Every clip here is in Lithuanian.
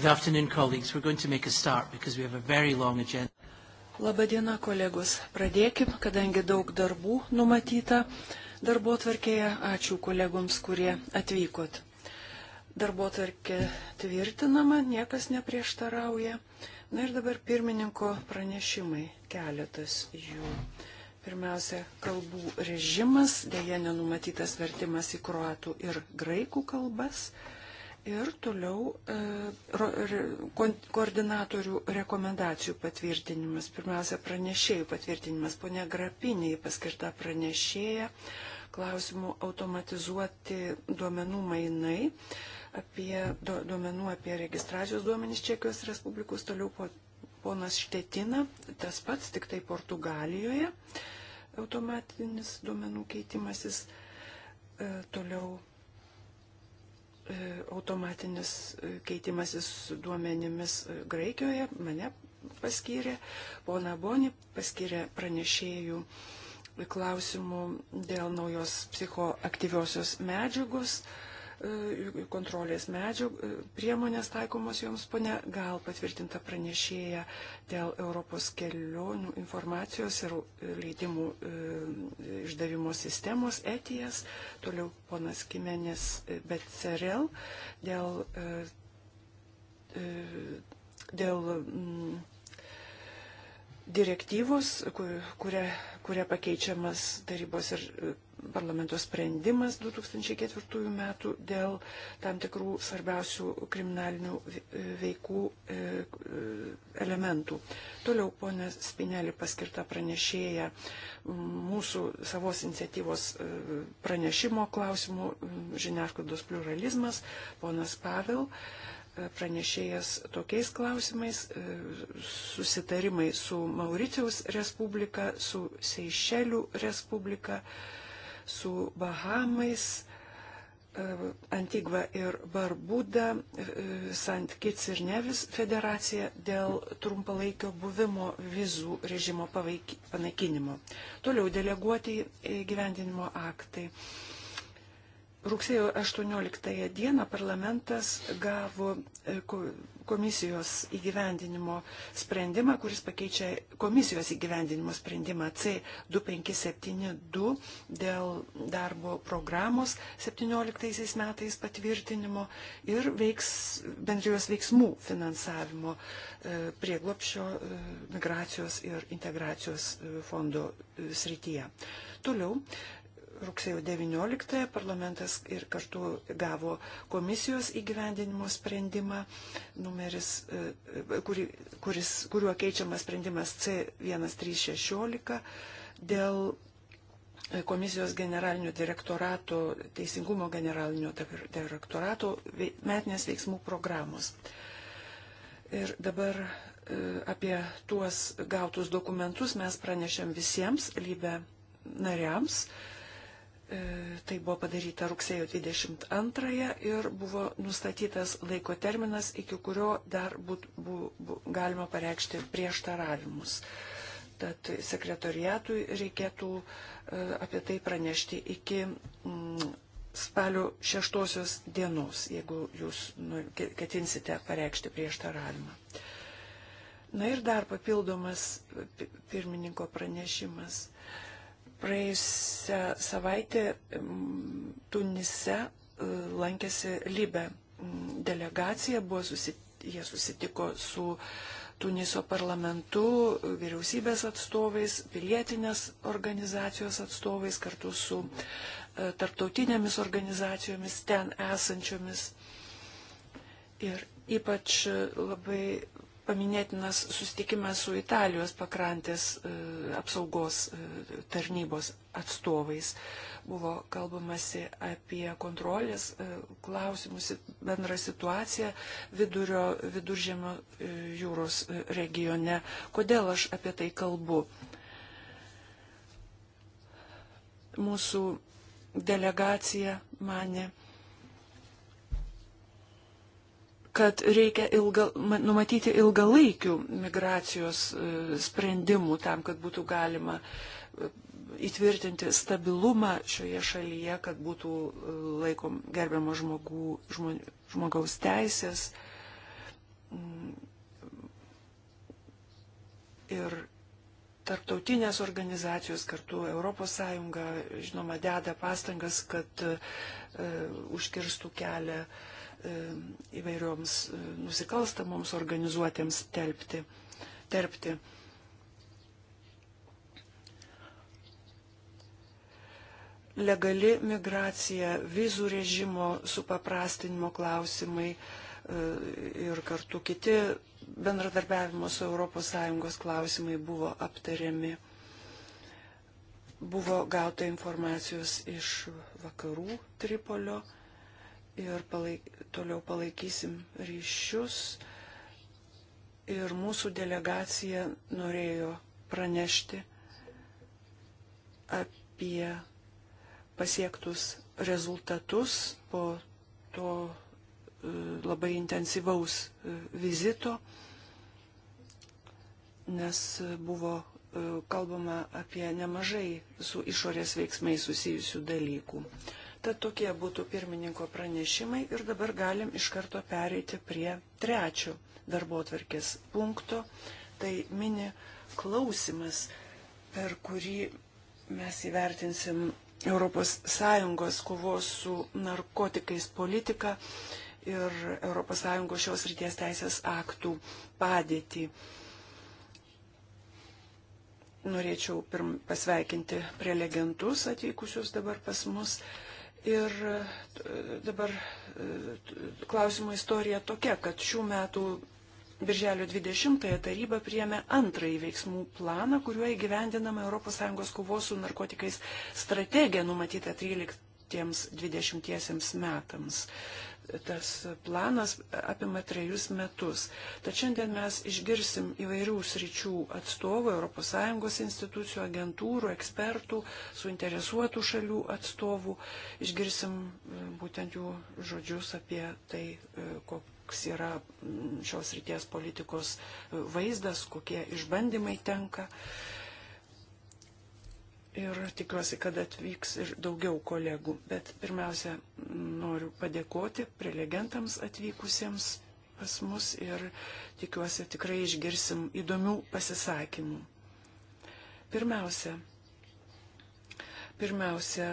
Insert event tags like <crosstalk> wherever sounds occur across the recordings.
Good afternoon, colleagues. We're going to make a start because we have a very long agenda. Labadiena, kolegos. Pradėkim, kadangi daug darbų numatyta darbo tvarkėje. Ačiū kolegoms, kurie atvykot. Darbo tvarkė tvirtinama, niekas neprieštarauja. Na ir dabar pirmininko pranešimai, keletas jų. Pirmiausia, kalbų režimas, dėja nenumatytas vertimas į kroatų ir graikų kalbas ir toliau e, koordinatorių rekomendacijų patvirtinimas. Pirmiausia, pranešėjų patvirtinimas. Pone Grapiniai paskirta pranešėja klausimų automatizuoti duomenų mainai apie duomenų apie registracijos duomenys Čekijos Respublikos, toliau po, ponas Štetina, tas pats, tik tai Portugalijoje automatinis duomenų keitimasis, e, toliau E, automatinis e, keitimasis duomenimis e, Graikijoje mane paskyrė, pona Boni paskyrė pranešėjų klausimų dėl naujos psichoaktyviosios medžiagos. E, E, kontrolės medžių e, priemonės taikomos joms, pone, gal patvirtinta pranešėja dėl Europos kelionių informacijos ir leidimų e, išdavimo sistemos ETIAS, toliau ponas Kimenis Becerel dėl, dėl mm, direktyvos, kuria, kuria pakeičiamas tarybos ir parlamento sprendimas 2004 metų dėl tam tikrų svarbiausių kriminalinių e, veikų e, e, elementų. Toliau ponė Spinelį paskirta pranešėja mūsų savos iniciatyvos pranešimo klausimų žiniasklaidos pluralizmas, ponas Pavel pranešėjas tokiais klausimais, susitarimai su Mauricijos Respublika, su Seišelių Respublika, su Bahamais, e, Antigva ir Barbuda, e, Sant Kits ir Nevis federacija dėl trumpalaikio buvimo vizų režimo panaikinimo. Toliau deleguoti gyvendinimo aktai. Rugsėjo 18 dieną parlamentas gavo e, komisijos įgyvendinimo sprendimą, kuris pakeičia komisijos įgyvendinimo sprendimą C2572 dėl darbo programos 17 metais patvirtinimo ir veiks, bendrijos veiksmų finansavimo e, prieglopšio e, migracijos ir integracijos fondo srityje. Toliau rugsėjo 19-ąją parlamentas ir kartu gavo komisijos įgyvendinimo sprendimą, numeris, e, e, kuri, kuris, kuriuo keičiamas sprendimas C1316 dėl komisijos generalinio direktorato, teisingumo generalinio direktorato metinės veiksmų programos. Ir dabar e, apie tuos gautus dokumentus mes pranešėm visiems lybe nariams. Uh, E, tai buvo padaryta rugsėjo 22 ir buvo nustatytas laiko terminas, iki kurio dar būt, bu, bu, galima pareikšti prieštaravimus. Tad sekretoriatui reikėtų e, apie tai pranešti iki mm, spalio 6 dienos, jeigu jūs nu, ketinsite pareikšti prieštaravimą. Na ir dar papildomas pirmininko pranešimas Praėjusią savaitę Tunise e, lankėsi Libe delegacija, buvo susit, jie susitiko su Tuniso parlamentu, vyriausybės atstovais, pilietinės organizacijos atstovais, kartu su e, tarptautinėmis organizacijomis ten esančiomis. Ir ypač e, labai paminėtinas susitikimas su Italijos pakrantės e, apsaugos e, tarnybos atstovais. Buvo kalbamasi apie kontrolės e, klausimus, bendrą situaciją vidurio, viduržėmio jūros regione. Kodėl aš apie tai kalbu? Mūsų delegacija mane kad reikia ilga, numatyti ilgalaikių migracijos e, sprendimų tam, kad būtų galima e, įtvirtinti stabilumą šioje šalyje, kad būtų e, laikom gerbiamo žmogų, žmon, žmogaus teisės. Mm. Ir tarptautinės organizacijos kartu ES, žinoma, deda pastangas, kad uh, užkirstų kelią uh, E, įvairioms e, nusikalstamoms organizuotėms telpti. terpti. Legali migracija, vizų režimo supaprastinimo klausimai e, ir kartu kiti bendradarbiavimo su ES klausimai buvo aptariami buvo gauta informacijos iš vakarų Tripolio ir palaik, toliau palaikysim ryšius. Ir mūsų delegacija norėjo pranešti apie pasiektus rezultatus po to e, labai intensyvaus e, vizito, nes buvo e, kalbama apie nemažai su išorės veiksmai susijusių dalykų. Tad tokie būtų pirmininko pranešimai ir dabar galim iš karto pereiti prie trečio darbo atvarkės punkto. Tai mini klausimas, per kurį mes įvertinsim ES kovos su narkotikais politiką ir ES šios ryties teisės aktų padėtį. Norėčiau pasveikinti prelegentus atvykusius dabar pas mus. Uh, Ir e, dabar e, klausimo istorija tokia, kad šių metų Birželio 20-ąją taryba priėmė antrąjį veiksmų planą, kuriuo įgyvendinama ES kovos su narkotikais strategija numatyta 13-20 metams tas planas apima trejus metus. Tačiau šiandien mes išgirsim įvairių sričių atstovų, ES institucijų, agentūrų, ekspertų, suinteresuotų šalių atstovų. Išgirsim e, būtent jų žodžius apie tai, e, koks yra šios ryties politikos e, vaizdas, kokie išbandymai tenka. Uh, ir tikiuosi, kad atvyks ir daugiau kolegų. Bet pirmiausia, noriu padėkoti prelegentams atvykusiems pas mus ir tikiuosi tikrai išgirsim įdomių pasisakymų. Pirmiausia, pirmiausia,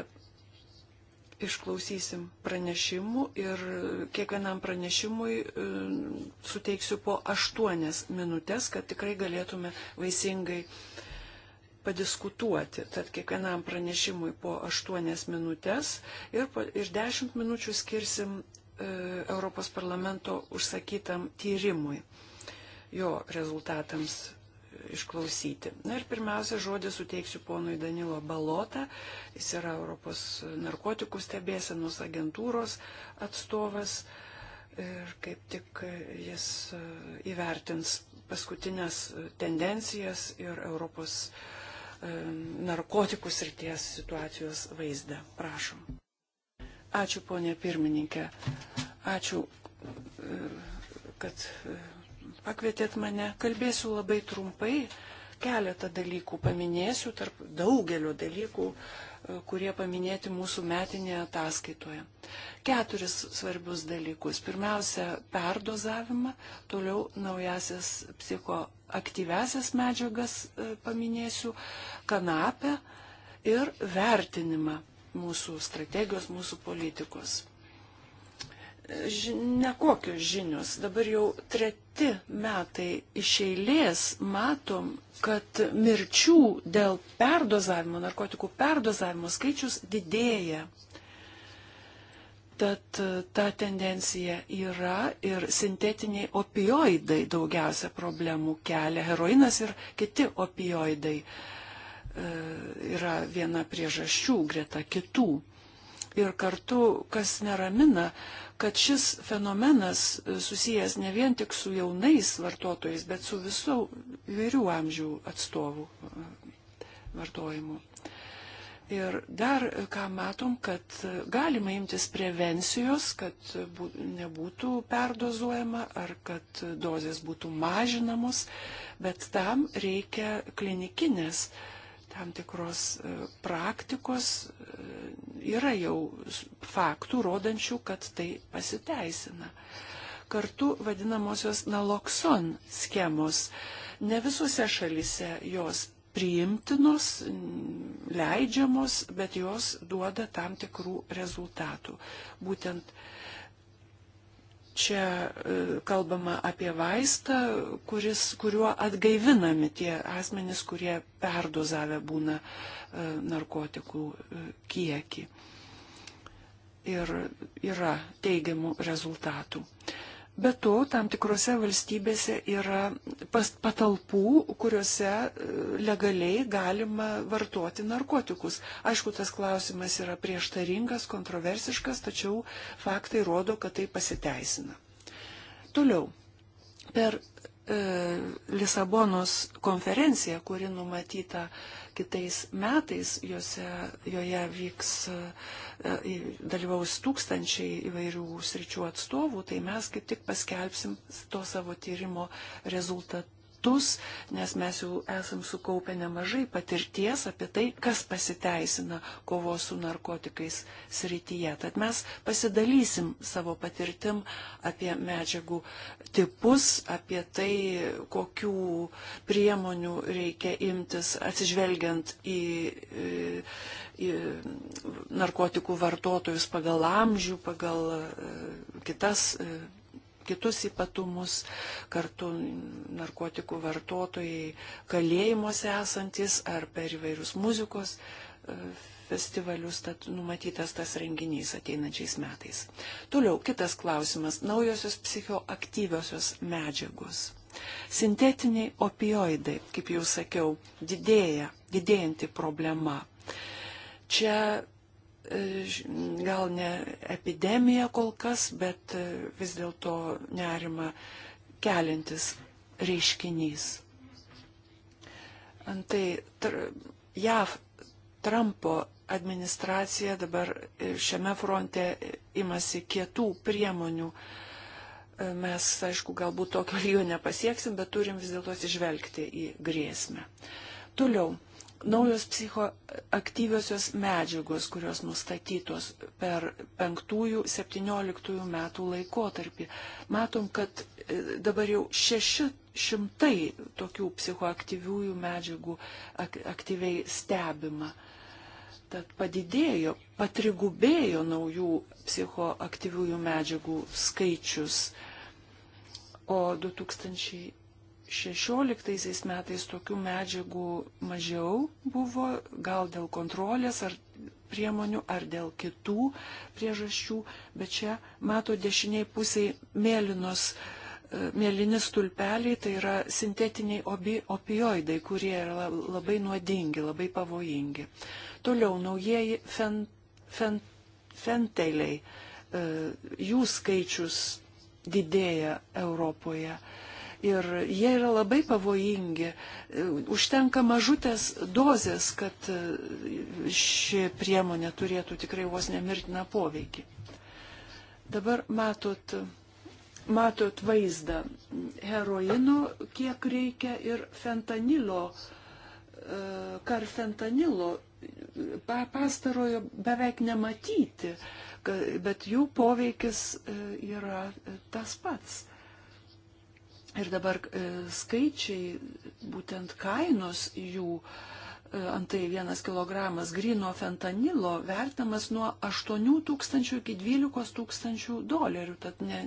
išklausysim pranešimų ir kiekvienam pranešimui e, suteiksiu po aštuonias minutės, kad tikrai galėtume vaisingai uh, padiskutuoti. Tad kiekvienam pranešimui po 8 minutės ir, po, ir 10 minučių skirsim e, Europos parlamento užsakytam tyrimui, jo rezultatams e, išklausyti. Na ir pirmiausia, žodį suteiksiu ponui Danilo Balota. Jis yra Europos narkotikų stebėsenos agentūros atstovas. Ir kaip tik jis e, įvertins paskutinės e, tendencijas ir Europos uh, E, narkotikų srities situacijos vaizdą. Prašom. Ačiū, ponė pirmininkė. Ačiū, e, kad e, pakvietėt mane. Kalbėsiu labai trumpai. Keletą dalykų paminėsiu tarp daugelio dalykų, kurie paminėti mūsų metinėje ataskaitoje. Keturis svarbius dalykus. Pirmiausia, perdozavimą, toliau naujasias psichoaktyvesias medžiagas e, paminėsiu, kanapę ir vertinimą mūsų strategijos, mūsų politikos nekokios žinios. Dabar jau treti metai iš eilės matom, kad mirčių dėl perdozavimo, narkotikų perdozavimo skaičius didėja. Tad e, ta tendencija yra ir sintetiniai opioidai daugiausia problemų kelia. Heroinas ir kiti opioidai e, yra viena priežasčių greta kitų. Ir kartu, kas neramina, kad šis fenomenas e, susijęs ne vien tik su jaunais vartotojais, bet su visų įvairių amžių atstovų e, vartojimu. Ir dar e, ką matom, kad galima imtis prevencijos, kad nebūtų perdozuojama ar kad dozės būtų mažinamos, bet tam reikia klinikinės uh, tam tikros e, praktikos e, yra jau faktų rodančių, kad tai pasiteisina. Kartu vadinamosios nalokson schemos. Ne visose šalise jos priimtinos, leidžiamos, bet jos duoda tam tikrų rezultatų. Būtent uh, Čia e, kalbama apie vaistą, kuris, kuriuo atgaivinami tie asmenys, kurie perdozavę būna e, narkotikų e, kiekį. Ir yra teigiamų rezultatų. Be to, tam tikrose valstybėse yra patalpų, kuriuose e, legaliai galima vartoti narkotikus. Aišku, tas klausimas yra prieštaringas, kontroversiškas, tačiau faktai rodo, kad tai pasiteisina. Toliau, per e, Lisabonos konferenciją, kuri numatyta kitais metais jose, joje vyks, e, dalyvaus tūkstančiai įvairių sričių atstovų, tai mes kaip tik paskelbsim to savo tyrimo rezultat, metus, nes mes jau esam sukaupę nemažai patirties apie tai, kas pasiteisina kovos su narkotikais srityje. Tad mes pasidalysim savo patirtim apie medžiagų tipus, apie tai, kokių priemonių reikia imtis atsižvelgiant į, į, į narkotikų vartotojus pagal amžių, pagal e, kitas e, kitus ypatumus, kartu narkotikų vartotojai kalėjimuose esantis ar per įvairius muzikos e, festivalius, tad numatytas tas renginys ateinančiais metais. Toliau kitas klausimas - naujosios psichoaktyviosios medžiagos. Sintetiniai opioidai, kaip jau sakiau, didėja, didėjanti problema. Čia E, gal ne epidemija kol kas, bet e, vis dėlto nerima kelintis reiškinys. Antai tr JAV Trumpo administracija dabar e, šiame fronte imasi kietų priemonių. Mes, aišku, galbūt tokio lygio nepasieksim, bet turim vis dėlto atsižvelgti į grėsmę. Toliau naujos psichoaktyviosios medžiagos, kurios nustatytos per 5-17 metų laikotarpį. Matom, kad e, dabar jau 600 tokių psichoaktyviųjų medžiagų ak aktyviai stebima. Tad padidėjo, patrigubėjo naujų psichoaktyviųjų medžiagų skaičius. O 2000 16 metais tokių medžiagų mažiau buvo, gal dėl kontrolės ar priemonių, ar dėl kitų priežasčių, bet čia mato dešiniai pusiai mėlynos, e, mėlyni stulpeliai, tai yra sintetiniai obi, opioidai, kurie yra labai nuodingi, labai pavojingi. Toliau naujieji fen, fen, fenteliai, e, jų skaičius didėja Europoje ir jie yra labai pavojingi. E, užtenka mažutės dozės, kad e, ši priemonė turėtų tikrai vos nemirtiną poveikį. Dabar matot, matot vaizdą heroino, kiek reikia ir fentanilo, e, karfentanilo, pastarojo beveik nematyti, bet jų poveikis yra tas pats Ir dabar e, skaičiai, būtent kainos jų, e, antai vienas kilogramas grino fentanilo vertinamas nuo 8 tūkstančių iki 12 tūkstančių dolerių. Tad ne,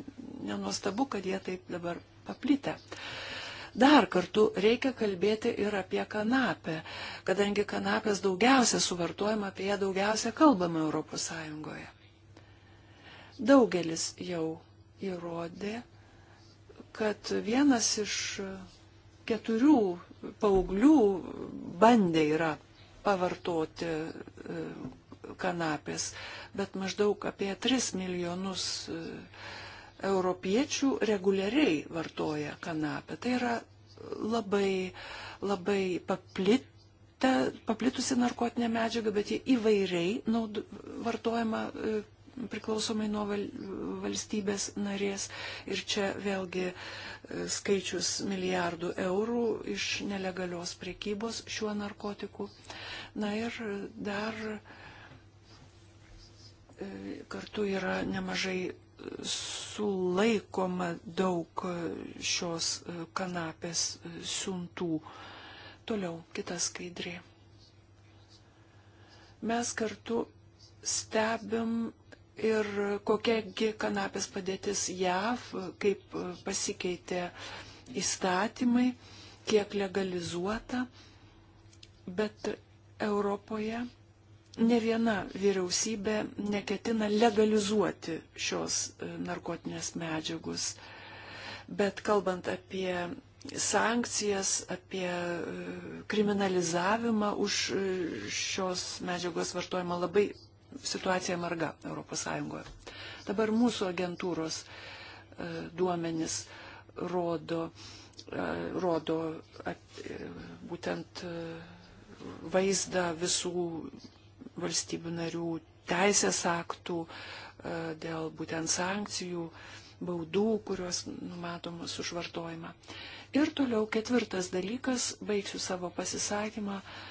nenuostabu, kad jie taip dabar paplitę. Dar kartu reikia kalbėti ir apie kanapę, kadangi kanapės daugiausia suvartojama, apie ją daugiausia kalbama ES. Daugelis jau įrodė, kad vienas iš keturių paauglių bandė yra pavartoti e, kanapės, bet maždaug apie 3 milijonus e, europiečių reguliariai vartoja kanapę. Tai yra labai, labai paplitę, paplitusi narkotinė medžiaga, bet ji įvairiai naud, vartojama e, priklausomai nuo valstybės narės. Ir čia vėlgi e, skaičius milijardų eurų iš nelegalios priekybos šiuo narkotiku. Na ir dar e, kartu yra nemažai sulaikoma daug šios e, kanapės siuntų. Toliau kita skaidrė. Mes kartu stebim ir kokiagi kanapės padėtis JAV, kaip pasikeitė įstatymai, kiek legalizuota, bet Europoje ne viena vyriausybė neketina legalizuoti šios e, narkotinės medžiagos. Bet kalbant apie sankcijas, apie e, kriminalizavimą už e, šios medžiagos vartojimą labai situacija marga ES. Dabar mūsų agentūros e, duomenis rodo, e, rodo at, e, būtent vaizdą visų valstybių narių teisės aktų dėl būtent sankcijų, baudų, kurios numatomos už vartojimą. Ir toliau ketvirtas dalykas, baigsiu savo pasisakymą, uh,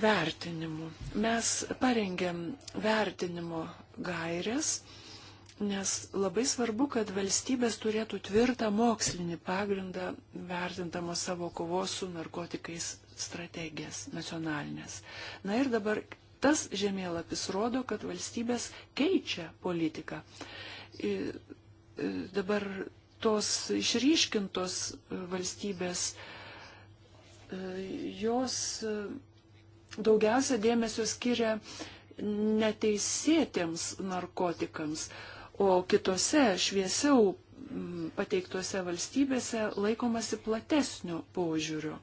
vertinimu. Mes parengėm vertinimo gairias, nes labai svarbu, kad valstybės turėtų tvirtą mokslinį pagrindą vertintamos savo kovos su narkotikais strategijas nacionalinės. Na ir dabar tas žemėlapis rodo, kad valstybės keičia politiką. Dabar tos išryškintos valstybės, jos daugiausia dėmesio skiria neteisėtiems narkotikams, o kitose šviesiau pateiktose valstybėse laikomasi platesnio požiūrio.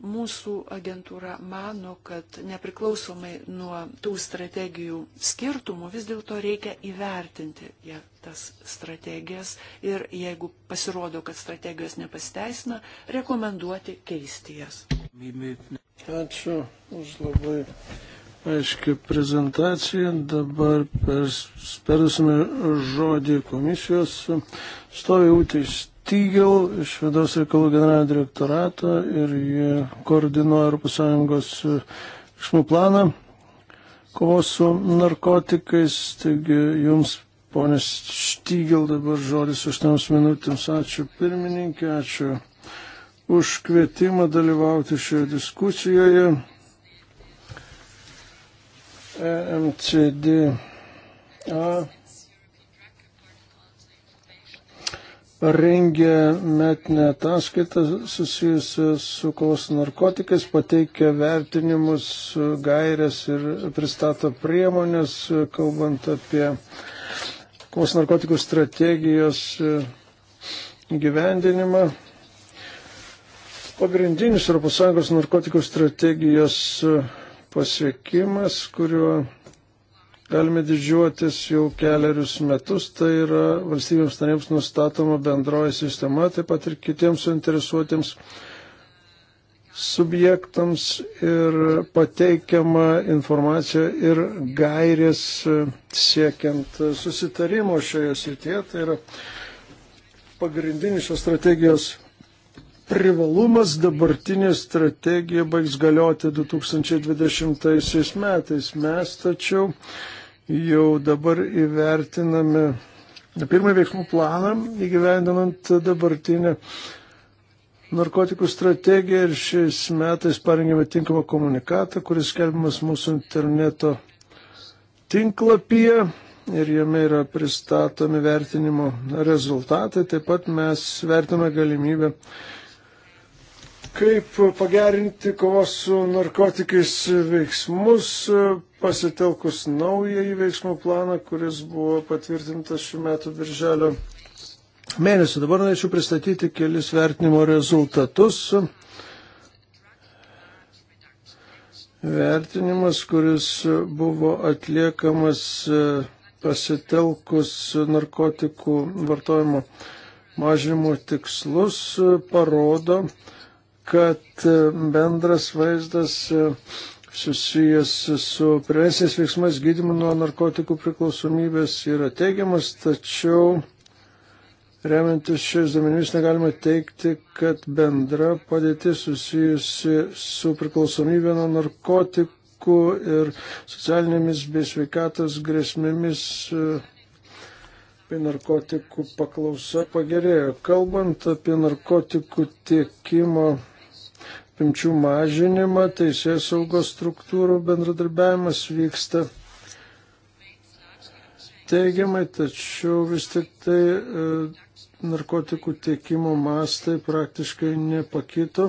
Mūsų agentūra mano, kad nepriklausomai nuo tų strategijų skirtumų vis dėlto reikia įvertinti ja, tas strategijas ir jeigu pasirodo, kad strategijos nepasteisina, rekomenduoti keisti jas. Ačiū už labai aiškią prezentaciją. Dabar perdusime žodį komisijos stovi ūtis Tygel iš vidaus reikalų generalinio direktorato ir jie koordinuoja ES e, išmų planą kovos su narkotikais. Taigi jums, ponės Štygel, dabar žodis 8 minutėms. Ačiū pirmininkė, ačiū už kvietimą dalyvauti šioje diskusijoje. EMCD. A. rengė metinę ataskaitą susijusią su kovos narkotikais, pateikia vertinimus, gairias ir pristato priemonės, kalbant apie kovos narkotikų strategijos gyvendinimą. Pagrindinis ES narkotikų strategijos pasiekimas, kuriuo galime didžiuotis jau keliarius metus, tai yra valstybėms narėms nustatoma bendroji sistema, taip pat ir kitiems suinteresuotiems subjektams ir pateikiama informacija ir gairės siekiant susitarimo šioje srityje. Tai yra pagrindinis šios strategijos privalumas dabartinė strategija baigs galioti 2020 metais. Mes tačiau jau dabar įvertiname pirmąjį veiksmų planą įgyvendinant dabartinę narkotikų strategiją ir šiais metais parengėme tinkamą komunikatą, kuris skelbiamas mūsų interneto tinklapyje ir jame yra pristatomi vertinimo rezultatai. Taip pat mes vertiname galimybę kaip pagerinti kovos su narkotikais veiksmus, pasitelkus naująjį veiksmų planą, kuris buvo patvirtintas šių metų birželio mėnesį. Dabar norėčiau pristatyti kelis vertinimo rezultatus. Vertinimas, kuris buvo atliekamas e, pasitelkus narkotikų vartojimo mažinimo tikslus, e, parodo, kad e, bendras vaizdas e, susijęs su prevencijos veiksmais gydimu nuo narkotikų priklausomybės yra teigiamas, tačiau remiantis šiais duomenimis negalima teikti, kad bendra padėtis susijusi su priklausomybė nuo narkotikų ir socialinėmis bei sveikatos grėsmėmis e, bei narkotikų paklausa pagerėjo. Kalbant apie narkotikų tiekimo apimčių mažinimą, teisės saugos struktūrų bendradarbiavimas vyksta teigiamai, tačiau vis tik tai e, narkotikų tiekimo mastai praktiškai nepakito.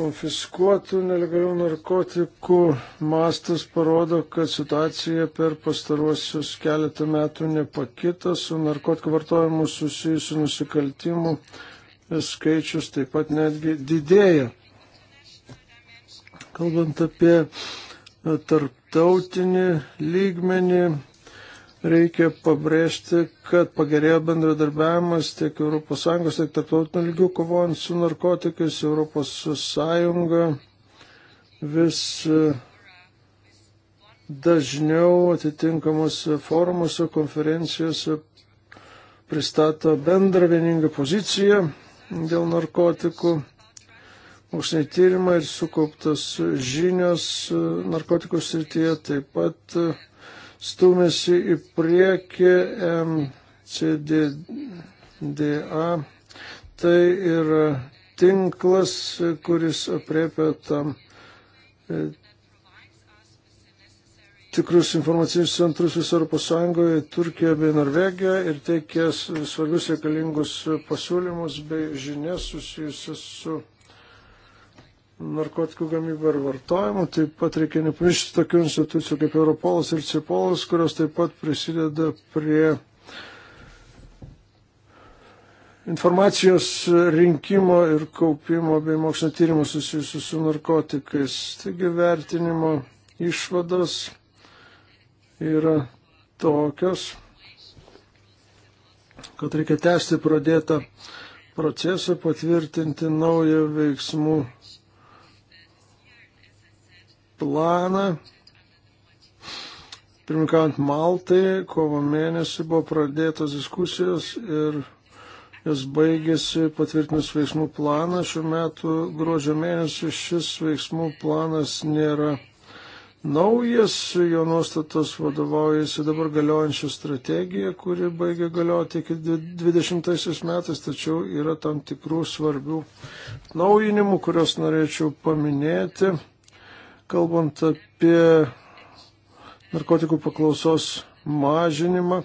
Konfiskuotų nelegalių narkotikų mastas parodo, kad situacija per pastaruosius keletą metų nepakito su narkotikų vartojimu susijusiu nusikaltimu. E, skaičius taip pat netgi didėja. Kalbant apie e, tarptautinį lygmenį, reikia pabrėžti, kad pagerėjo bendradarbiavimas tiek ES, tiek tarptautinių lygių kovojant su narkotikais. ES vis e, dažniau atitinkamuose forumuose, konferencijose pristato bendrą vieningą poziciją dėl narkotikų, moksliniai tyrimai ir sukauptas žinios narkotikų srityje taip pat e, stumėsi į priekį MCDDA. Tai yra tinklas, kuris apriepia tam e, tikrus informacinius centrus viso Europos Sąjungoje, Turkijoje bei Norvegijoje ir teikia svarbius reikalingus pasiūlymus bei žinias susijusias su narkotikų gamybą ir vartojimą. Taip pat reikia nepamiršti tokių institucijų kaip Europolas ir Cipolas, kurios taip pat prisideda prie informacijos rinkimo ir kaupimo bei mokslo tyrimų susijusių su narkotikais. Taigi vertinimo išvados yra tokios, kad reikia tęsti pradėtą procesą, patvirtinti naują veiksmų planą. Pirmikant Maltai, kovo mėnesį buvo pradėtos diskusijos ir jis baigėsi patvirtinus veiksmų planą. Šiuo metu gruodžio mėnesį šis veiksmų planas nėra naujas, jo nuostatos vadovaujasi dabar galiojančią strategiją, kuri baigia galioti iki 20 metais, tačiau yra tam tikrų svarbių naujinimų, kuriuos norėčiau paminėti, kalbant apie narkotikų paklausos mažinimą.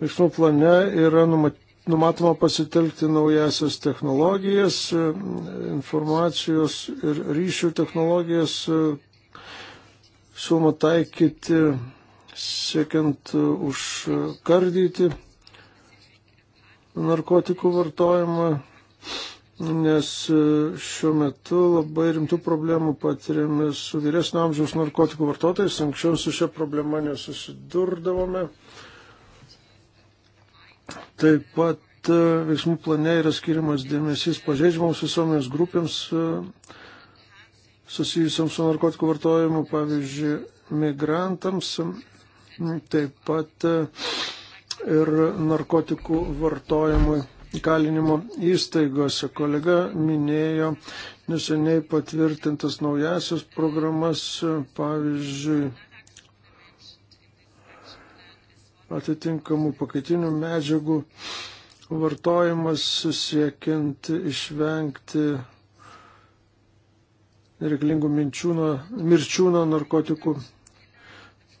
Veiksmų plane yra numatoma pasitelkti naujasias technologijas, informacijos ir ryšių technologijas, siūloma taikyti, siekiant užkardyti narkotikų vartojimą, nes šiuo metu labai rimtų problemų patiriame su vyresnio amžiaus narkotikų vartotojais. Anksčiau su šia problema nesusidurdavome. Taip pat e, veiksmų plane yra skiriamas dėmesys pažeidžiamoms visuomenės grupėms, e, susijusiam su narkotikų vartojimu, pavyzdžiui, migrantams, taip pat e, ir narkotikų vartojimui kalinimo įstaigose. Kolega minėjo neseniai patvirtintas naujasias programas, e, pavyzdžiui, atitinkamų pakaitinių medžiagų vartojimas siekiant išvengti nereikalingų minčiūno, mirčiūno narkotikų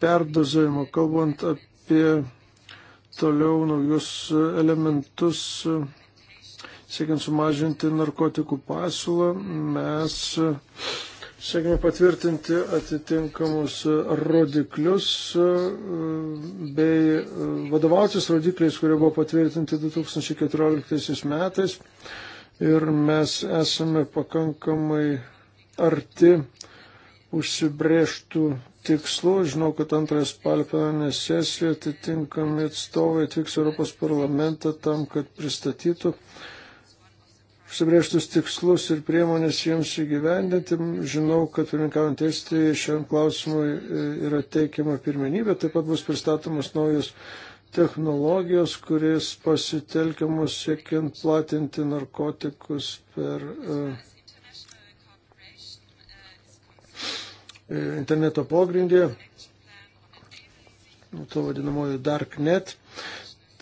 perdozavimo, kalbant apie toliau naujus elementus, siekiant sumažinti narkotikų pasiūlą, mes siekime patvirtinti atitinkamus rodiklius bei vadovautis rodikliais, kurie buvo patvirtinti 2014 metais. Ir mes esame pakankamai arti užsibrėžtų tikslų. Žinau, kad antrąją spalio plenarinę sesiją atitinkami atstovai atvyks Europos parlamentą tam, kad pristatytų užsibrėžtus tikslus ir priemonės jiems įgyvendinti. Žinau, kad pirmininkaujant Estijai šiam klausimui yra teikiama pirmenybė, taip pat bus pristatomas naujos technologijos, kuris pasitelkiamus siekiant platinti narkotikus per. Uh, E, interneto pogrindį, to vadinamojo darknet.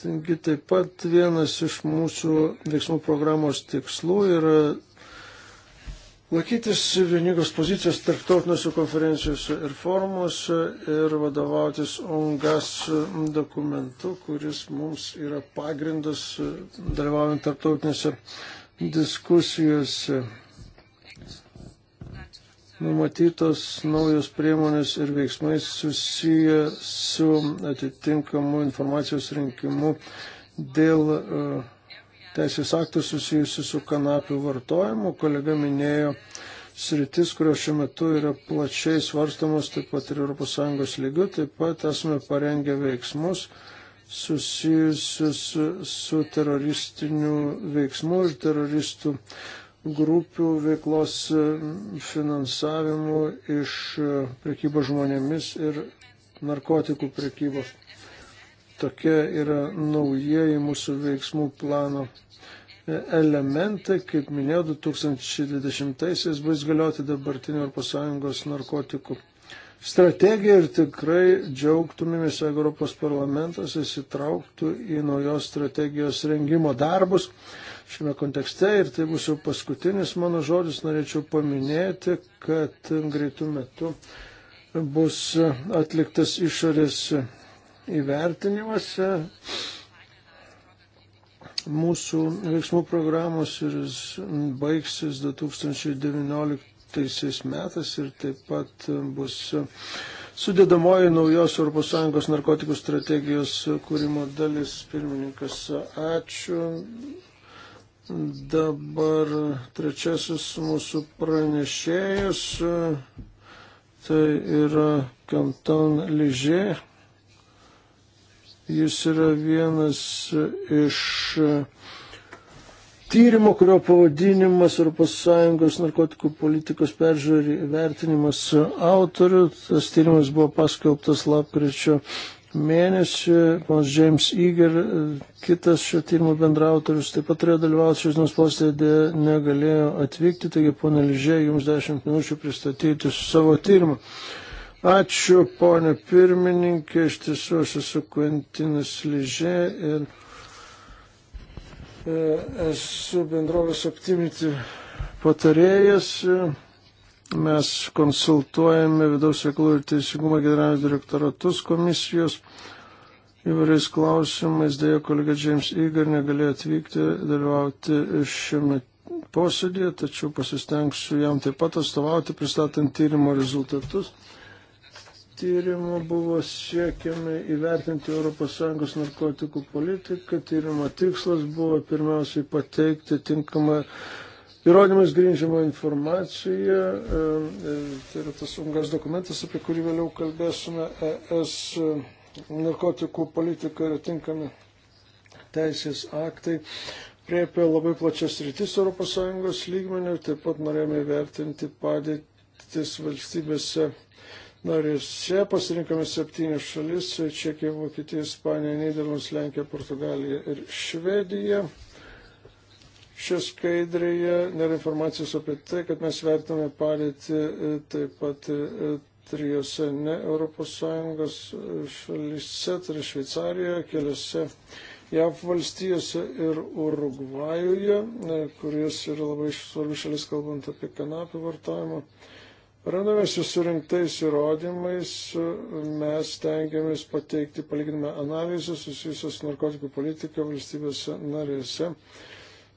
Taigi taip pat vienas iš mūsų veiksmų programos tikslų yra laikytis vieningos pozicijos tarptautinėse konferencijose ir forumuose ir vadovautis ONGAS dokumentu, kuris mums yra pagrindas dalyvaujant tarptautinėse diskusijose numatytos naujos priemonės ir veiksmai susiję su atitinkamu informacijos rinkimu dėl e, teisės aktų susijusių su kanapių vartojimu. Kolega minėjo sritis, kurios šiuo metu yra plačiai svarstamos taip pat ir ES lygiu. Taip pat esame parengę veiksmus susijusius su, su teroristiniu veiksmu ir teroristų grupių veiklos e, finansavimu iš e, prekybos žmonėmis ir narkotikų prekybos. Tokie yra naujieji mūsų veiksmų plano e, elementai, kaip minėjau, 2020-aisiais bus galioti dabartinė ES narkotikų strategija ir tikrai džiaugtumėmės, jeigu Europos parlamentas įsitrauktų į naujos strategijos rengimo darbus šiame kontekste. Ir tai bus jau paskutinis mano žodis. Norėčiau paminėti, kad greitų metų bus atliktas išorės įvertinimas mūsų veiksmų programos ir baigsis 2019 metais ir taip pat bus sudėdamoji naujos ES narkotikų strategijos kūrimo dalis. Pirmininkas, ačiū. Dabar trečiasis mūsų pranešėjas, tai yra Kanton Ližė. Jis yra vienas iš tyrimo, kurio pavadinimas ES narkotikų politikos peržiūrį vertinimas autorių. Tas tyrimas buvo paskelbtas lapkričio mėnesį, pons James Eager, kitas šio tyrimo bendrautorius, taip pat turėjo dalyvauti šios dienos posėdėje, negalėjo atvykti, taigi ponė Ližė, jums dešimt minučių pristatyti savo tyrimą. Ačiū, ponė pirmininkė, iš tiesų aš esu Kventinas Ližė ir e, esu bendrovės Optimity patarėjas. E, Mes konsultuojame vidaus reikalų ir teisingumo generalinius direktoratus komisijos įvairiais klausimais. Dėja, kolega James Eager negalėjo atvykti, dalyvauti šiame posėdėje, tačiau pasistengsiu jam taip pat atstovauti, pristatant tyrimo rezultatus. Tyrimo buvo siekiami įvertinti ES narkotikų politiką. Tyrimo tikslas buvo pirmiausiai pateikti tinkamą Įrodymas grindžiama informacija, e, e, tai yra tas ungas dokumentas, apie kurį vėliau kalbėsime, ES e, narkotikų politika yra tinkami teisės aktai, priepia labai plačias rytis ES lygmenį ir taip pat norėjome vertinti padėtis valstybėse narėse, pasirinkome septynias šalis - Čekija, Vokietija, Ispanija, Niderlands, Lenkija, Portugalija ir Švedija Šia skaidrėje nėra informacijos apie tai, kad mes vertiname padėtį e, taip pat e, trijose ne ES e, šalyse, tai yra Šveicarijoje, keliose JAV valstijose ir Urugvajoje, kuris yra labai svarbi šalis kalbant apie kanapių vartojimą. Randamėsi surinktais įrodymais, mes tengiamės pateikti palyginimą analizę susijusios narkotikų politiką valstybėse narėse.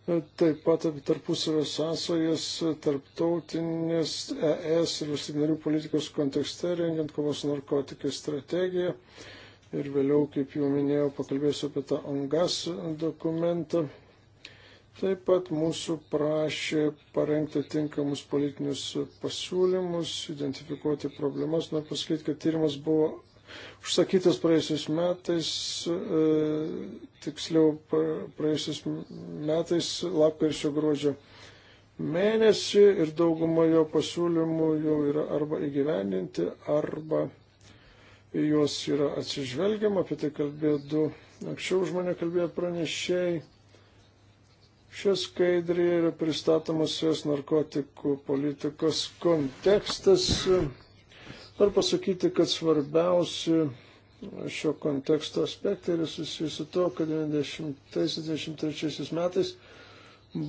Taip pat apie tarpusavio sąsajas tarptautinės ES ir valstybinarių politikos kontekste rengiant kovos narkotikai strategiją. Ir vėliau, kaip jau minėjau, pakalbėsiu apie tą ONGAS dokumentą. Taip pat mūsų prašė parengti tinkamus politinius pasiūlymus, identifikuoti problemas. Noriu pasakyti, kad tyrimas buvo užsakytas praėjusiais metais, e, tiksliau praėjusiais metais lapkričio gruodžio mėnesį ir dauguma jo pasiūlymų jau yra arba įgyvendinti, arba juos yra atsižvelgiama, apie tai kalbėjo du anksčiau už mane kalbėjo pranešėjai. Šią skaidrį yra pristatomas jos narkotikų politikos kontekstas. Noriu pasakyti, kad svarbiausi šio konteksto aspektai yra susijusi su to, kad 1993 metais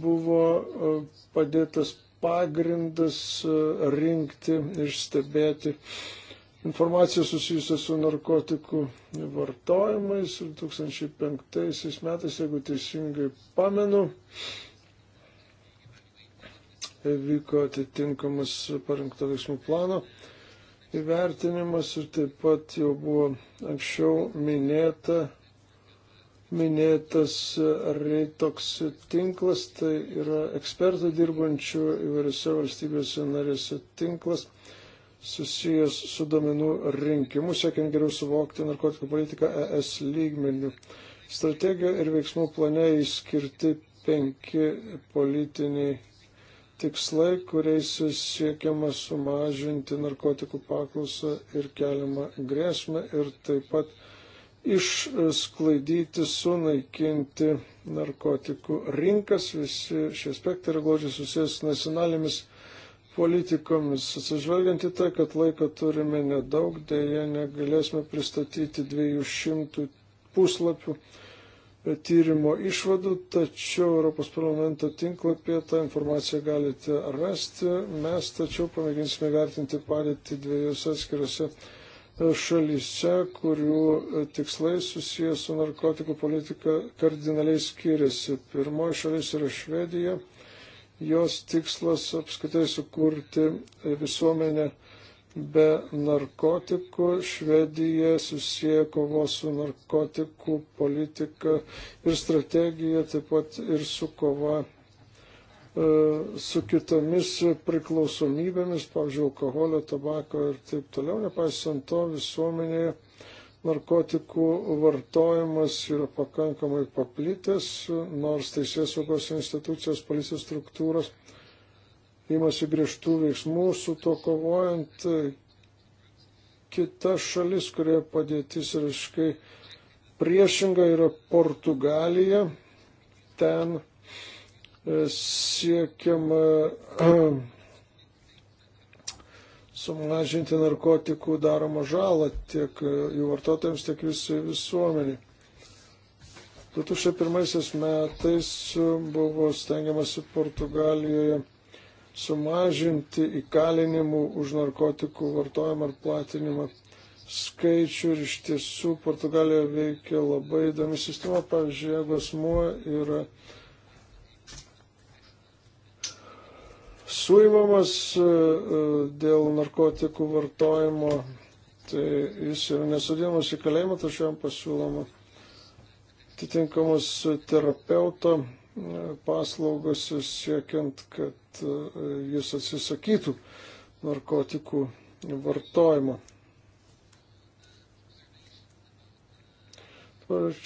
buvo e, padėtas pagrindas e, rinkti ir stebėti informaciją susijusią su narkotikų vartojimais. 2005 metais, jeigu teisingai pamenu, vyko atitinkamas parengto veiksmų plano įvertinimas ir taip pat jau buvo anksčiau minėta, minėtas e, reitoks tinklas, tai yra ekspertų dirbančių įvairiose valstybėse narėse tinklas susijęs su domenų rinkimu, siekiant geriau suvokti narkotikų politiką ES lygmenių. Strategija ir veiksmų plane įskirti penki politiniai tikslai, kuriais siekiama sumažinti narkotikų paklausą ir keliamą grėsmę ir taip pat išsklaidyti, sunaikinti narkotikų rinkas. Visi šie aspektai yra glaudžiai susijęs su nacionalinėmis politikomis. Atsižvelgiant į tai, kad laiko turime nedaug, dėje negalėsime pristatyti 200 puslapių tyrimo išvadų, tačiau Europos parlamento tinklapyje tą informaciją galite rasti. Mes tačiau pamėginsime vertinti padėtį dviejose atskirose šalyse, kurių tikslai susijęs su narkotikų politika kardinaliai skiriasi. Pirmoji šalis yra Švedija. Jos tikslas apskaitai sukurti visuomenę be narkotikų. Švedija susiję kovos su narkotikų politika ir strategija, taip pat ir su kova e, su kitomis priklausomybėmis, pavyzdžiui, alkoholio, tabako ir taip toliau. Nepaisant to, visuomenėje narkotikų vartojimas yra pakankamai paplitęs, nors teisės saugos institucijos, policijos struktūros imasi griežtų veiksmų, su to kovojant e, kita šalis, kurioje padėtis yra iškai priešinga, yra Portugalija. Ten e, siekiama <clears throat> sumažinti narkotikų daromą žalą tiek e, jų vartotojams, tiek visai visuomeniai. 2001 metais buvo stengiamasi Portugalijoje sumažinti įkalinimų už narkotikų vartojimą ar platinimą skaičių ir iš tiesų Portugalijoje veikia labai įdomi sistema. Pavyzdžiui, jeigu asmuo yra suimamas e, e, dėl narkotikų vartojimo, tai jis yra nesudėmas į kalėjimą, tačiau jam pasiūloma atitinkamas terapeuto paslaugas siekiant, kad e, jis atsisakytų narkotikų vartojimo.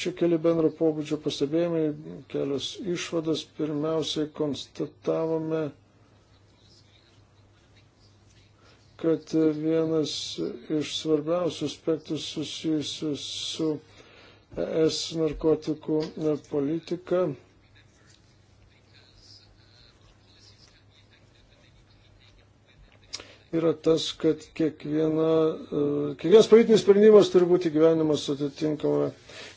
Čia keli bendro pobūdžio pastebėjimai, kelios išvadas. Pirmiausiai konstatavome, kad vienas iš svarbiausių aspektų susijusių su ES narkotikų politika yra tas, kad kiekviena, e, kiekvienas politinis sprendimas turi būti gyvenimas atitinkamame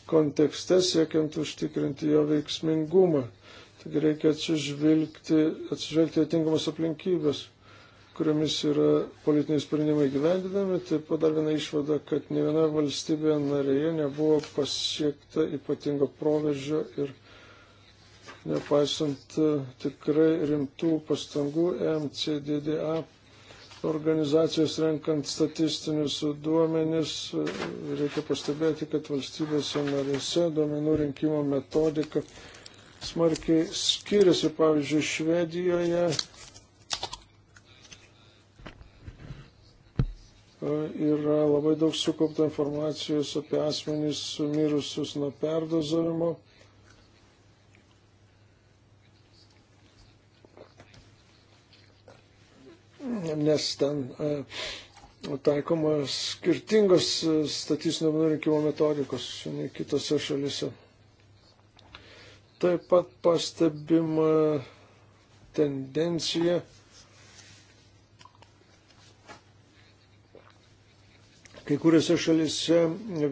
kontekste, siekiant užtikrinti jo veiksmingumą. Taigi reikia atsižvelgti, atsižvelgti atitinkamas aplinkybės, kuriomis yra politiniai sprendimai gyvendinami. Taip pat dar viena išvada, kad ne viena valstybė narėje nebuvo pasiekta ypatingo proveržio ir nepaisant e, tikrai rimtų pastangų MCDDA organizacijos renkant statistinius duomenis, reikia pastebėti, kad valstybėse narėse duomenų rinkimo metodika smarkiai skiriasi. Pavyzdžiui, Švedijoje e, yra labai daug sukaupta informacijos apie asmenys mirusius nuo perdozavimo nes ten e, taikomos skirtingos e, statistinių duomenų rinkimo metodikos nei kitose šalise. Taip pat pastebima tendencija kai kuriuose šalise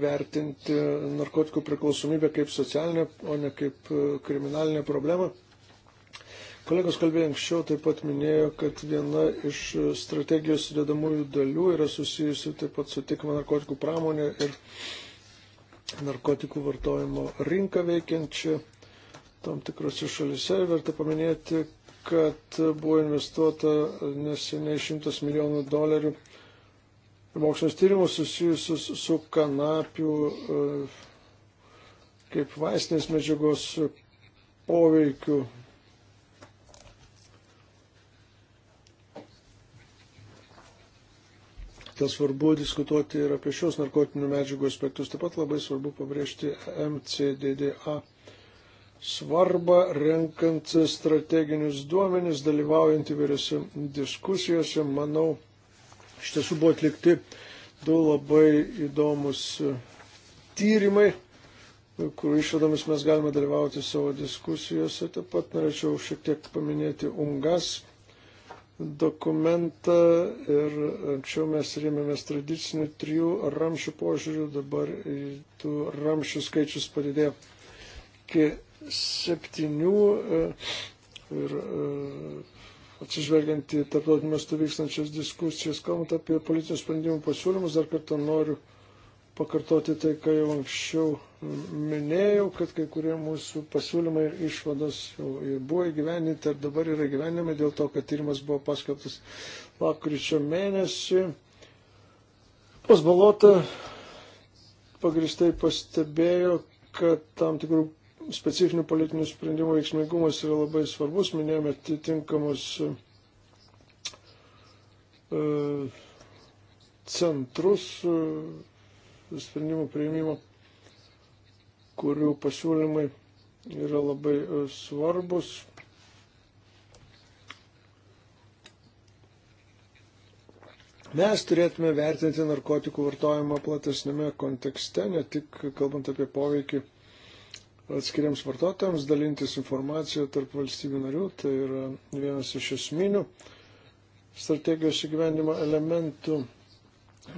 vertinti narkotikų priklausomybę kaip socialinę, o ne kaip e, kriminalinę problemą. Kolegos kalbėjo anksčiau, taip pat minėjo, kad viena iš strategijos sudėdamųjų dalių yra susijusi taip pat su tikma narkotikų pramonė ir narkotikų vartojimo rinką veikiančia tam tikrose šalise. Verta paminėti, kad buvo investuota neseniai 100 milijonų dolerių mokslinis tyrimus susijusius su kanapių e, kaip vaistinės medžiagos poveikiu Tad svarbu diskutuoti ir apie šios narkotinių medžiagų aspektus. Taip pat labai svarbu pabrėžti MCDDA svarbą renkant strateginius duomenis, dalyvaujant įvairiose diskusijose. Manau, iš tiesų buvo atlikti du labai įdomus tyrimai kurių išvadomis mes galime dalyvauti savo diskusijose. Taip pat norėčiau šiek tiek paminėti UNGAS dokumentą ir anksčiau mes rėmėmės tradicinių trijų ramšių požiūrių, dabar tų ramšių skaičius padidėjo iki septynių e, ir e, atsižvelgiant į tarptautinių mastų vykstančias diskusijas, kalbant apie politinių sprendimų pasiūlymus, dar kartą noriu pakartoti tai, ką jau anksčiau minėjau, kad kai kurie mūsų pasiūlymai ir išvados jau ir buvo įgyveninti ir dabar yra gyvenime dėl to, kad tyrimas buvo paskelbtas lakryčio mėnesį. Pasbalota pagristai pastebėjo, kad tam tikrų specifinių politinių sprendimų veiksmingumas yra labai svarbus. Minėjome atitinkamus e, centrus e, sprendimų prieimimo, kurių pasiūlymai yra labai e, svarbus. Mes turėtume vertinti narkotikų vartojimą platesnėme kontekste, ne tik kalbant apie poveikį atskiriams vartotojams, dalintis informaciją tarp valstybių narių, tai yra vienas iš esminių strategijos įgyvendimo elementų.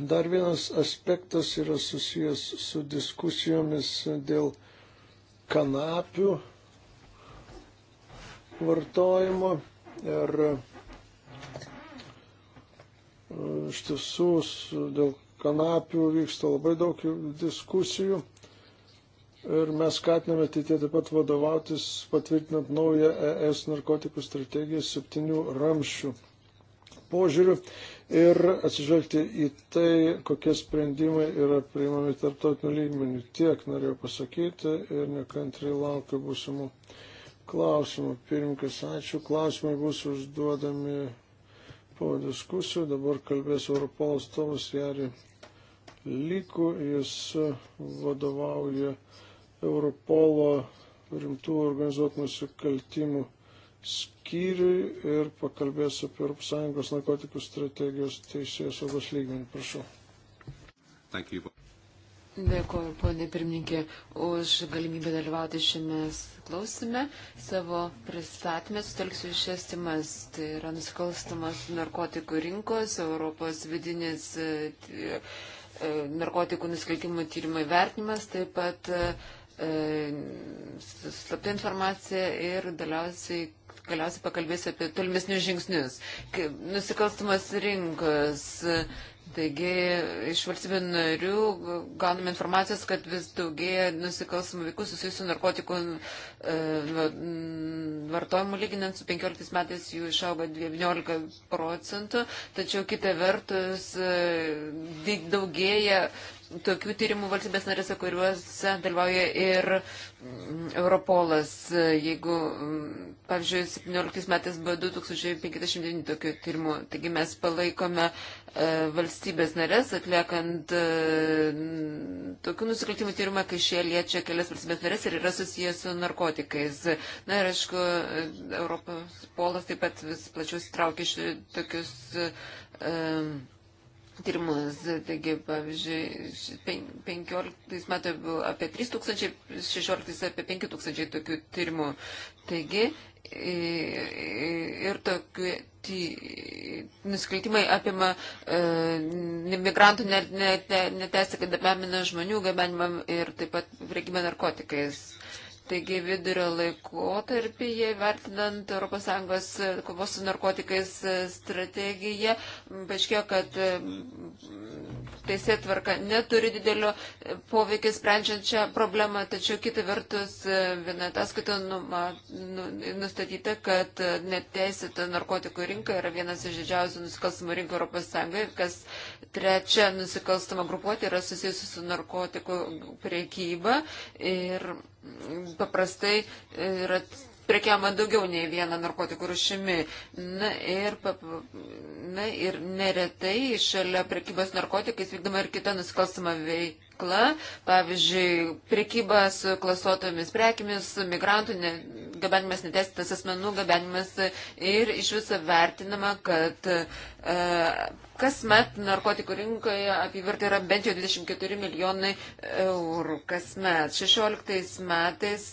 Dar vienas aspektas yra susijęs su diskusijomis dėl kanapių vartojimo ir e, iš tiesų dėl kanapių vyksta labai daug diskusijų ir mes skatiname ateitie taip pat vadovautis patvirtinant naują ES narkotikų strategiją septynių ramščių požiūriu ir atsižvelgti į tai, kokie sprendimai yra priimami tarptautiniu lygmeniu. Tiek norėjau pasakyti ir nekantrai laukiu būsimų klausimų. Pirmkas, ačiū. Klausimai bus užduodami po diskusijų. Dabar kalbės Europolo atstovas Jari Lyku. Jis vadovauja Europolo rimtų organizuotų nusikaltimų skyriui ir pakalbės apie ES narkotikų strategijos teisėjos saugos lygmenį. Prašau. Dėkuoju, ponė pirmininkė, už galimybę dalyvauti šiame klausime. Savo pristatymę sutelksiu šias temas. Tai yra nusikalstamas narkotikų rinkos, Europos vidinis e, e, narkotikų nusikaltimų tyrimo įvertinimas, taip pat e, e, slapta informacija ir galiausiai galiausiai pakalbėsiu apie tolimesnius žingsnius. Nusikalstamos rinkos. Taigi iš valstybių narių gauname informacijos, kad vis daugėja nusikalstamų veikų susijusių narkotikų e, vartojimu lyginant su 15 metais jų išaugo 19 procentų, tačiau kita vertus e, daugėja tokių tyrimų valstybės narėse, kuriuose dalyvauja ir mm, Europolas. Jeigu, mm, pavyzdžiui, 17 metais buvo 2059 tokių tyrimų, taigi mes palaikome e, valstybės narės atliekant e, tokių nusikaltimų tyrimą, kai šie liečia kelias valstybės narės ir yra susijęs su narkotikais. Na ir aišku, e, Europos polas taip pat vis plačiau įsitraukia iš tokius um, tyrimus. Taigi, pavyzdžiui, 15 metų apie 3 tūkstančiai, 16 apie 5 tūkstančiai tokių tyrimų. Taigi, ir tokie nusikaltimai apima e, migrantų neteisę, net, net, net kad gabenimą žmonių gabenimą ir taip pat prekybę narkotikais. Taigi vidurio laikotarpyje, vertinant ES kovos su narkotikais strategiją, paaiškėjo, kad mm, teisė tvarka neturi didelio poveikį sprendžiant šią problemą, tačiau kita vertus viena ataskaita nu, nustatyta, kad neteisėta narkotikų rinka yra vienas iš didžiausių nusikalstamų rinkų ES, kas trečia nusikalstama grupuotė yra susijusi su narkotikų priekyba. Ir paprastai yra prekiama daugiau nei vieną narkotikų rušimi. Na ir, na ir neretai šalia prekybos narkotikais vykdoma ir kita nusikalstama veikla veikla, pavyzdžiui, priekyba su klastotomis prekimis, migrantų ne, gabenimas netestas asmenų gabenimas ir iš viso vertinama, kad e, kasmet narkotikų rinkoje apyvartai yra bent jau 24 milijonai eurų kasmet. 16 metais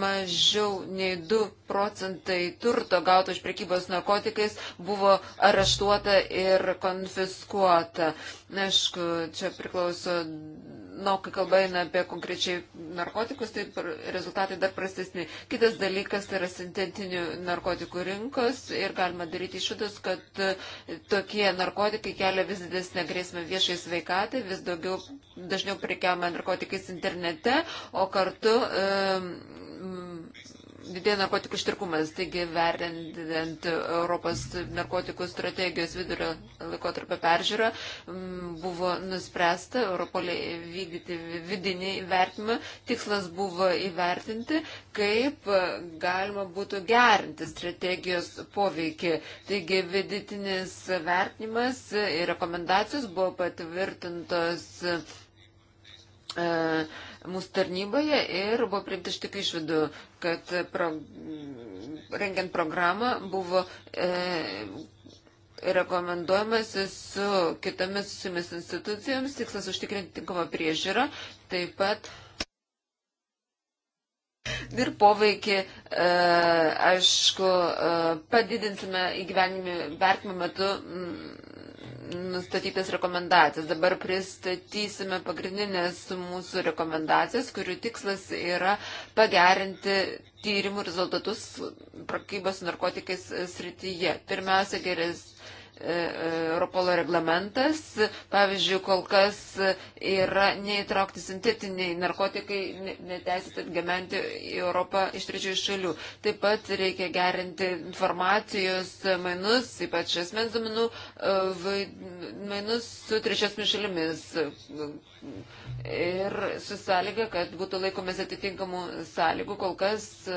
mažiau nei 2 procentai turto gauto iš priekybos narkotikais buvo areštuota ir konfiskuota. Aišku, čia priklauso na, kai kalba eina apie konkrečiai narkotikus, tai rezultatai dar prastesni. Kitas dalykas tai yra sintetinių narkotikų rinkos ir galima daryti išvadas, kad e, tokie narkotikai kelia vis didesnę grėsmę viešai sveikatai, vis daugiau dažniau prekiama narkotikais internete, o kartu e, didėja narkotikų ištirkumas, taigi vertinant Europos narkotikų strategijos vidurio laikotarpio peržiūrą, buvo nuspręsta Europolė vykdyti vidinį vertimą. Tikslas buvo įvertinti, kaip galima būtų gerinti strategijos poveikį. Taigi viditinis vertinimas ir rekomendacijos buvo patvirtintos. Uh, mūsų tarnyboje ir buvo priimta iš tik išvadų, kad pro, rengiant programą buvo e, rekomenduojamas su kitomis susimis institucijomis, tikslas užtikrinti tinkamą priežiūrą, taip pat ir poveikį, e, aišku, e, padidinsime įgyvenimį vertimo metu nustatytas rekomendacijas. Dabar pristatysime pagrindinės mūsų rekomendacijas, kurių tikslas yra pagerinti tyrimų rezultatus prakybos narkotikais srityje. Pirmiausia, geres, E, e, Europolo reglamentas. Pavyzdžiui, kol kas yra neįtraukti sintetiniai narkotikai neteisėtai atgamenti į Europą iš trečiųjų šalių. Taip pat reikia gerinti informacijos mainus, ypač asmens duomenų e, mainus su trečiosiomis šalimis, ir su sąlyga, kad būtų laikomis atitinkamų sąlygų, kol kas e,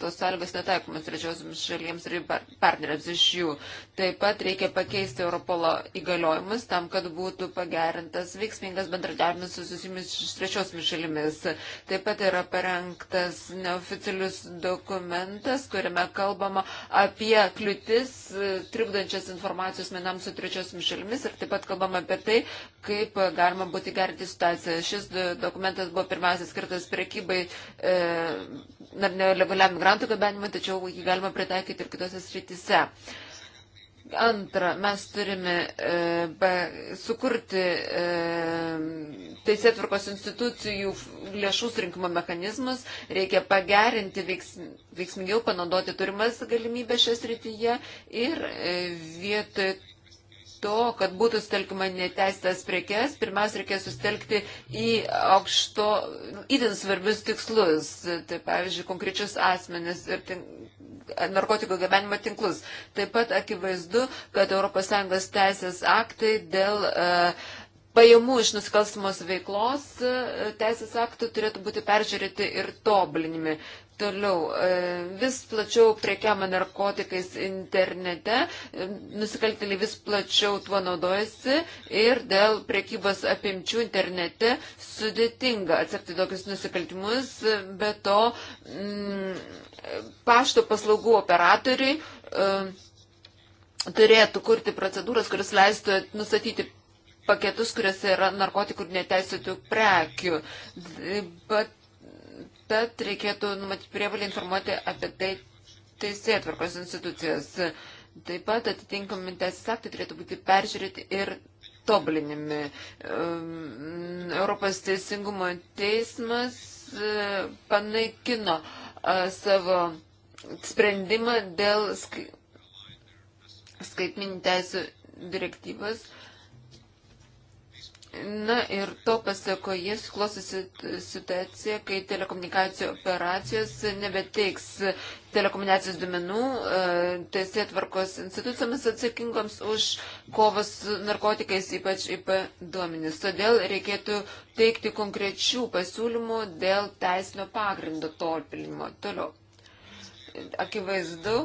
tos sąlygos netaikomas trečiosiams šalims ir partneriams iš jų. Taip pat reikia pakeisti Europolo įgaliojimus tam, kad būtų pagerintas veiksmingas bendradarbiavimas su susimis iš trečiosiomis šalimis. Taip pat yra parengtas neoficialius dokumentas, kuriame kalbama apie kliūtis e, trikdančias informacijos menams su trečiosiomis šalimis ir taip pat kalbama apie tai, kaip galima būti gerinti pasakyti situaciją. Šis dokumentas buvo pirmiausia skirtas prekybai e, nelegaliam migrantų gabenimui, tačiau jį galima pritaikyti ir kitose srityse. Antra, mes turime e, be, sukurti e, teisėtvarkos institucijų lėšų surinkimo mechanizmus, reikia pagerinti, veiks, veiksmingiau panaudoti turimas galimybės šias rytyje ir e, vietoj to, kad būtų stelkima neteistas prekes, pirmiausia, reikės sustelkti į aukšto, įdin svarbius tikslus, tai pavyzdžiui, konkrečius asmenis ir tin, narkotikų gabenimo tinklus. Taip pat akivaizdu, kad ES teisės aktai dėl uh, pajamų iš nusikalstamos veiklos e, teisės aktų turėtų būti peržiūrėti ir tobulinimi. Toliau, e, vis plačiau prekiama narkotikais internete, e, nusikaltėliai vis plačiau tuo naudojasi ir dėl prekybos apimčių internete sudėtinga atsekti tokius nusikaltimus, bet to m, mm, pašto paslaugų operatoriai m, turėtų kurti procedūras, kuris leistų nustatyti paketus, kuriuose yra narkotikų ir neteisėtų prekių. Bet, bet reikėtų numatyti prievalį informuoti apie tai teisėtvarkos institucijas. Taip pat atitinkami teisės aktai turėtų būti peržiūrėti ir tobulinimi. Europos teisingumo teismas e, panaikino e, savo sprendimą dėl skaitminį teisų direktyvas Na ir to pasakoje suklosi situacija, kai telekomunikacijų operacijos nebeteiks telekomunikacijos duomenų e, teisė tvarkos institucijams atsakingoms už kovas su narkotikais, ypač IP duomenys. Todėl reikėtų teikti konkrečių pasiūlymų dėl teisinio pagrindo tolpilimo. Toliau. Akivaizdu,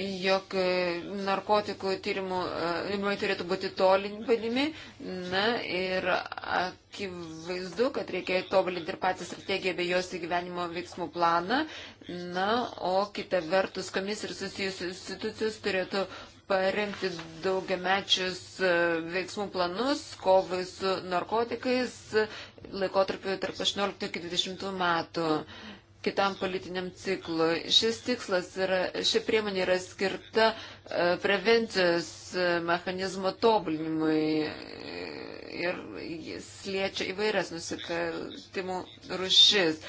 jog e, narkotikų e, tyrimai turėtų būti tolinami. Na ir akivaizdu, kad reikia tobulinti ir patį strategiją bei jos įgyvenimo veiksmų planą. Na, o kita vertus, komisija ir susijusios institucijos turėtų parengti daugiamečius e, veiksmų planus kovai su narkotikais laikotarpiu tarp 18 iki 20 metų. Mm kitam politiniam ciklui. Šis tikslas yra, ši priemonė yra skirta e, prevencijos e, mechanizmo tobulinimui ir jis liečia įvairias nusikaltimų rušis.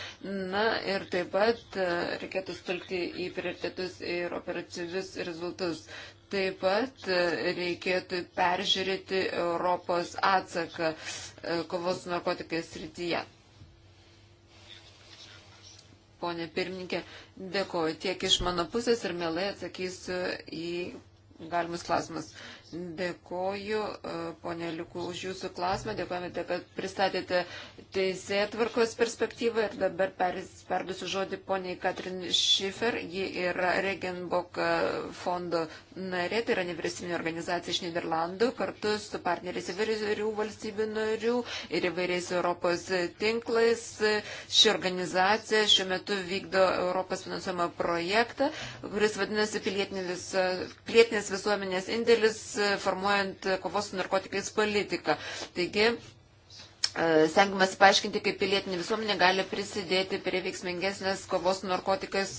Na ir taip pat e, reikėtų stulti į prioritetus ir operatyvius rezultatus. Taip pat reikėtų peržiūrėti Europos atsaką kovos narkotikais rytyje ponė pirmininkė. Dėkoju tiek iš mano pusės ir mielai atsakysiu į galimus klausimus. Dėkoju, e, ponė Liukų, už jūsų klausimą. Dėkojame, kad pristatėte teisėje tvarkos perspektyvą ir dabar perdusiu žodį poniai Katrin Šifer. Ji yra Regenbok e, fondo narė, tai yra nevyriausybinė organizacija iš Niderlandų, kartu su partneriais įvairių valstybių narių ir įvairiais Europos tinklais. Ši organizacija šiuo metu vykdo Europos finansuojamą projektą, kuris vadinasi pilietinės, pilietinės visuomenės indėlis formuojant kovos su narkotikais politiką. Taigi, E, stengiamasi paaiškinti, kaip pilietinė visuomenė gali prisidėti prie veiksmingesnės kovos su narkotikais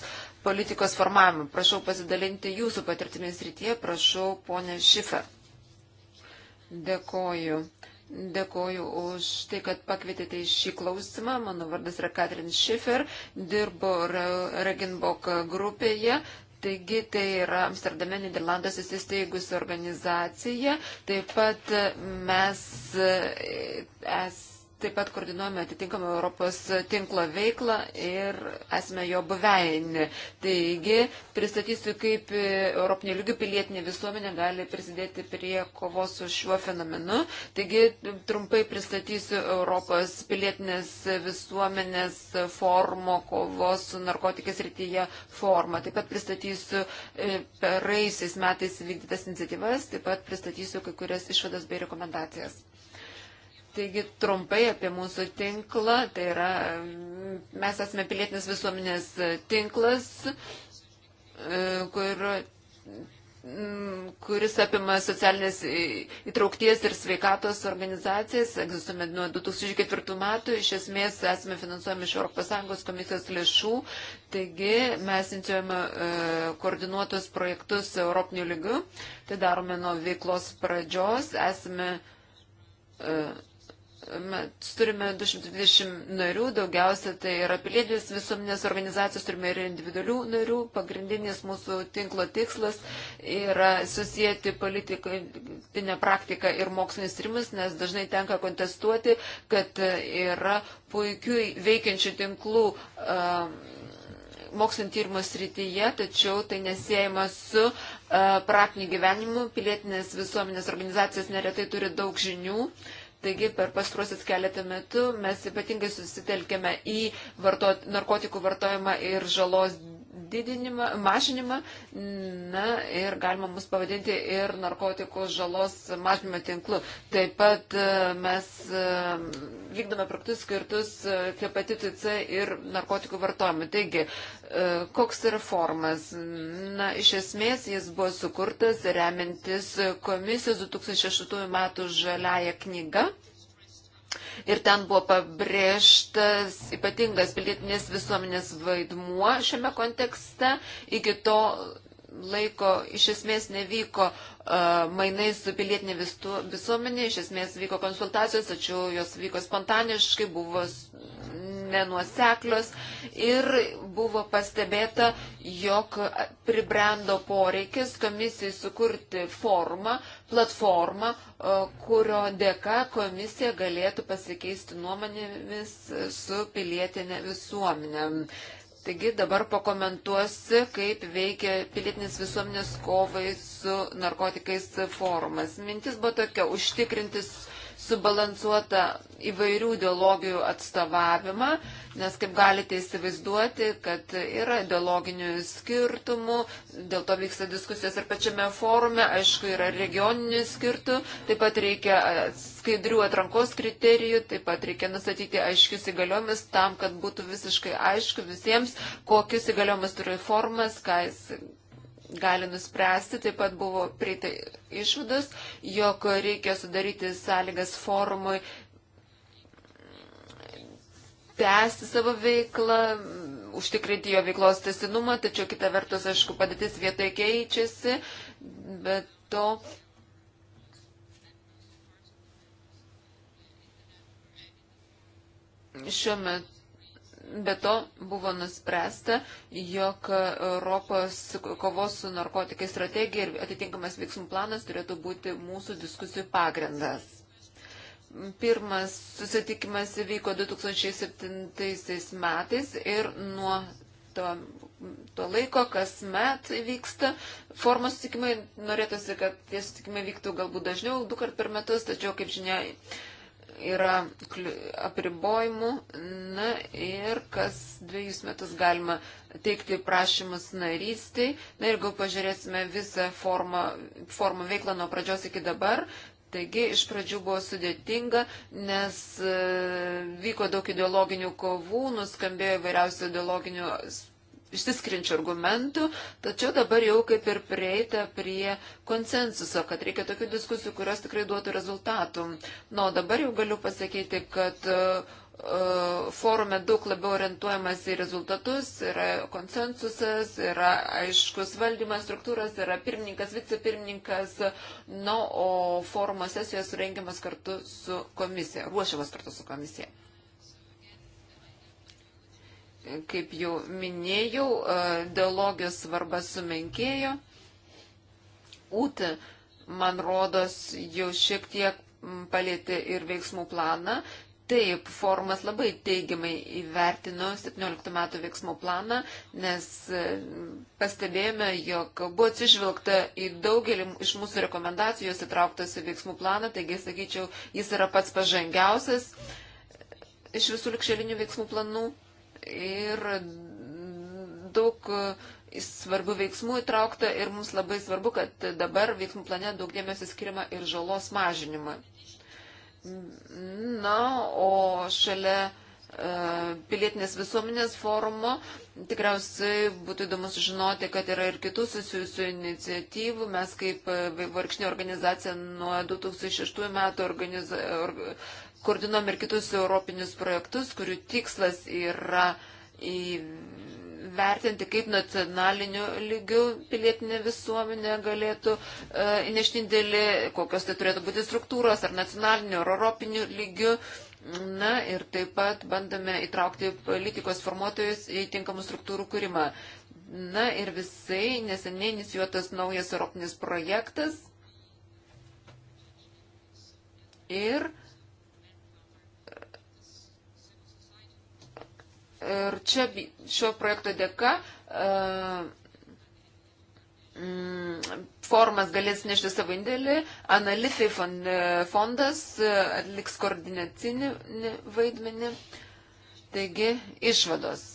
politikos formavimo. Prašau pasidalinti jūsų patirtimis rytyje, prašau ponę Šifę. Dėkoju. Dėkoju už tai, kad pakvietėte į šį klausimą. Mano vardas yra Katrin Šifer, dirbu Regenbok grupėje, Taigi tai yra Amsterdame Niderlandas įsisteigusi organizacija. Taip pat mes e, es, taip pat koordinuojame atitinkamą Europos tinklo veiklą ir esame jo buveinė. Taigi, pristatysiu, kaip Europinio lygių pilietinė visuomenė gali prisidėti prie kovos su šiuo fenomenu. Taigi, trumpai pristatysiu Europos pilietinės visuomenės formo kovos su narkotikės rytyje formą. Taip pat pristatysiu e, per raisiais metais vykdytas iniciatyvas, taip pat pristatysiu kai kurias išvadas bei rekomendacijas. Taigi trumpai apie mūsų tinklą, tai yra mm, mes esame pilietinis visuomenės e, tinklas, e, kur, mm, kuris apima socialinės įtraukties ir sveikatos organizacijas, egzistuome nuo 2004 metų, iš esmės esame finansuojami iš ES komisijos lėšų, taigi mes inicijuojame e, koordinuotus projektus Europinių lygių, tai darome nuo veiklos pradžios, esame Mes turime 220 narių, daugiausia tai yra pilietinės visuomenės organizacijos, turime ir individualių narių. Pagrindinis mūsų tinklo tikslas yra susijęti politinę praktiką ir mokslinis tyrimus, nes dažnai tenka kontestuoti, kad yra puikių veikiančių tinklų. Um, mokslinio tyrimo srityje, tačiau tai nesėjama su uh, praktiniu gyvenimu. Pilietinės visuomenės organizacijos neretai turi daug žinių. Uh, Taigi per pastruosius keletą metų mes ypatingai susitelkėme į vartot, narkotikų vartojimą ir žalos didinimą, mažinimą, na ir galima mus pavadinti ir narkotikų žalos mažinimo tinklu. Taip pat e, mes e, vykdome praktus skirtus e, hepatitui C ir narkotikų vartojimui. Taigi, koks yra formas? Na, iš esmės jis buvo sukurtas remiantis komisijos 2006 metų žaliaja knyga ir ten buvo pabrėžtas ypatingas pilietinės visuomenės vaidmuo šiame kontekste. Iki to laiko iš esmės nevyko uh, mainai su pilietinė visuomenė, iš esmės vyko konsultacijos, tačiau jos vyko spontaniškai, buvo nenuoseklios ir buvo pastebėta, jog pribrendo poreikis komisijai sukurti formą, platformą, e, kurio dėka komisija galėtų pasikeisti nuomonėmis su pilietinė visuomenė. Taigi dabar pakomentuosi, kaip veikia pilietinis visuomenės kovai su narkotikais forumas. Mintis buvo tokia - užtikrintis subalansuotą įvairių ideologijų atstovavimą, nes kaip galite įsivaizduoti, kad yra ideologinių skirtumų, dėl to vyksta diskusijos ir pačiame forume, aišku, yra regioninių skirtumų, taip pat reikia skaidrių atrankos kriterijų, taip pat reikia nustatyti aiškius įgaliomis tam, kad būtų visiškai aišku visiems, kokius įgaliomis turi formas, ką jis gali nuspręsti. Taip pat buvo prieita išvados, jog reikia sudaryti sąlygas forumui tęsti savo veiklą, užtikrinti jo veiklos tesinumą, tačiau kita vertus, aišku, padėtis vietoje keičiasi, bet to šiuo metu Be to buvo nuspręsta, jog Europos kovos su narkotikai strategija ir atitinkamas veiksmų planas turėtų būti mūsų diskusijų pagrindas. Pirmas susitikimas vyko 2007 metais ir nuo to, to laiko kasmet vyksta. Formos susitikimai norėtųsi, kad tie susitikimai vyktų galbūt dažniau, du kart per metus, tačiau, kaip žinia, yra apribojimų, na ir kas dviejus metus galima teikti prašymus narystiai. Na ir jeigu pažiūrėsime visą formą, formą veiklą nuo pradžios iki dabar, taigi iš pradžių buvo sudėtinga, nes e, vyko daug ideologinių kovų, nuskambėjo įvairiausių ideologinių išsiskrinčių argumentų, tačiau dabar jau kaip ir prieita prie konsensuso, kad reikia tokių diskusijų, kurios tikrai duotų rezultatų. Na, nu, dabar jau galiu pasakyti, kad uh, forume daug labiau orientuojamas į rezultatus, yra konsensusas, yra aiškus valdymas struktūras, yra pirmininkas, vicepirmininkas, nu, o forumo sesijos rengiamas kartu su komisija, ruošiamas kartu su komisija kaip jau minėjau, e, ideologijos svarba sumenkėjo. Ūti, man rodos, jau šiek tiek palėtė ir veiksmų planą. Taip, formas labai teigiamai įvertino 17 metų veiksmų planą, nes e, pastebėjome, jog buvo atsižvelgta į daugelį iš mūsų rekomendacijų, jos įtrauktas į veiksmų planą, taigi, sakyčiau, jis yra pats pažangiausias iš visų likšelinių veiksmų planų ir daug svarbių veiksmų įtraukta ir mums labai svarbu, kad dabar veiksmų plane daug dėmesio skiriama ir žalos mažinimui. Na, o šalia e, pilietinės visuomenės forumo. Tikriausiai būtų įdomu sužinoti, kad yra ir kitų susijusių iniciatyvų. Mes kaip e, varkšnė organizacija nuo 2006 metų organiz koordinuom ir kitus europinius projektus, kurių tikslas yra įvertinti, kaip nacionaliniu lygiu pilietinė visuomenė galėtų e, įnešti e, indėlį, kokios tai turėtų būti struktūros ar nacionaliniu ar europiniu lygiu. Na ir taip pat bandome įtraukti politikos formuotojus į tinkamų struktūrų kūrimą. Na ir visai neseniai inicijuotas naujas europinis projektas. Ir uh, Ir čia šio projekto dėka e, mm, formas galės nešti savo indėlį, analitai e, fondas e, atliks koordinacinį vaidmenį. Taigi, išvados.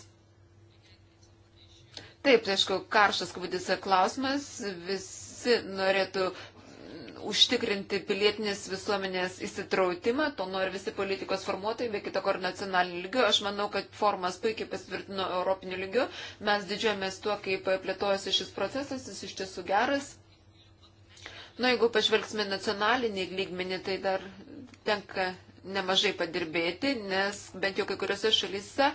Taip, tai aišku, karštas kabutėse klausimas, visi norėtų užtikrinti pilietinės visuomenės įsitrautimą, to nori visi politikos formuotojai, be kita kor nacionaliniu lygiu. Aš manau, kad formas puikiai pasvirtino europiniu lygiu. Mes didžiuojamės tuo, kaip plėtojasi šis procesas, jis iš tiesų geras. Na, nu, jeigu pažvelgsime nacionalinį lygmenį, tai dar tenka nemažai padirbėti, nes bent jau kai kuriuose šalyse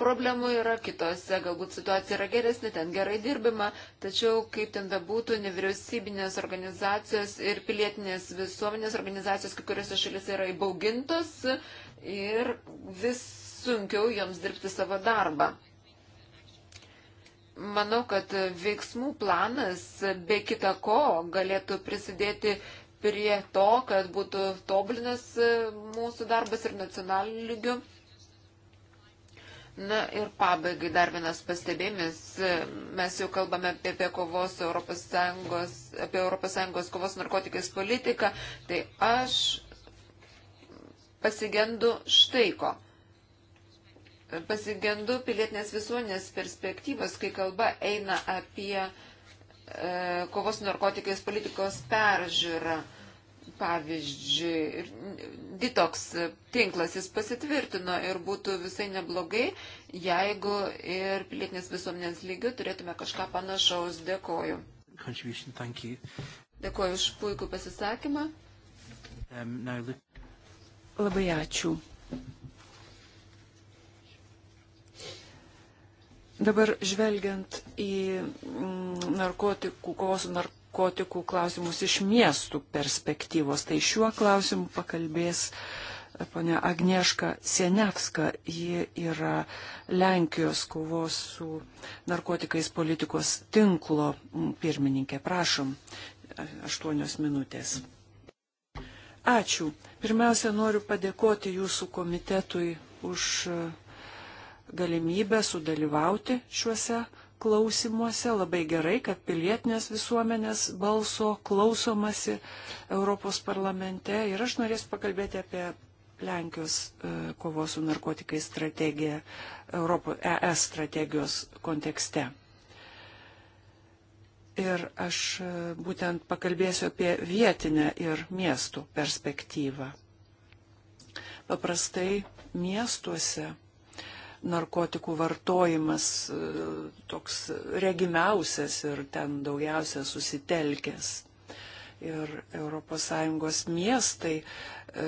problemų yra, kitose galbūt situacija yra geresnė, ten gerai dirbima, tačiau kaip ten bebūtų, nevyriausybinės organizacijos ir pilietinės visuomenės organizacijos kai kuriuose šalyse yra įbaugintos ir vis sunkiau joms dirbti savo darbą. Manau, kad veiksmų planas be kita ko galėtų prisidėti prie to, kad būtų tobulinas e, mūsų darbas ir nacionaliniu lygiu. Na ir pabaigai dar vienas pastebėjimas. E, mes jau kalbame apie, apie kovos Europos Sąjungos, apie Europos Sąjungos kovos narkotikais politiką. Tai aš pasigendu štai ko. Pasigendu pilietinės visuomenės perspektyvos, kai kalba eina apie uh, E, kovos su narkotikais politikos peržiūra. Pavyzdžiui, detoks tinklas jis pasitvirtino ir būtų visai neblogai, jeigu ir pilietinės visuomenės lygių turėtume kažką panašaus. Dėkoju. Dėkoju už puikų pasisakymą. Um, now... Labai ačiū. Dabar žvelgiant į mm, narkotikų, kovos su narkotikų klausimus iš miestų perspektyvos, tai šiuo klausimu pakalbės e, ponia Agnieška Sienevska. Ji yra Lenkijos kovos su narkotikais politikos tinklo mm, pirmininkė. Prašom, e, aštuonios minutės. Ačiū. Pirmiausia, noriu padėkoti jūsų komitetui už e, galimybę sudalyvauti šiuose klausimuose. Labai gerai, kad pilietinės visuomenės balso klausomasi Europos parlamente. Ir aš norėsiu pakalbėti apie Lenkijos e, kovos su narkotikai strategiją Europo, ES strategijos kontekste. Ir aš e, būtent pakalbėsiu apie vietinę ir miestų perspektyvą. Paprastai miestuose narkotikų vartojimas e, toks regimiausias ir ten daugiausia susitelkęs. Ir ES miestai e,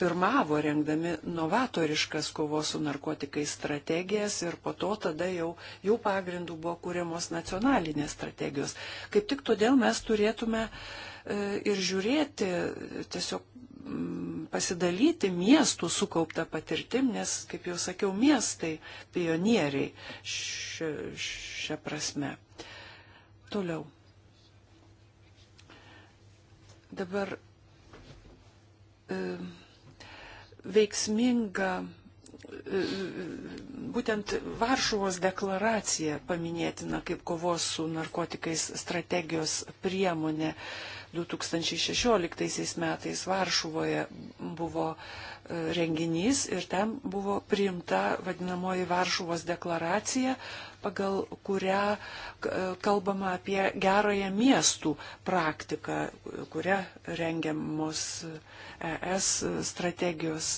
pirmavo rengdami novatoriškas kovos su narkotikai strategijas ir po to tada jau jų pagrindų buvo kūriamos nacionalinės strategijos. Kaip tik todėl mes turėtume e, ir žiūrėti tiesiog Mm, pasidalyti miestų sukauptą patirtim, nes, kaip jau sakiau, miestai pionieriai šią prasme. Toliau. Dabar e, veiksminga e, būtent Varšuvos deklaracija paminėtina kaip kovos su narkotikais strategijos priemonė. E, 2016 metais Varšuvoje buvo e, renginys ir ten buvo priimta vadinamoji Varšuvos deklaracija, pagal kurią e, kalbama apie gerąją miestų praktiką, kurią rengiamos ES strategijos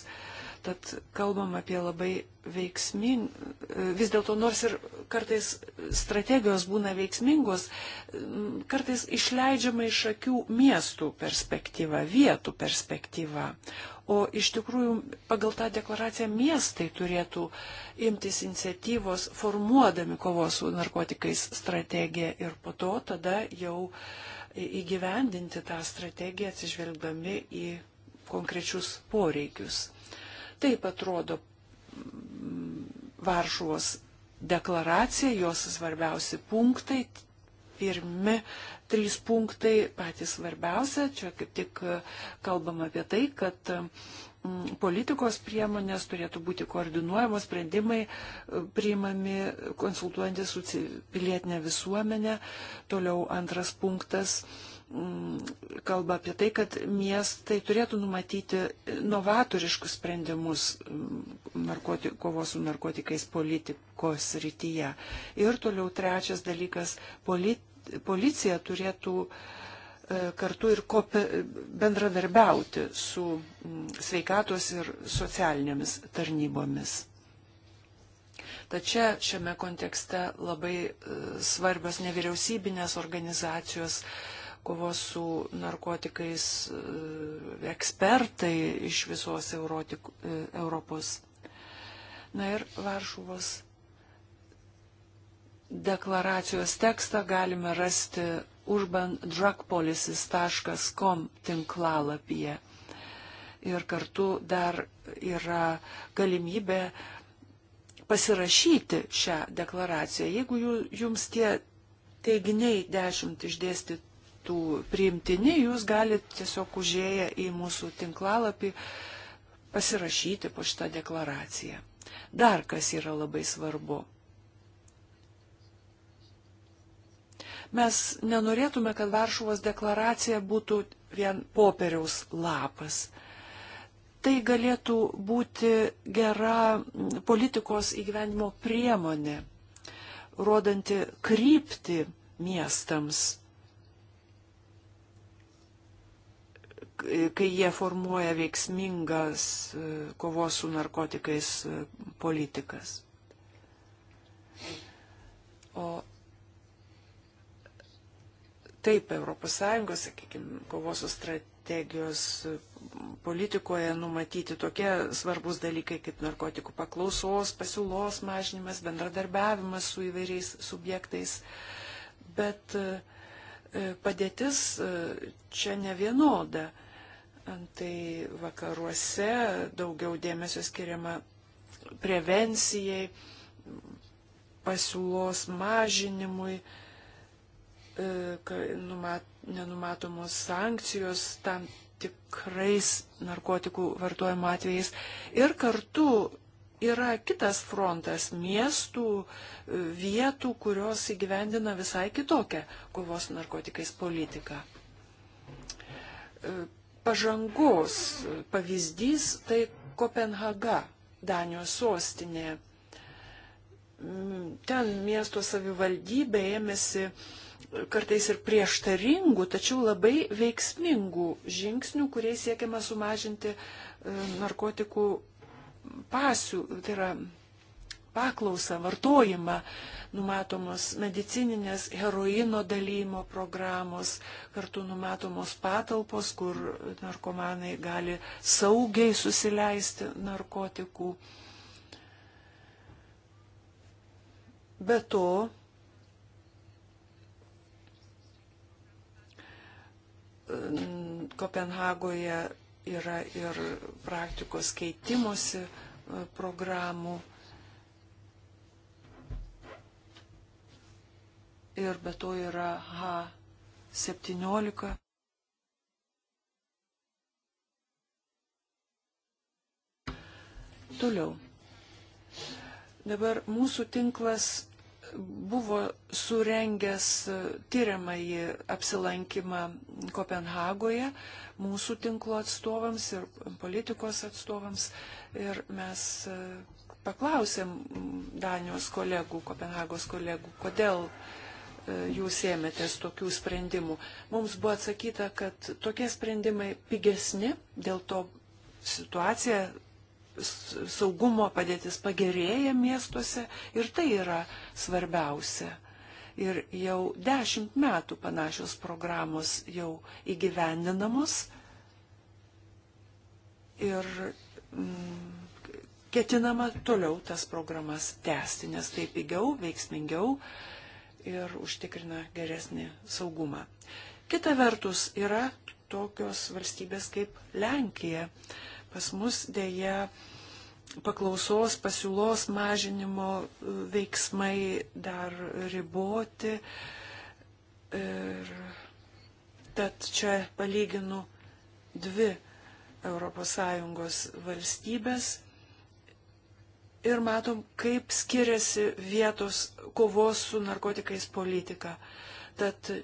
Tad kalbam apie labai veiksming, vis dėlto nors ir kartais strategijos būna veiksmingos, kartais išleidžiama iš akių miestų perspektyva, vietų perspektyva. O iš tikrųjų pagal tą deklaraciją miestai turėtų imtis iniciatyvos formuodami kovos su narkotikais strategiją ir po to tada jau įgyvendinti tą strategiją atsižvelgdami į konkrečius poreikius. Taip atrodo Varšuvos deklaracija, jos svarbiausi punktai. Pirmi trys punktai patys svarbiausia, čia kaip tik e, kalbam apie tai, kad politikos priemonės turėtų būti koordinuojamos, sprendimai e, priimami konsultuojantis su pilietinė visuomenė. Toliau antras punktas Mm, kalba apie tai, kad miestai turėtų numatyti novatoriškus sprendimus mm, narkoti, kovos su narkotikais politikos rytyje. Ir toliau trečias dalykas poli, - policija turėtų e, kartu ir kope, bendradarbiauti su mm, sveikatos ir socialinėmis tarnybomis. Tačiau šiame kontekste labai e, svarbios nevyriausybinės organizacijos, uh, kovos su narkotikais e, ekspertai iš visos Eurotik, e, Europos. Na ir Varšuvos deklaracijos tekstą galime rasti urbandrugpolicies.com tinklalapyje. Ir kartu dar yra galimybė pasirašyti šią deklaraciją. Jeigu jums tie teiginiai dešimt išdėstyti būtų priimtini, jūs galite tiesiog užėję į mūsų tinklalapį pasirašyti po šitą deklaraciją. Dar kas yra labai svarbu. Mes nenorėtume, kad Varšuvos deklaracija būtų vien popieriaus lapas. Tai galėtų būti gera politikos įgyvenimo priemonė, rodanti krypti miestams. kai jie formuoja veiksmingas e, kovos su narkotikais e, politikas. O taip, ES, sakykime, kovos su strategijos e, politikoje numatyti tokie svarbus dalykai kaip narkotikų paklausos, pasiūlos mažinimas, bendradarbiavimas su įvairiais subjektais. Bet padėtis čia nevienoda. vienoda Antai vakaruose daugiau dėmesio skiriama prevencijai, pasiūlos mažinimui, e, numat, nenumatomos sankcijos tam tikrais narkotikų vartojimo atvejais. Ir kartu yra kitas frontas miestų, e, vietų, kurios įgyvendina visai kitokią kovos narkotikais politiką e, pažangos pavyzdys tai Kopenhaga, Danijos sostinė. Mm, ten miesto savivaldybė ėmėsi kartais ir prieštaringų, tačiau labai veiksmingų žingsnių, kuriais siekiama sumažinti e, narkotikų pasių, tai yra paklausą, vartojimą, numatomos medicininės heroino dalymo programos, kartu numatomos patalpos, kur narkomanai gali saugiai susileisti narkotikų. Be to, Kopenhagoje yra ir praktikos keitimosi e, programų ir be to yra H17. Toliau. Dabar mūsų tinklas buvo surengęs tyriamąjį apsilankimą Kopenhagoje mūsų tinklo atstovams ir politikos atstovams. Ir mes e, paklausėm Danijos kolegų, Kopenhagos kolegų, kodėl uh, E, jūs ėmėtės tokių sprendimų. Mums buvo atsakyta, kad tokie sprendimai pigesni, dėl to situacija saugumo padėtis pagerėja miestuose ir tai yra svarbiausia. Ir jau dešimt metų panašios programos jau įgyvendinamos ir mm, ketinama toliau tas programas tęsti, nes tai pigiau, veiksmingiau ir užtikrina geresnį saugumą. Kita vertus yra tokios valstybės kaip Lenkija. Pas mus dėja paklausos pasiūlos mažinimo e, veiksmai dar riboti. Ir tad čia palyginu dvi ES valstybės ir matom, kaip skiriasi vietos kovos su narkotikais politika. Tad e,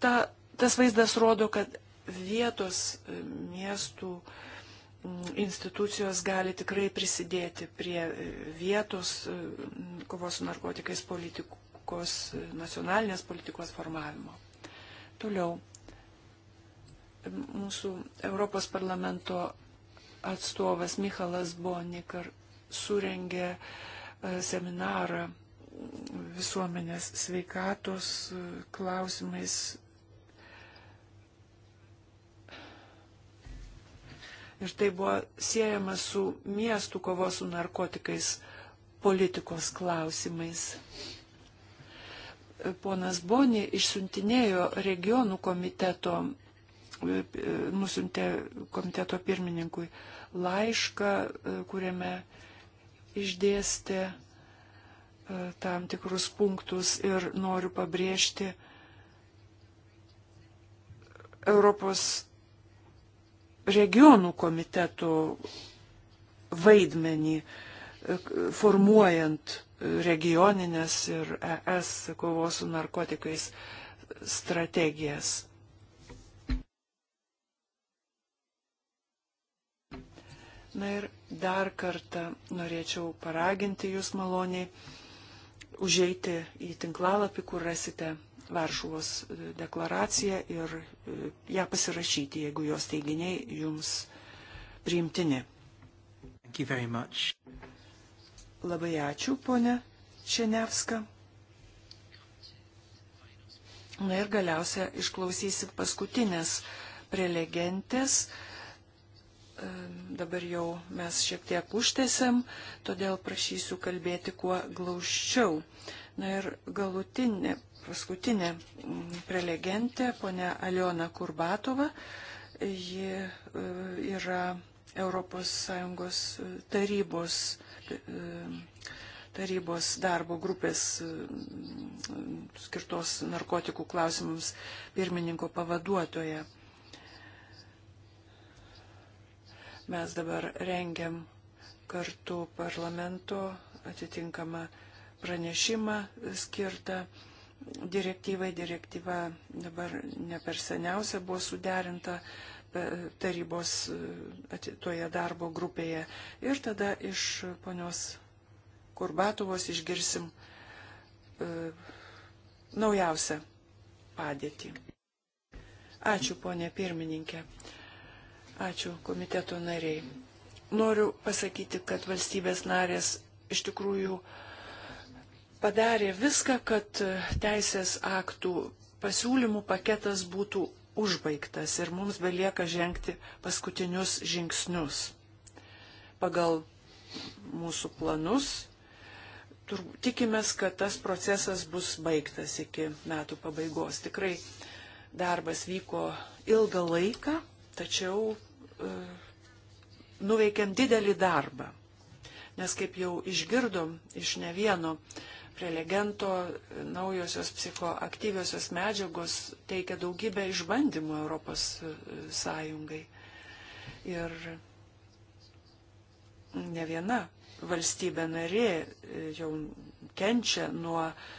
ta, tas vaizdas rodo, kad vietos e, miestų institucijos gali tikrai prisidėti prie e, vietos kovos su narkotikais politikos, nacionalinės politikos formavimo. Toliau. Mūsų Europos parlamento atstovas Michalas Bonikar surengė e, seminarą visuomenės sveikatos e, klausimais. Ir tai buvo siejama su miestų kovos su narkotikais politikos klausimais. Ponas Boni išsiuntinėjo regionų komiteto, e, nusintė komiteto pirmininkui laišką, kuriame išdėstė e, tam tikrus punktus ir noriu pabrėžti Europos regionų komitetų vaidmenį e, formuojant regioninės ir ES kovos su narkotikais strategijas. Na ir dar kartą norėčiau paraginti jūs maloniai užeiti į tinklalapį, kur rasite Varšuvos e, deklaraciją ir e, ją pasirašyti, jeigu jos teiginiai jums priimtini. Labai ačiū, ponė Šenevska. Na ir galiausia išklausysim paskutinės prelegentės dabar jau mes šiek tiek užtėsim, todėl prašysiu kalbėti kuo glaučiau. Na ir galutinė, paskutinė prelegentė, ponia Aliona Kurbatova, ji e, yra ES e, tarybos, e, tarybos darbo grupės skirtos narkotikų klausimams pirmininko pavaduotoje. Mes dabar rengiam kartu parlamento atitinkamą pranešimą skirtą direktyvai. Direktyva dabar ne per seniausia buvo suderinta tarybos e, toje darbo grupėje. Ir tada iš ponios Kurbatuvos išgirsim e, naujausią padėtį. Ačiū, ponė pirmininkė. Ačiū komiteto nariai. Noriu pasakyti, kad valstybės narės iš tikrųjų padarė viską, kad teisės aktų pasiūlymų paketas būtų užbaigtas ir mums belieka žengti paskutinius žingsnius. Pagal mūsų planus tur, tikimės, kad tas procesas bus baigtas iki metų pabaigos. Tikrai darbas vyko ilgą laiką Tačiau e, nuveikėm didelį darbą, nes kaip jau išgirdom iš ne vieno prelegento, naujosios psichoaktyviosios medžiagos teikia daugybę išbandymų Europos e, Sąjungai. Ir ne viena valstybė narė e, jau kenčia nuo uh,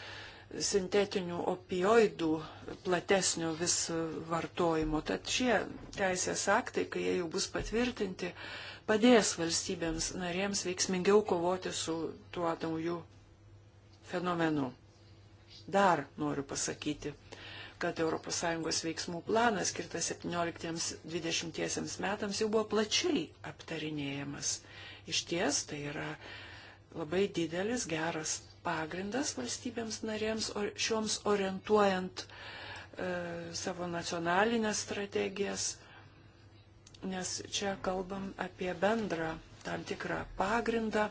sintetinių opioidų platesnio vis vartojimo. Tad šie teisės aktai, kai jie jau bus patvirtinti, padės valstybėms narėms veiksmingiau kovoti su tuo nauju fenomenu. Dar noriu pasakyti, kad ES veiksmų planas skirtas 17-20 metams jau buvo plačiai aptarinėjamas. Iš ties tai yra labai didelis geras pagrindas valstybėms narėms šioms orientuojant e, savo nacionalinės strategijas, nes čia kalbam apie bendrą tam tikrą pagrindą,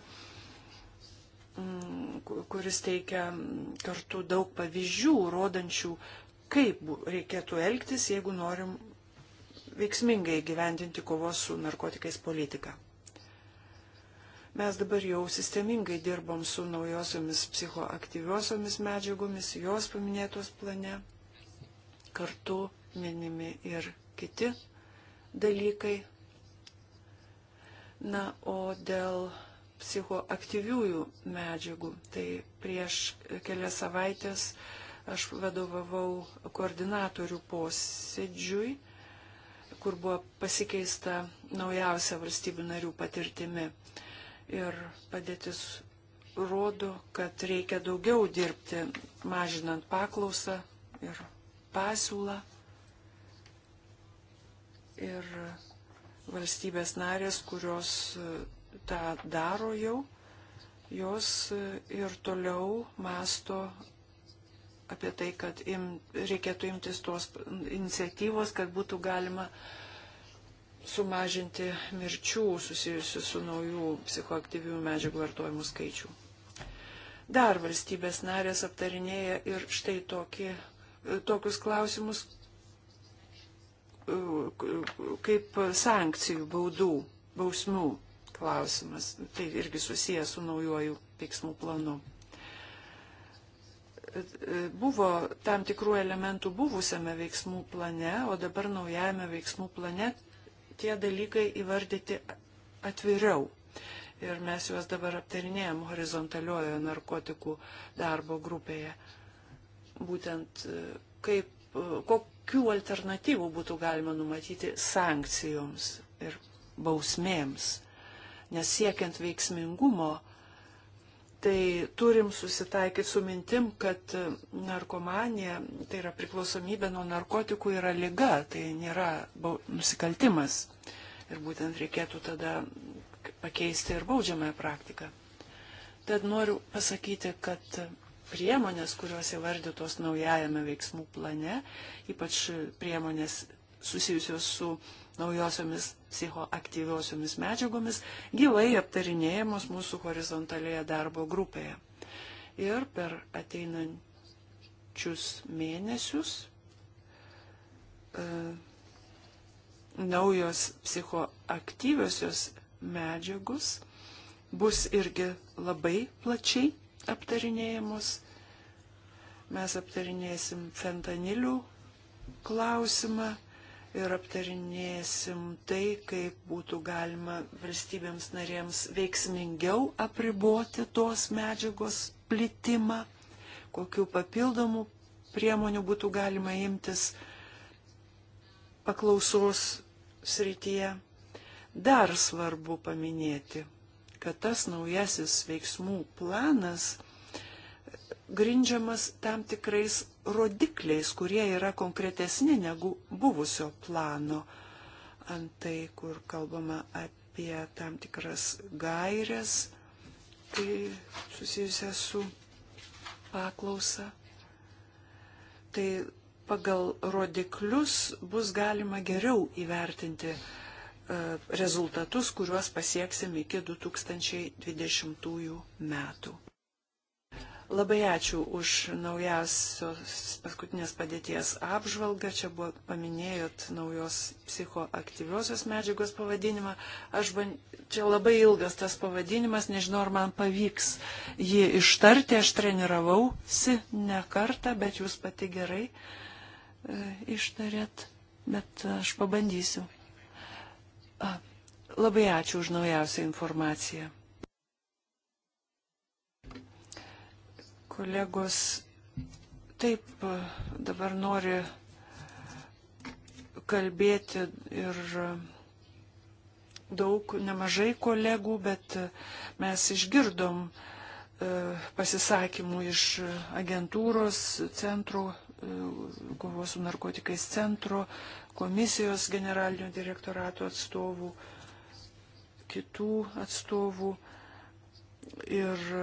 m, mm, kuris teikia kartu daug pavyzdžių, rodančių, kaip reikėtų elgtis, jeigu norim veiksmingai gyvendinti kovos su narkotikais politiką. Mes dabar jau sistemingai dirbom su naujosiomis psichoaktyviosiomis medžiagomis, jos paminėtos plane. Kartu minimi ir kiti dalykai. Na, o dėl psichoaktyviųjų medžiagų, tai prieš kelias savaitės aš vadovavau koordinatorių posėdžiui, kur buvo pasikeista naujausia valstybių narių patirtimi ir padėtis rodo, kad reikia daugiau dirbti, mažinant paklausą ir pasiūlą. Ir valstybės narės, kurios e, tą daro jau, jos e, ir toliau masto apie tai, kad im, reikėtų imtis tos iniciatyvos, kad būtų galima uh, sumažinti mirčių susijusių su naujų psichoaktyvių medžiagų vartojimų skaičių. Dar valstybės narės aptarinėja ir štai tokį, tokius klausimus kaip sankcijų, baudų, bausmių klausimas. Tai irgi susijęs su naujoju veiksmų planu buvo tam tikrų elementų buvusiame veiksmų plane, o dabar naujame veiksmų plane tie dalykai įvardyti atviriau. Ir mes juos dabar aptarinėjom horizontaliojo narkotikų darbo grupėje. Būtent e, kaip, e, kokių alternatyvų būtų galima numatyti sankcijoms ir bausmėms. Nes siekiant veiksmingumo, tai turim susitaikyti su mintim, kad e, narkomanija, tai yra priklausomybė nuo narkotikų, yra lyga, tai nėra nusikaltimas. Ir būtent reikėtų tada pakeisti ir baudžiamąją praktiką. Tad noriu pasakyti, kad priemonės, kurios įvardytos naujajame veiksmų plane, ypač priemonės susijusios su naujosiomis psichoaktyviosiomis medžiagomis, gyvai aptarinėjamos mūsų horizontalėje darbo grupėje. Ir per ateinančius mėnesius e, naujos psichoaktyviosios medžiagos bus irgi labai plačiai aptarinėjamos. Mes aptarinėsim fentanilių klausimą ir aptarinėsim tai, kaip būtų galima valstybėms narėms veiksmingiau apriboti tos medžiagos plitimą, kokiu papildomu priemonių būtų galima imtis paklausos srityje. Dar svarbu paminėti, kad tas naujasis veiksmų planas grindžiamas tam tikrais rodikliais, kurie yra konkretesni negu buvusio plano. Antai, kur kalbama apie tam tikras gairias, tai susijusia su paklausa. Tai pagal rodiklius bus galima geriau įvertinti e, rezultatus, kuriuos pasieksim iki 2020 metų. Labai ačiū už naujasios paskutinės padėties apžvalgą. Čia buvo paminėjot naujos psichoaktyviosios medžiagos pavadinimą. Aš ban... Čia labai ilgas tas pavadinimas, nežinau, ar man pavyks jį ištarti. Aš treniravausi ne kartą, bet jūs pati gerai uh, E, ištarėt, bet aš pabandysiu. Labai ačiū už naujausią informaciją. Kolegos, taip e, dabar nori kalbėti ir e, daug, nemažai kolegų, bet mes išgirdom pasisakymų iš agentūros centrų E, kovos su narkotikais centro, komisijos generalinio direktorato atstovų, kitų atstovų. Ir e,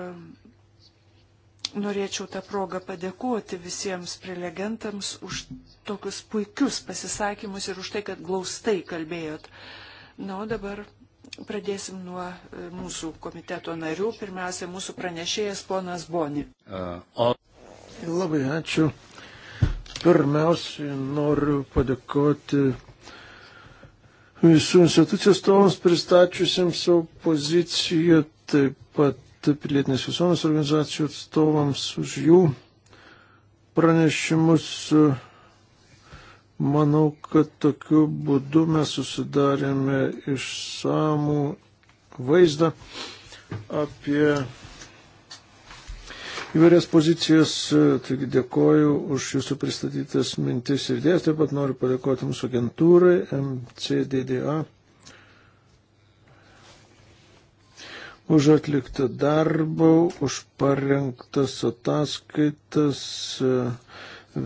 norėčiau tą progą padėkoti visiems prelegentams už tokius puikius pasisakymus ir už tai, kad glaustai kalbėjot. Na, o dabar pradėsim nuo e, mūsų komiteto narių. Pirmiausia, mūsų pranešėjas ponas Boni. Labai ačiū. Pirmiausiai noriu padėkoti visų institucijų atstovams pristačiusiems savo poziciją, taip pat pilietinės visuomenės organizacijų atstovams už jų pranešimus. Manau, kad tokiu būdu mes susidarėme išsamų vaizdą apie įvairias pozicijas. E, taigi dėkoju už jūsų pristatytas mintis ir dės. Taip pat noriu padėkoti mūsų agentūrai MCDDA už atliktą darbą, už parengtas ataskaitas, e,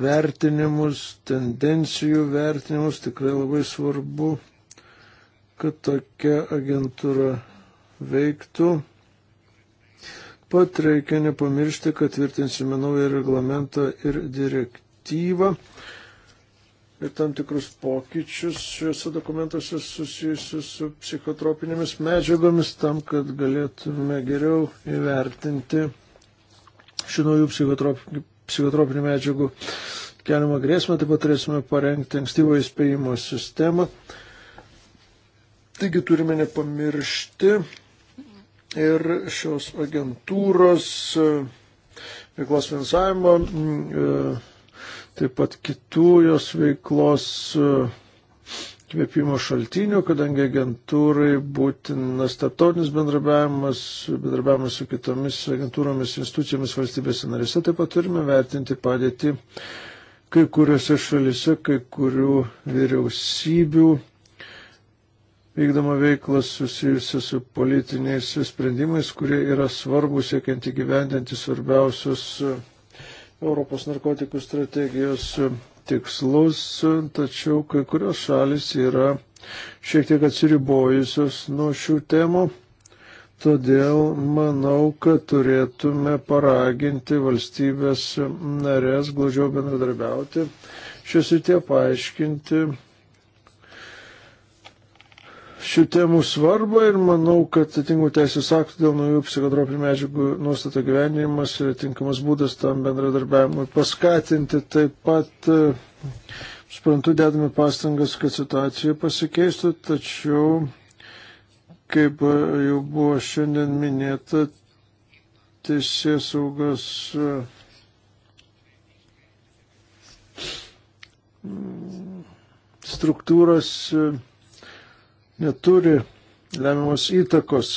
vertinimus, tendencijų vertinimus. Tikrai labai svarbu, kad tokia agentūra veiktų pat reikia nepamiršti, kad tvirtinsime naują reglamentą ir direktyvą ir tam tikrus pokyčius šiuose dokumentuose susijusius su psichotropinėmis medžiagomis tam, kad galėtume geriau įvertinti šių naujų psichotropinių, psichotropinių medžiagų keliamą grėsmę, taip pat turėsime parengti ankstyvo įspėjimo sistemą. Taigi turime nepamiršti ir šios agentūros e, veiklos finansavimo, e, taip pat kitų jos veiklos e, kvėpimo šaltinių, kadangi agentūrai būtinas tarptautinis bendrabiavimas, bendrabiavimas su kitomis agentūromis, institucijomis valstybėse narėse. Taip pat turime vertinti padėtį kai kuriuose šalise, kai kurių vyriausybių vykdoma veikla susijusi su politiniais sprendimais, kurie yra svarbus siekiant įgyvendinti svarbiausius e, Europos narkotikų strategijos e, tikslus, e, tačiau kai kurios šalis yra šiek tiek atsiribojusios nuo šių temų. Todėl manau, kad turėtume paraginti valstybės narės glaudžiau bendradarbiauti, šios įtie paaiškinti šių temų svarbą ir manau, kad atitinkamų teisės aktų dėl naujų psichotropinių medžiagų nuostato gyvenimas ir atitinkamas būdas tam bendradarbiavimui paskatinti. Taip pat, e, suprantu, dedame pastangas, kad situacija pasikeistų, tačiau, kaip e, jau buvo šiandien minėta, teisės saugas. E, struktūros uh neturi lemiamos įtakos.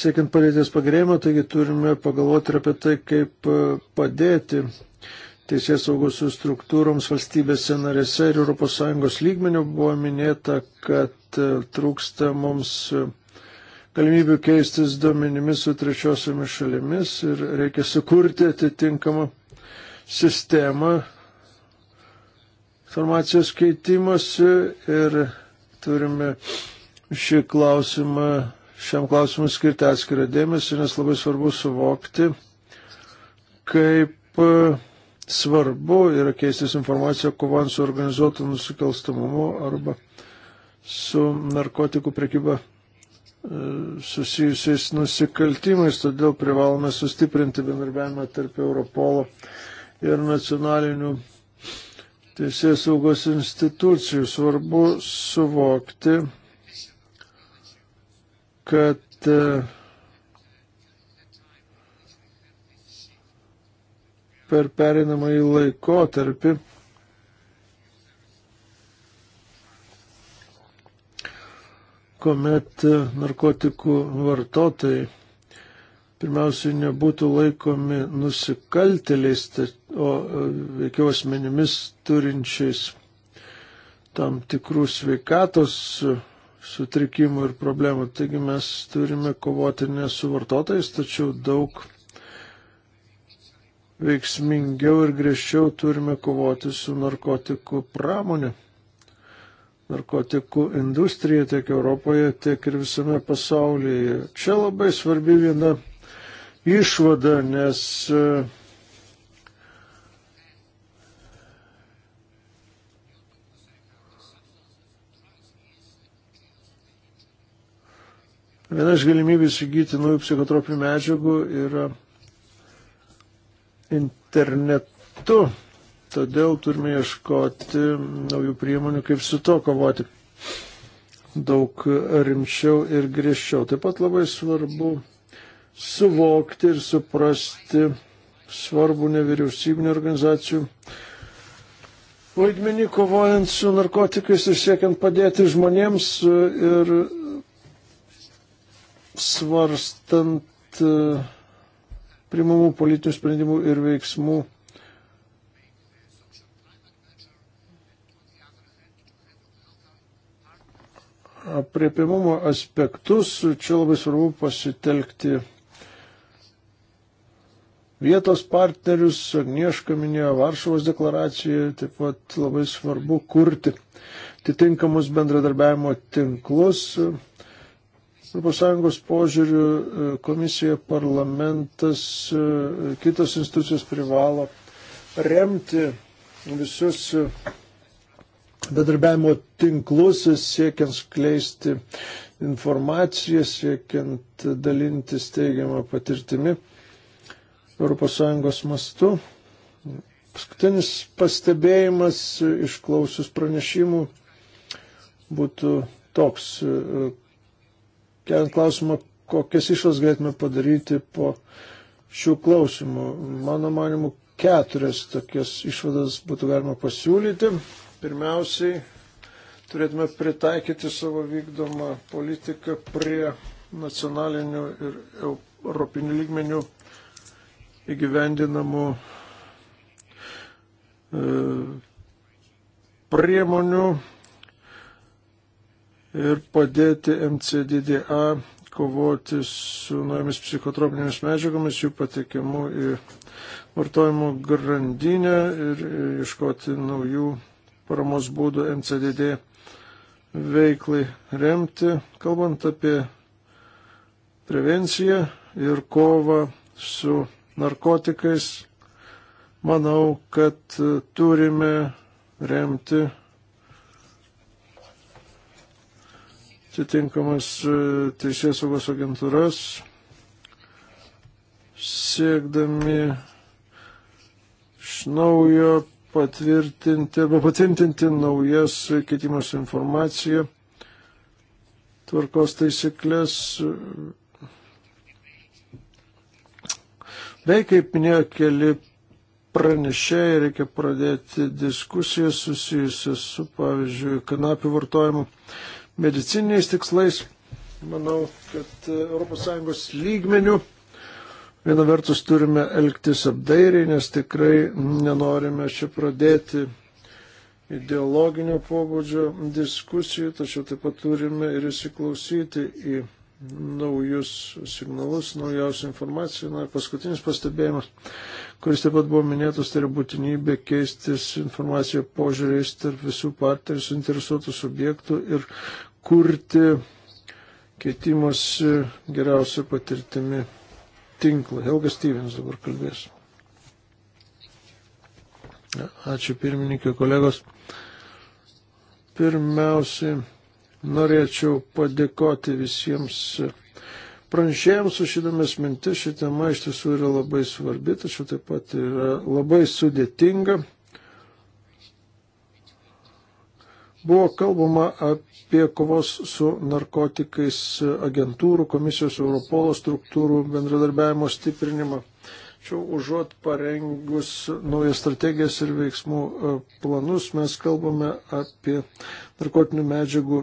Siekiant padėties pagrėjimo, taigi turime pagalvoti ir apie tai, kaip e, padėti teisės saugos struktūroms valstybėse narėse ir ES lygmenių buvo minėta, kad e, trūksta mums e, galimybių keistis duomenimis su trečiosiomis šalimis ir reikia sukurti atitinkamą sistemą, informacijos keitimosi ir turime šį klausimą, šiam klausimui skirti atskirą dėmesį, nes labai svarbu suvokti, kaip e, svarbu yra keistis informacija kovant su organizuotu nusikalstamumu arba su narkotikų prekyba e, susijusiais nusikaltimais, todėl privalome sustiprinti bendarbiavimą tarp Europolo ir nacionalinių teisės saugos institucijų. Svarbu suvokti, kad e, per perinamąjį laikotarpį kuomet e, narkotikų vartotojai pirmiausiai nebūtų laikomi nusikalteliais, o e, veikiau asmenimis turinčiais tam tikrų sveikatos e, sutrikimų ir problemų. Taigi mes turime kovoti ne su vartotojais, tačiau daug veiksmingiau ir griežčiau turime kovoti su narkotikų pramonė. Narkotikų industrija tiek Europoje, tiek ir visame pasaulyje. Čia labai svarbi viena išvada, nes e, Viena iš galimybių įsigyti naujų psichotropių medžiagų yra internetu. Todėl turime ieškoti naujų priemonių, kaip su to kovoti daug rimčiau ir griežčiau. Taip pat labai svarbu suvokti ir suprasti svarbu nevyriausybinio organizacijų vaidmenį kovojant su narkotikais ir siekiant padėti žmonėms ir svarstant e, primamų politinių sprendimų ir veiksmų. Apriepimumo aspektus čia labai svarbu pasitelkti vietos partnerius, Agnieška minėjo Varšuvos deklaraciją, taip pat labai svarbu kurti atitinkamus bendradarbiavimo tinklus. ES požiūrių komisija, parlamentas, kitos institucijos privalo remti visus bedarbiavimo tinklus, siekiant skleisti informaciją, siekiant dalintis teigiamą patirtimi. ES mastu. Paskutinis pastebėjimas išklausius pranešimų būtų toks. Keliant klausimą, kokias išvas galėtume padaryti po šių klausimų. Mano manimu, keturias tokias išvadas būtų galima pasiūlyti. Pirmiausiai, turėtume pritaikyti savo vykdomą politiką prie nacionalinių ir europinių lygmenių įgyvendinamų e, priemonių ir padėti MCDDA kovoti su naujomis psichotropinėmis medžiagomis, jų patekimu į vartojimo grandinę ir iškoti naujų paramos būdų MCDD veiklai remti, kalbant apie prevenciją ir kovą su narkotikais, manau, kad e, turime remti atitinkamas e, teisės saugos agentūras, siekdami iš naujo patvirtinti arba patvirtinti naujas keitimas informaciją, tvarkos taisyklės Bei, kaip minėjo keli pranešėjai, reikia pradėti diskusijas susijusias su, pavyzdžiui, kanapių vartojimu medicininiais tikslais. Manau, kad ES lygmenių viena vertus turime elgtis apdairiai, nes tikrai nenorime čia pradėti ideologinio pobūdžio diskusijų, tačiau taip pat turime ir įsiklausyti į naujus signalus, naujausią informaciją. Na ir paskutinis pastebėjimas, kuris taip pat buvo minėtas, tai yra būtinybė keistis informaciją požiūriais tarp visų partijų suinteresuotų subjektų ir kurti keitimus geriausią patirtimi tinklą. Helga Stevens dabar kalbės. Ačiū pirmininkė kolegos. Pirmiausiai Norėčiau padėkoti visiems pranešėjams už įdomias mintis. Ši tema iš tiesų yra labai svarbi, tačiau taip pat yra labai sudėtinga. Buvo kalbama apie kovos su narkotikais agentūrų, komisijos Europolo struktūrų bendradarbiavimo stiprinimą. Čia užuot parengus naujas strategijas ir veiksmų e, planus, mes kalbame apie narkotinių medžiagų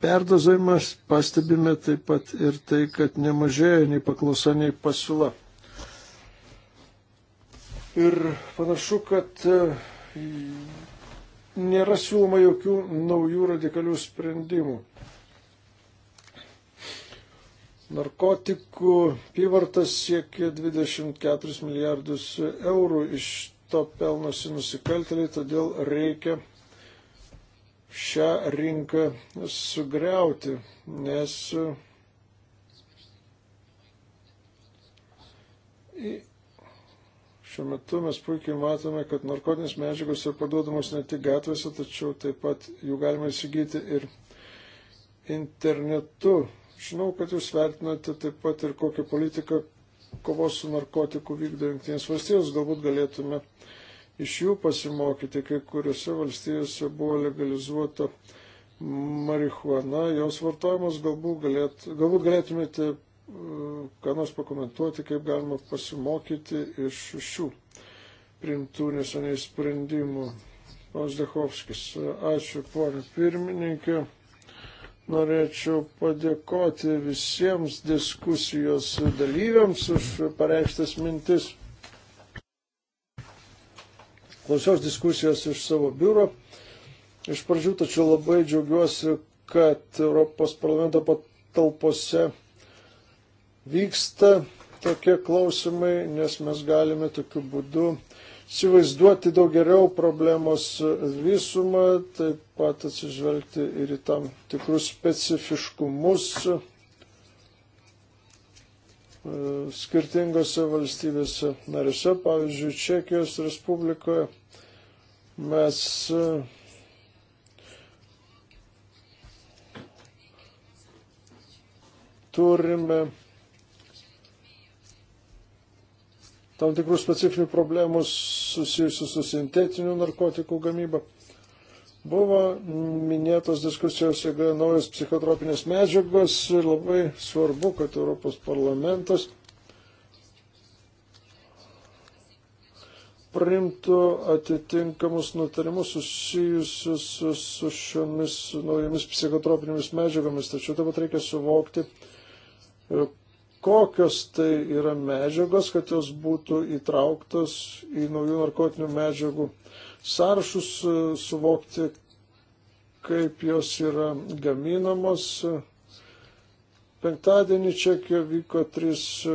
perdozavimas, pastebime taip pat ir tai, kad nemažėja nei paklausa, nei pasiūla. Ir panašu, kad e, nėra siūloma jokių naujų radikalių sprendimų. Narkotikų pivartas siekia 24 milijardus eurų, iš to pelnosi nusikaltėliai, todėl reikia šią rinką sugriauti, nes šiuo metu mes puikiai matome, kad narkotinės medžiagos yra parduodamos ne tik gatvėse, tačiau taip pat jų galima įsigyti ir internetu. Žinau, kad jūs vertinate taip pat ir kokią politiką kovos su narkotiku vykdo Junktinės valstijos. Galbūt galėtume uh, iš jų pasimokyti. Kai kuriuose valstijose buvo legalizuota marihuana, jos vartojimas galbūt, galėt, galbūt galėtumėte uh, ką nors pakomentuoti, kaip galima pasimokyti iš šių primtų neseniai sprendimų. Pons Dehovskis, ačiū ponė pirmininkė. Norėčiau padėkoti visiems diskusijos dalyviams už pareikštas mintis klausiaus diskusijos iš savo biuro. Iš pradžių tačiau labai džiaugiuosi, kad Europos parlamento patalpose vyksta tokie klausimai, nes mes galime tokiu būdu įsivaizduoti daug geriau problemos visumą, taip pat atsižvelgti ir į tam tikrus specifiškumus E, skirtingose valstybėse narėse, pavyzdžiui, Čekijos Respublikoje mes e, turime tam tikrų specifinių problemų susijusių su sintetiniu narkotikų gamyba. Buvo minėtos diskusijos jėgoje naujas psichotropinės medžiagos ir labai svarbu, kad Europos parlamentas primtų atitinkamus nutarimus susijusius su, su šiomis naujomis psichotropinėmis medžiagomis. Tačiau taip pat reikia suvokti, e, kokios tai yra medžiagos, kad jos būtų įtrauktos į naujų narkotinių medžiagų sąrašus, e, suvokti, kaip jos yra gaminamos. Penktadienį Čekijoje vyko trys e,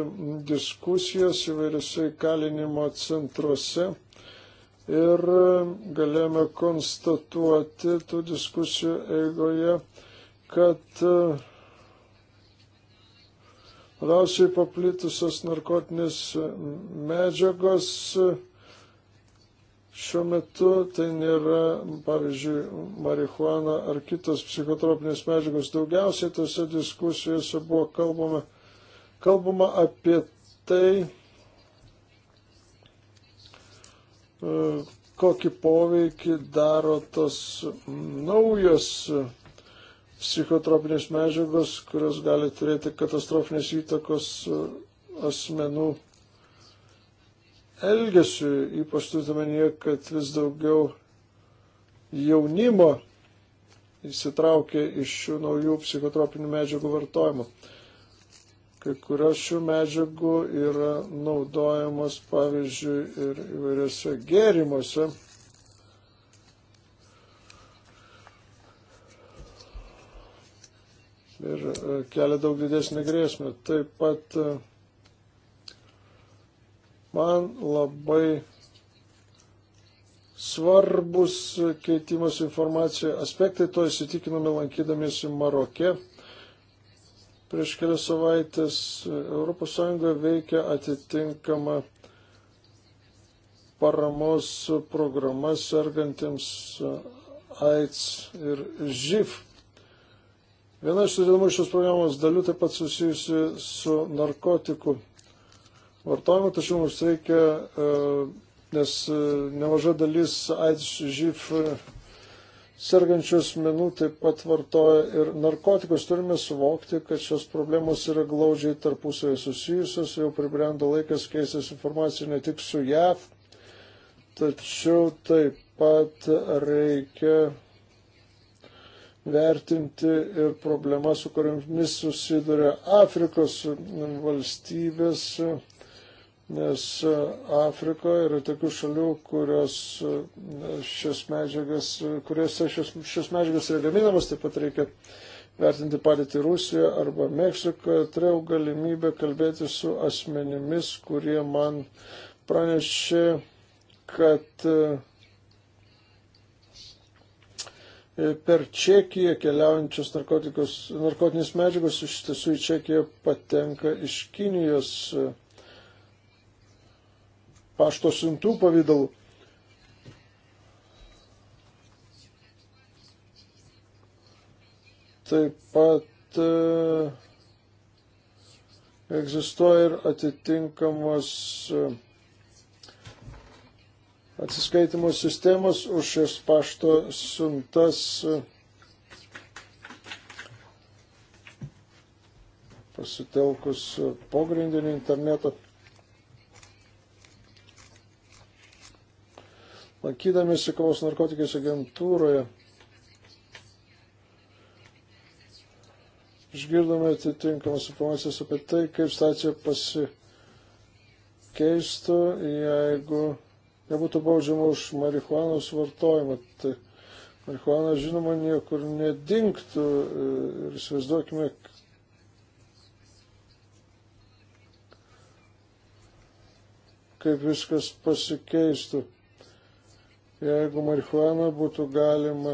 diskusijos įvairiose įkalinimo centruose ir e, galėjome konstatuoti tų diskusijų eigoje, kad labiausiai paplitusios narkotinės medžiagos Šiuo metu tai nėra, pavyzdžiui, marihuana ar kitos psichotropinės medžiagos. Daugiausiai tose diskusijose buvo kalbama, kalbama apie tai, e, kokį poveikį daro tos naujos psichotropinės medžiagos, kurios gali turėti katastrofinės įtakos asmenų elgesiu, ypač turintamenyje, kad vis daugiau jaunimo įsitraukia iš šių naujų psichotropinių medžiagų vartojimo. Kai kurios šių medžiagų yra naudojamos, pavyzdžiui, ir įvairiose gėrimuose. Ir e, kelia daug didesnį grėsmę. Taip pat uh, Man labai svarbus keitimas informacija aspektai, to įsitikinome lankydamiesi Maroke. Prieš kelias savaitės ES veikia atitinkama paramos programa sergantiems AIDS ir ŽIV. Viena iš sudėdamų šios programos dalių taip pat susijusi su narkotikų vartojimo, tačiau mums reikia, e, nes e, nemaža dalis AIDS živ e, sergančių asmenų taip pat vartoja ir narkotikus. Turime suvokti, kad šios problemos yra glaudžiai tarpusai susijusios, jau pribrendo laikas keistis informaciją ne tik su JAV, tačiau taip pat reikia vertinti ir problemas, su kuriamis susiduria Afrikos valstybės nes e, Afrikoje yra tokių šalių, kurios e, šios medžiagas, e, kuriuose šios, šios medžiagas yra gaminamas, taip pat reikia vertinti padėtį Rusiją arba Meksikoje. Turėjau galimybę kalbėti su asmenimis, kurie man pranešė, kad per Čekiją keliaujančios narkotinės medžiagos iš tiesų į Čekiją patenka iš Kinijos pašto siuntų pavydalu. Taip pat e, egzistuoja ir atitinkamos e, atsiskaitimo sistemos už šias pašto siuntas. pasitelkus pogrindinį internetą Lankydamėsi kovos narkotikais agentūroje, išgirdome atitinkamas informacijas apie tai, kaip stacija pasikeistų, jeigu nebūtų baudžiama už marihuanos vartojimą. Tai marihuana, žinoma, niekur nedingtų ir įsivaizduokime, kaip viskas pasikeistų jeigu marihuaną būtų galima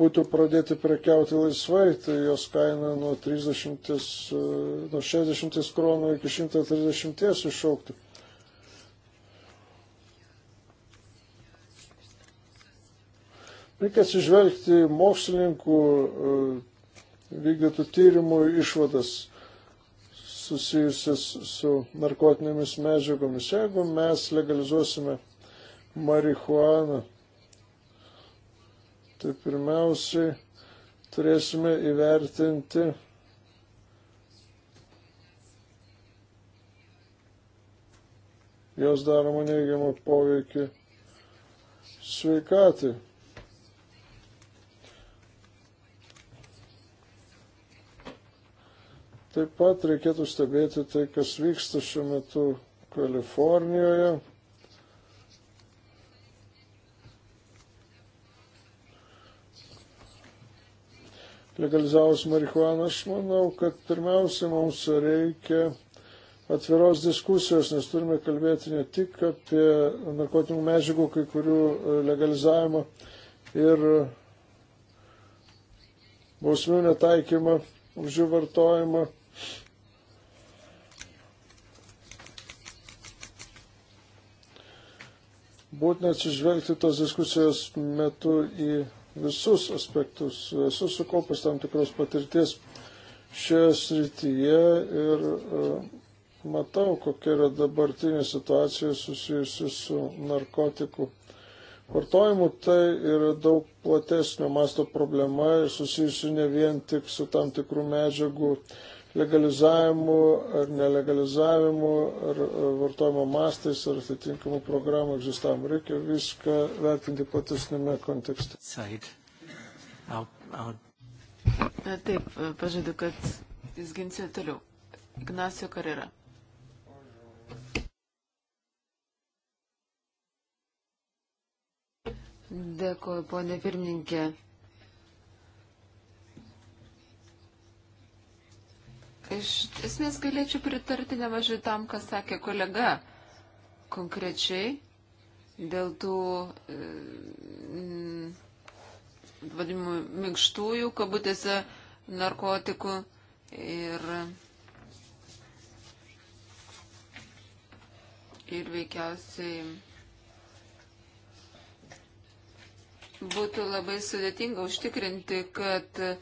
būtų pradėti prekiauti laisvai, tai jos kaina nuo, 30, e, nuo 60 kronų iki 130 išauktų. Reikia atsižvelgti mokslininkų e, vykdytų tyrimų išvadas susijusias su narkotinėmis medžiagomis. Jeigu mes legalizuosime marihuaną. Tai pirmiausiai turėsime įvertinti jos daromą neigiamą poveikį sveikatai. Taip pat reikėtų stebėti tai, kas vyksta šiuo metu Kalifornijoje. legalizavus marihuaną. Aš manau, kad pirmiausia mums reikia atviros diskusijos, nes turime kalbėti ne tik apie narkotinių medžiagų kai kurių e, legalizavimą ir bausmių netaikymą už jų vartojimą. Būtina atsižvelgti tos diskusijos metu į visus aspektus. Esu sukaupęs tam tikros patirties šioje srityje ir e, matau, kokia yra dabartinė situacija susijusi su narkotikų vartojimu. Tai yra daug platesnio masto problema ir susijusi ne vien tik su tam tikrų medžiagų uh, legalizavimu ar nelegalizavimu, ar e, vartojimo mastais, ar atitinkamų programų egzistavimu. Reikia viską vertinti platesnėme kontekste. E, taip, e, pažadu, kad jūs ginsite toliau. Ignacio Carrera. Dėkuoju, ponė pirmininkė. Iš esmės galėčiau pritarti nemažai tam, kas sakė kolega konkrečiai dėl tų e, vadimų minkštųjų, kabutėse, narkotikų ir, ir veikiausiai būtų labai sudėtinga užtikrinti, kad e,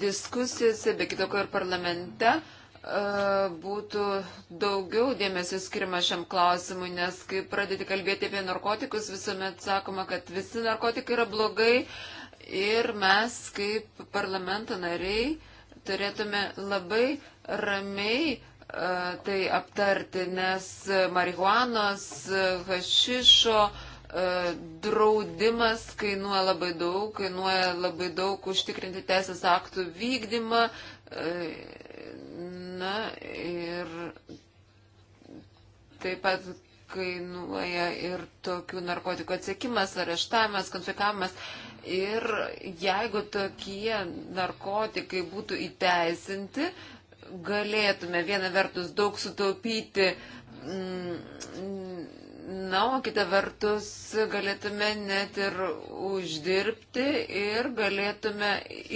diskusijose, be kitoko ir parlamente, e, būtų daugiau dėmesio skirima šiam klausimui, nes kai pradedi kalbėti apie narkotikus, visuomet sakoma, kad visi narkotikai yra blogai ir mes kaip parlamento nariai turėtume labai ramiai e, tai aptarti, nes marihuanos, e, hašišo, uh, E, draudimas kainuoja labai daug, kainuoja labai daug užtikrinti teisės aktų vykdymą. E, na ir taip pat kainuoja ir tokių narkotikų atsiekimas, areštavimas, konfikavimas. Ir jeigu tokie narkotikai būtų įteisinti, galėtume viena vertus daug sutaupyti mm, Na, o kita vertus galėtume net ir uždirbti ir galėtume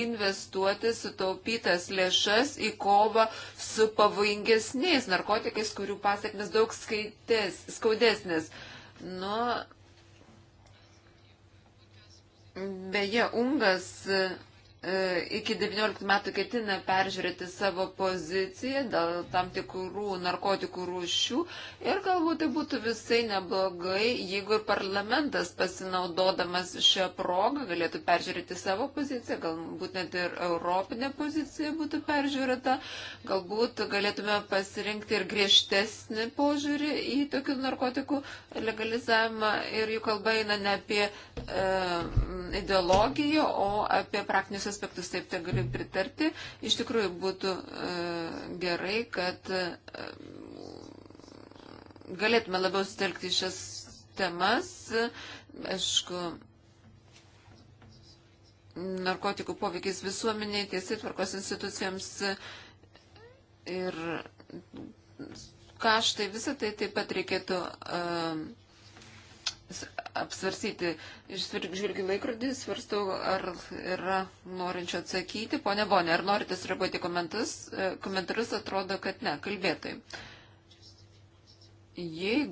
investuoti sutaupytas lėšas į kovą su pavojingesniais narkotikais, kurių pasiekmes daug skaitės, skaudesnės. Nu, beje, Ungas E, iki 19 metų ketina peržiūrėti savo poziciją dėl tam tikrų narkotikų rūšių ir galbūt tai būtų visai neblogai, jeigu ir parlamentas pasinaudodamas šią progą galėtų peržiūrėti savo poziciją, galbūt net ir europinė pozicija būtų peržiūrėta, galbūt galėtume pasirinkti ir griežtesnį požiūrį į tokių narkotikų legalizavimą ir jų kalba eina ne apie e, ideologiją, o apie praktinius svarbiausius aspektus, taip, tai galiu pritarti. Iš tikrųjų būtų e, gerai, kad e, galėtume labiau sutelkti šias temas. Aišku, narkotikų poveikis visuomeniai, tiesiai tvarkos institucijoms ir kaštai, visą tai taip pat reikėtų uh, apsvarsyti. Žvilgiu laikrodį, svarstau, ar yra norinčio atsakyti. Pone Bonė, ar norite sureaguoti komentus? E, komentarus atrodo, kad ne, kalbėtojai. Jei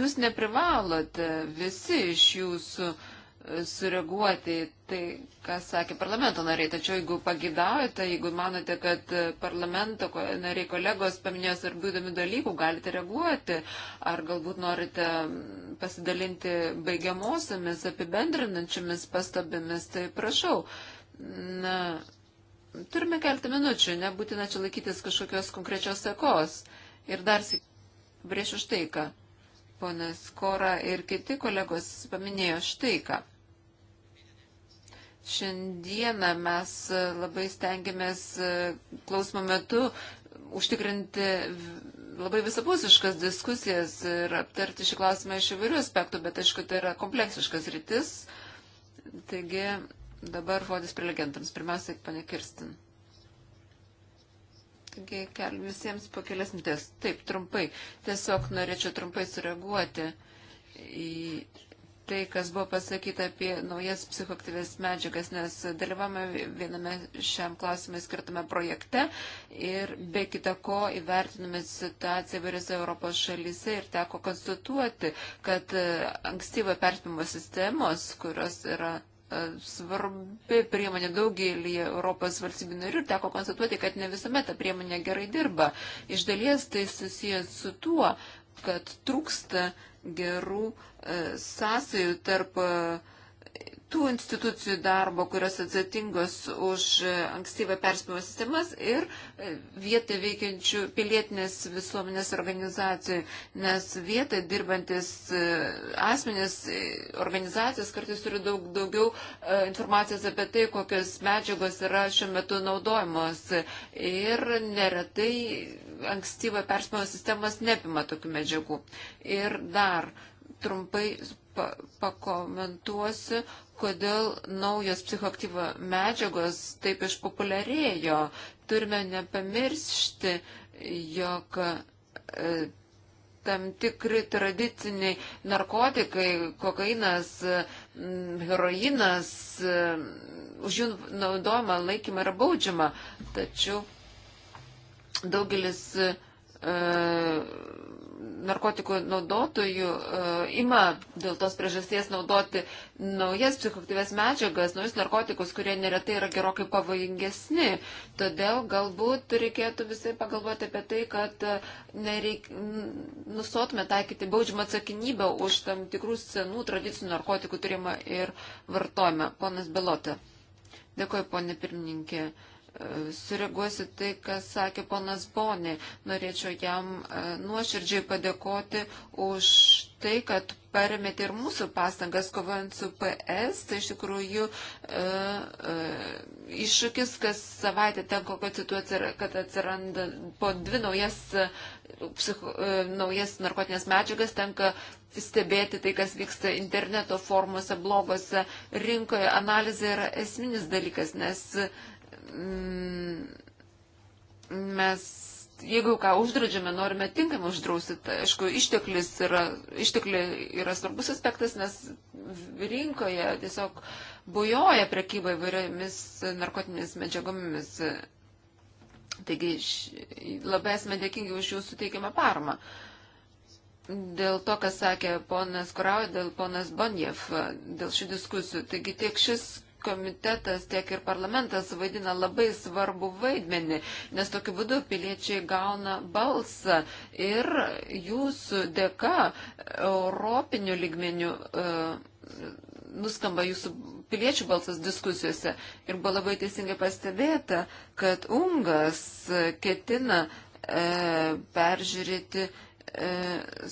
jūs neprivalote visi iš jūsų uh, sureaguoti tai, ką sakė parlamento nariai. Tačiau jeigu pagidaujate, jeigu manote, kad parlamento nariai kolegos paminėjo svarbių įdomių dalykų, galite reaguoti. Ar galbūt norite pasidalinti baigiamosiamis, apibendrinančiamis pastabimis, tai prašau. Na, turime keltą minučių, nebūtina čia laikytis kažkokios konkrečios sekos. Ir dar prieš štai ką. Ponas Kora ir kiti kolegos paminėjo štai ką. Šiandieną mes labai stengiamės e, klausimo metu užtikrinti labai visapusiškas diskusijas ir aptarti šį klausimą iš įvairių aspektų, bet aišku, tai yra kompleksiškas rytis. Taigi dabar žodis prelegentams. Pirmiausia, panė Kirstin. Taigi keliam visiems po kelias minutės. Taip, trumpai. Tiesiog norėčiau trumpai sureaguoti į tai, kas buvo pasakyta apie naujas psichoktyvės medžiagas, nes dalyvame viename šiam klausimui skirtame projekte ir be kita ko įvertiname situaciją įvairiose Europos šalyse ir teko konstatuoti, kad e, ankstyvo perspėjimo sistemos, kurios yra e, svarbi priemonė daugelį Europos valstybių narių ir teko konstatuoti, kad ne visuomet ta priemonė gerai dirba. Iš dalies tai susijęs su tuo, kad trūksta gerų e, sąsajų tarp uh, tų institucijų darbo, kurios atsakingos už ankstyvą perspėjimo sistemas ir e, vietą veikiančių pilietinės visuomenės organizacijų, nes vietą dirbantis e, asmenės e, organizacijas kartais turi daug daugiau informacijos apie tai, kokios medžiagos yra šiuo metu naudojamos ir neretai ankstyvą perspėjimo sistemas nepima tokių medžiagų. Ir dar trumpai pakomentuosiu kodėl naujos psichoktyvo medžiagos taip išpopuliarėjo. Turime nepamiršti, jog e, tam tikri tradiciniai narkotikai, kokainas, heroinas, e, už jų naudojimą laikymą yra baudžiama. Tačiau daugelis e, narkotikų naudotojų e, ima dėl tos priežasties naudoti naujas psichoktyves medžiagas, naujus narkotikus, kurie neretai yra gerokai pavojingesni. Todėl galbūt reikėtų visai pagalvoti apie tai, kad e, nereik... nusotume taikyti baudžiamą atsakinybę už tam tikrų senų tradicinių narkotikų turimą ir vartojimą. Ponas Belotė. Dėkuoju, ponė pirmininkė. Uh, sureaguosiu tai, kas sakė ponas Boni. Norėčiau jam e, nuoširdžiai padėkoti už tai, kad paremėte ir mūsų pastangas kovojant su PS. Tai iš tikrųjų e, e, iššūkis, kas savaitę tenko cituoti, kad atsiranda po dvi naujas, psicho, naujas narkotinės medžiagas, tenka stebėti tai, kas vyksta interneto formuose, blogose, rinkoje. Analizė yra esminis dalykas, nes uh, Mm, mes, jeigu ką uždraudžiame, norime tinkamai uždrausti, tai, aišku, išteklis yra, ištekli yra svarbus aspektas, nes rinkoje tiesiog bujoja prekyba įvairiomis narkotinėmis medžiagomis. Taigi labai esame dėkingi už jūsų teikiamą paramą. Dėl to, kas sakė ponas Kurau, dėl ponas Bonjev, dėl šių diskusijų. Taigi tiek šis komitetas, tiek ir parlamentas vaidina labai svarbu vaidmenį, nes tokiu būdu piliečiai gauna balsą ir jūsų dėka europinių lygmenių e, nuskamba jūsų piliečių balsas diskusijose. Ir buvo labai teisingai pastebėta, kad Ungas ketina e, peržiūrėti e,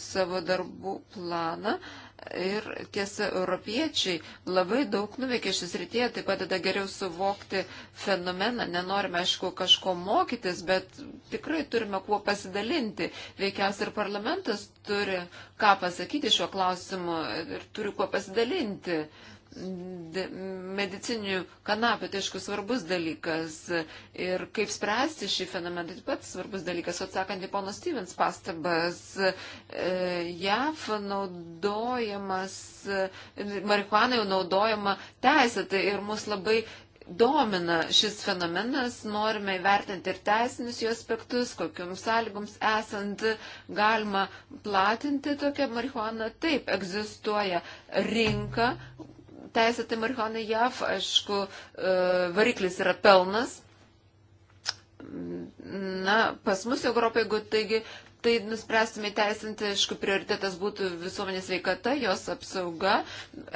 savo darbų planą. E, Ir tiesa, europiečiai labai daug nuveikė šis rytyje, tai padeda geriau suvokti fenomeną. Nenorime, aišku, kažko mokytis, bet tikrai turime kuo pasidalinti. Veikiausiai ir parlamentas turi ką pasakyti šiuo klausimu ir turi kuo pasidalinti. Uh, medicinių kanapių, tai aišku svarbus dalykas. Ir kaip spręsti šį fenomeną, tai taip pat svarbus dalykas. Atsakant į pono Stevens pastabas, e, JAF naudojamas, marihuana jau naudojama teisėtai ir mus labai domina šis fenomenas, norime įvertinti ir teisinius jo aspektus, kokiums sąlygoms esant galima platinti tokią marihuaną. Taip, egzistuoja rinka, teisėtai marihuanai JAV, aišku, e, variklis yra pelnas. Na, pas mus Europoje, jeigu taigi tai nuspręstume įteisinti, aišku, prioritetas būtų visuomenės veikata, jos apsauga.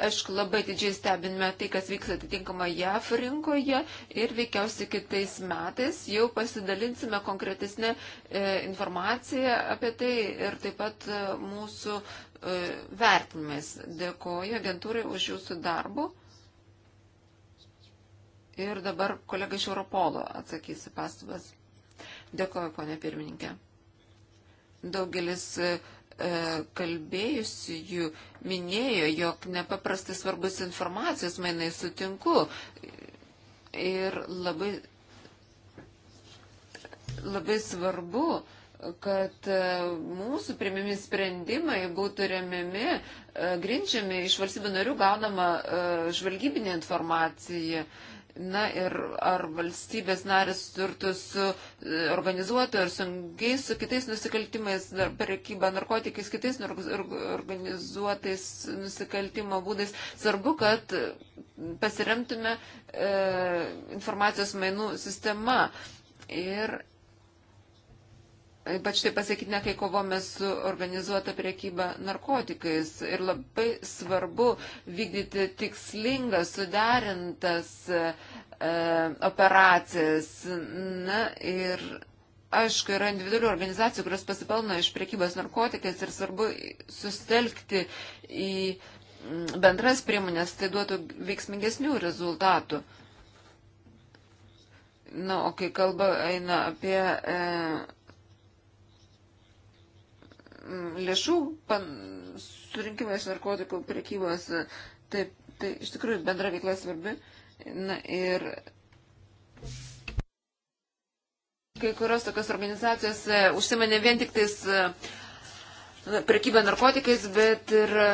Aišku, labai didžiai stebinime tai, kas vyksta atitinkama JAF rinkoje ir veikiausiai kitais metais jau pasidalinsime konkretesnę e, informaciją apie tai ir taip pat e, mūsų e, vertinimais. Dėkoju agentūrai už jūsų darbų. Ir dabar kolega iš Europolo atsakys į pastabas. Dėkoju, ponė pirmininkė. Daugelis e, e, kalbėjusių minėjo, jog nepaprastai svarbus informacijos mainai sutinku. Ir labai, labai svarbu, kad e, mūsų primimi sprendimai būtų remiami, grinčiami iš valstybių narių gaunama žvalgybinė informacija. Uh, Na ir ar valstybės narės turtų su e, organizuotu ir sunkiais, su kitais nusikaltimais, prekyba narkotikais, kitais organizuotais nusikaltimo būdais. Svarbu, kad pasiremtume e, informacijos mainų sistema. Ir Ypač tai pasakytina, kai kovome su organizuota priekyba narkotikais. Ir labai svarbu vykdyti tikslingas, suderintas e, operacijas. Na ir aišku, yra individualių organizacijų, kurios pasipelno iš priekybos narkotikais ir svarbu sustelkti į mm, bendras priemonės, tai duotų veiksmingesnių rezultatų. Na, o kai kalba eina apie e, lėšų surinkimais narkotikų prekybos. Taip, tai iš tikrųjų bendra veikla svarbi. Na ir kai kurios tokios organizacijos e, užsima ne vien tik tais e, prekybę narkotikais, bet ir e,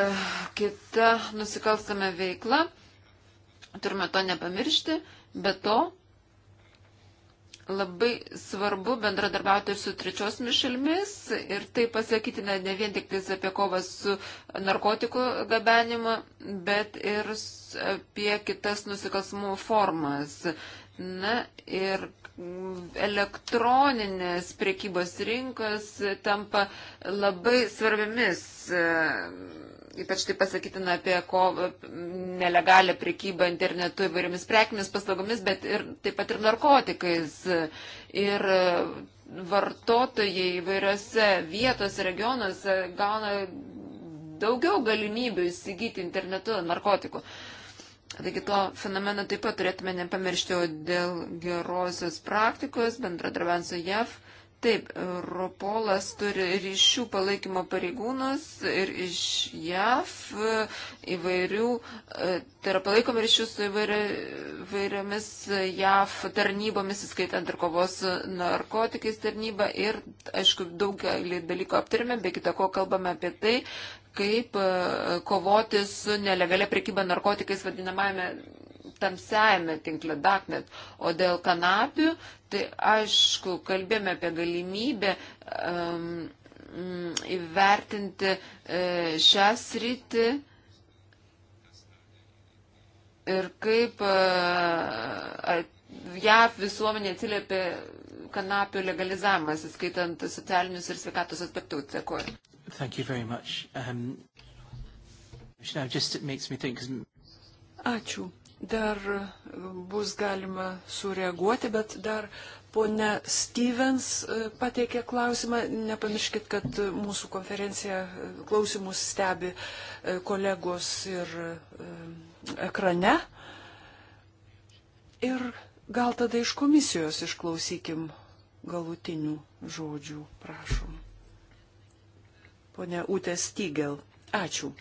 kita nusikalstama veikla. Turime to nepamiršti, bet to labai svarbu bendradarbiauti su trečiosiomis šalimis ir tai pasakytina ne vien tik apie kovą su narkotikų gabenimu, bet ir apie kitas nusikalstamų formas. Na ir elektroninės priekybos rinkos tampa labai svarbiamis Ypač tai pasakytina apie ko nelegalę prekybą internetu įvairiomis prekiamis paslaugomis, bet ir taip pat ir narkotikais. Ir vartotojai įvairiose vietose, regionuose gauna daugiau galimybių įsigyti internetu narkotikų. Taigi to fenomeno taip pat turėtume nepamiršti, o dėl gerosios praktikos bendradarbiant su JAV Taip, Europolas turi ryšių palaikymo pareigūnus ir iš JAV įvairių, e, tai yra palaikomi ryšių su įvairiomis JAV tarnybomis, įskaitant ir kovos narkotikais tarnybą ir, aišku, daugelį dalykų aptarėme, be kita ko kalbame apie tai, kaip e, kovoti su nelegalia prekyba narkotikais vadinamajame tamsiajame tinkle Daknet. O dėl kanapių, Tai aišku, kalbėjome apie galimybę um, įvertinti e, šią sritį ir kaip e, JAV visuomenė atsiliepė kanapių legalizavimas, skaitant socialinius ir sveikatos aspektus. Dėkuoju. Um, Ačiū dar bus galima sureaguoti, bet dar ponia Stevens e, pateikė klausimą. Nepamirškit, kad mūsų konferencija e, klausimus stebi e, kolegos ir ekrane. Ir gal tada iš komisijos išklausykim galutinių žodžių, prašom. Pone Ute Stygel, ačiū.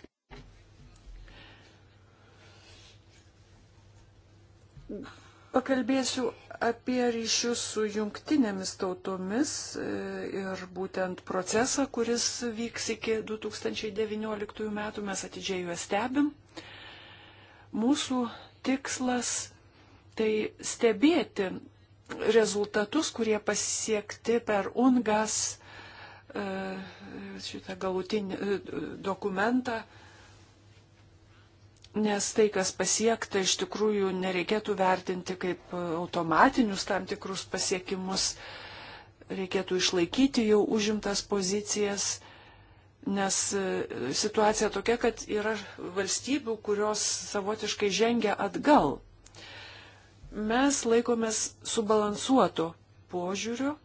Pakalbėsiu apie ryšius su jungtinėmis tautomis e, ir būtent procesą, kuris vyks iki 2019 metų, mes atidžiai juos stebim. Mūsų tikslas tai stebėti rezultatus, kurie pasiekti per UNGAS e, šitą galutinį e, dokumentą, nes tai, kas pasiekta, iš tikrųjų nereikėtų vertinti kaip automatinius tam tikrus pasiekimus, reikėtų išlaikyti jau užimtas pozicijas, nes e, situacija tokia, kad yra valstybių, kurios savotiškai žengia atgal. Mes laikomės subalansuoto požiūriu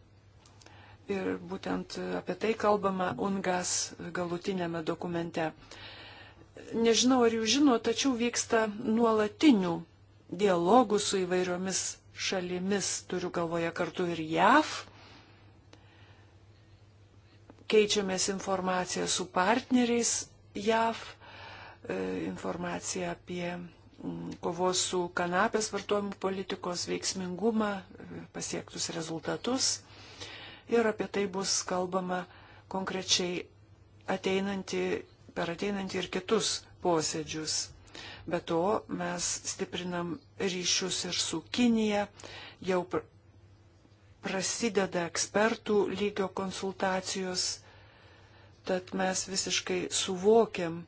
ir būtent apie tai kalbama UNGAS galutinėme dokumente nežinau ar jūs žino, tačiau vyksta nuolatinių dialogų su įvairiomis šalimis, turiu galvoje kartu ir JAV. Keičiamės informaciją su partneriais JAV, e, informaciją apie kovos su kanapės vartojimų politikos veiksmingumą, e, pasiektus rezultatus. Ir apie tai bus kalbama konkrečiai ateinantį per ateinantį ir kitus posėdžius. Be to mes stiprinam ryšius ir su Kinija, jau prasideda ekspertų lygio konsultacijos, tad mes visiškai suvokiam,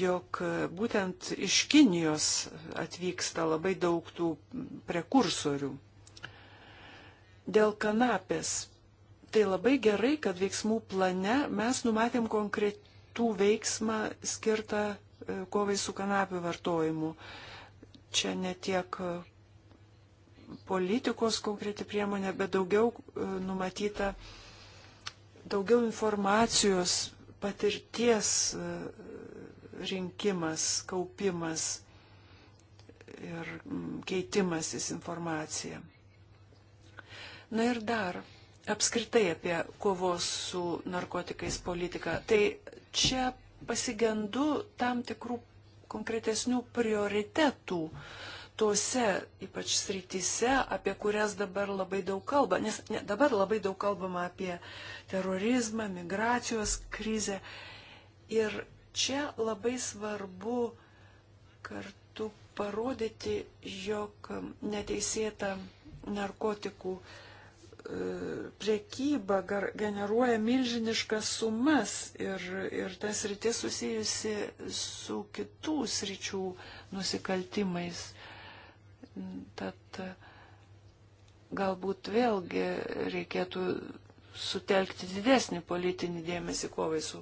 jog būtent iš Kinijos atvyksta labai daug tų prekursorių. Dėl kanapės Tai labai gerai, kad veiksmų plane mes numatėm konkretų veiksmą skirtą e, kovai su kanapių vartojimu. Čia ne tiek e, politikos konkreti priemonė, bet daugiau e, numatyta, daugiau informacijos, patirties rinkimas, kaupimas ir keitimasis informacija. Na ir dar apskritai apie kovos su narkotikais politiką. Tai čia pasigendu tam tikrų konkretesnių prioritetų tose ypač srityse, apie kurias dabar labai daug kalba. Nes ne, dabar labai daug kalbama apie terorizmą, migracijos krizę. Ir čia labai svarbu kartu parodyti, jog neteisėta narkotikų uh, E, priekyba generuoja milžiniškas sumas ir, ir tas rytis susijusi su kitų sričių nusikaltimais. Tad galbūt vėlgi reikėtų sutelkti didesnį politinį dėmesį kovai su,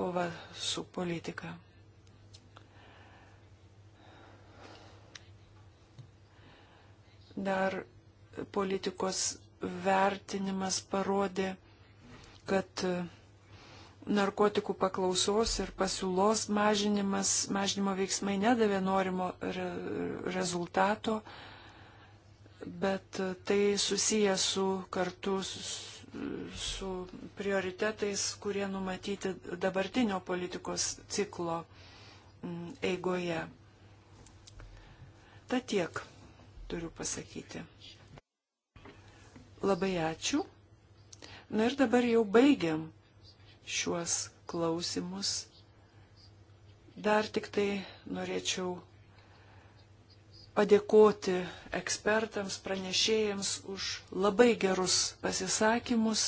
kova su politika. Dar politikos vertinimas parodė, kad e, narkotikų paklausos ir pasiūlos mažinimas, mažinimo veiksmai nedavė norimo re, rezultato, bet e, tai susiję su kartu su prioritetais, kurie numatyti dabartinio politikos ciklo eigoje. Ta tiek turiu pasakyti. Labai ačiū. Na ir dabar jau baigiam šiuos klausimus. Dar tik tai norėčiau padėkoti ekspertams, pranešėjams už labai gerus pasisakymus.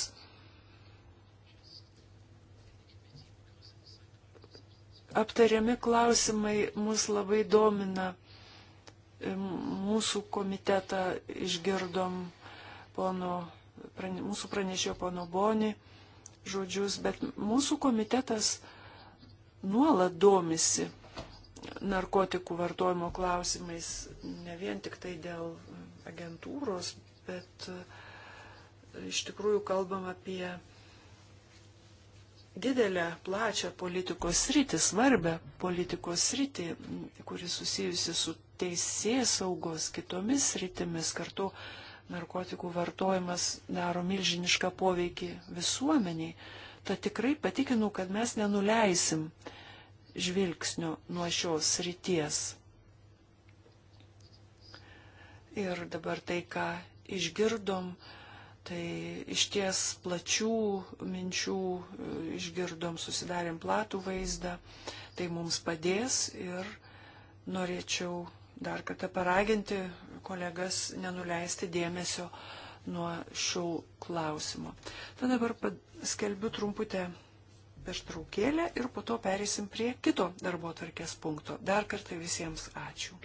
Aptariami klausimai mus labai domina. Mūsų komitetą išgirdom pono, mūsų pranešėjo pono Boni žodžius, bet mūsų komitetas nuolat domisi narkotikų vartojimo klausimais, ne vien tik tai dėl agentūros, bet e, iš tikrųjų kalbam apie didelę, plačią politikos sritį, svarbę politikos sritį, kuri susijusi su teisės saugos kitomis sritimis kartu narkotikų vartojimas daro milžinišką poveikį visuomeniai, tad tikrai patikinu, kad mes nenuleisim žvilgsnio nuo šios ryties. Ir dabar tai, ką išgirdom, tai iš ties plačių minčių e, išgirdom, susidarėm platų vaizdą, tai mums padės ir norėčiau dar kartą paraginti kolegas nenuleisti dėmesio nuo šių klausimų. Tad dabar skelbiu trumputę pertraukėlę ir po to perėsim prie kito darbo tvarkės punkto. Dar kartą visiems ačiū.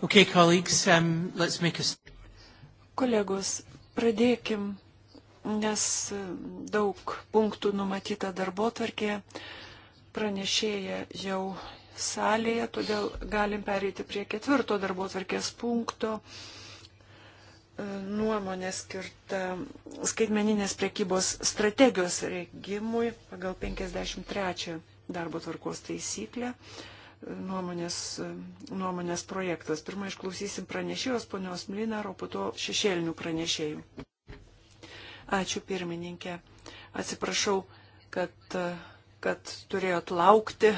Okay, colleagues, um, let's make a... Kolegos, pradėkim, nes e, daug punktų numatyta darbo tvarkė, pranešėja jau salėje, todėl galim pereiti prie ketvirto darbo tvarkės punkto e, nuomonė skirta skaitmeninės prekybos strategijos regimui pagal 53 darbo tvarkos taisyklę nuomonės, nuomonės projektas. Pirmą išklausysim pranešėjos ponios Mlinar, o po to šešėlinių pranešėjų. Ačiū pirmininkė. Atsiprašau, kad, kad turėjot laukti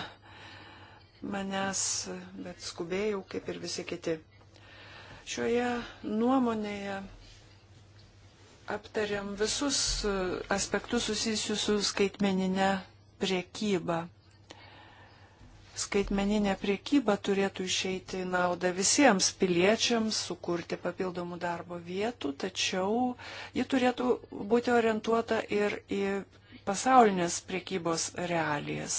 manęs, bet skubėjau, kaip ir visi kiti. Šioje nuomonėje aptariam visus aspektus susijusius su skaitmeninė priekyba skaitmeninė priekyba turėtų išeiti į naudą visiems piliečiams, sukurti papildomų darbo vietų, tačiau ji turėtų būti orientuota ir į pasaulinės priekybos realijas.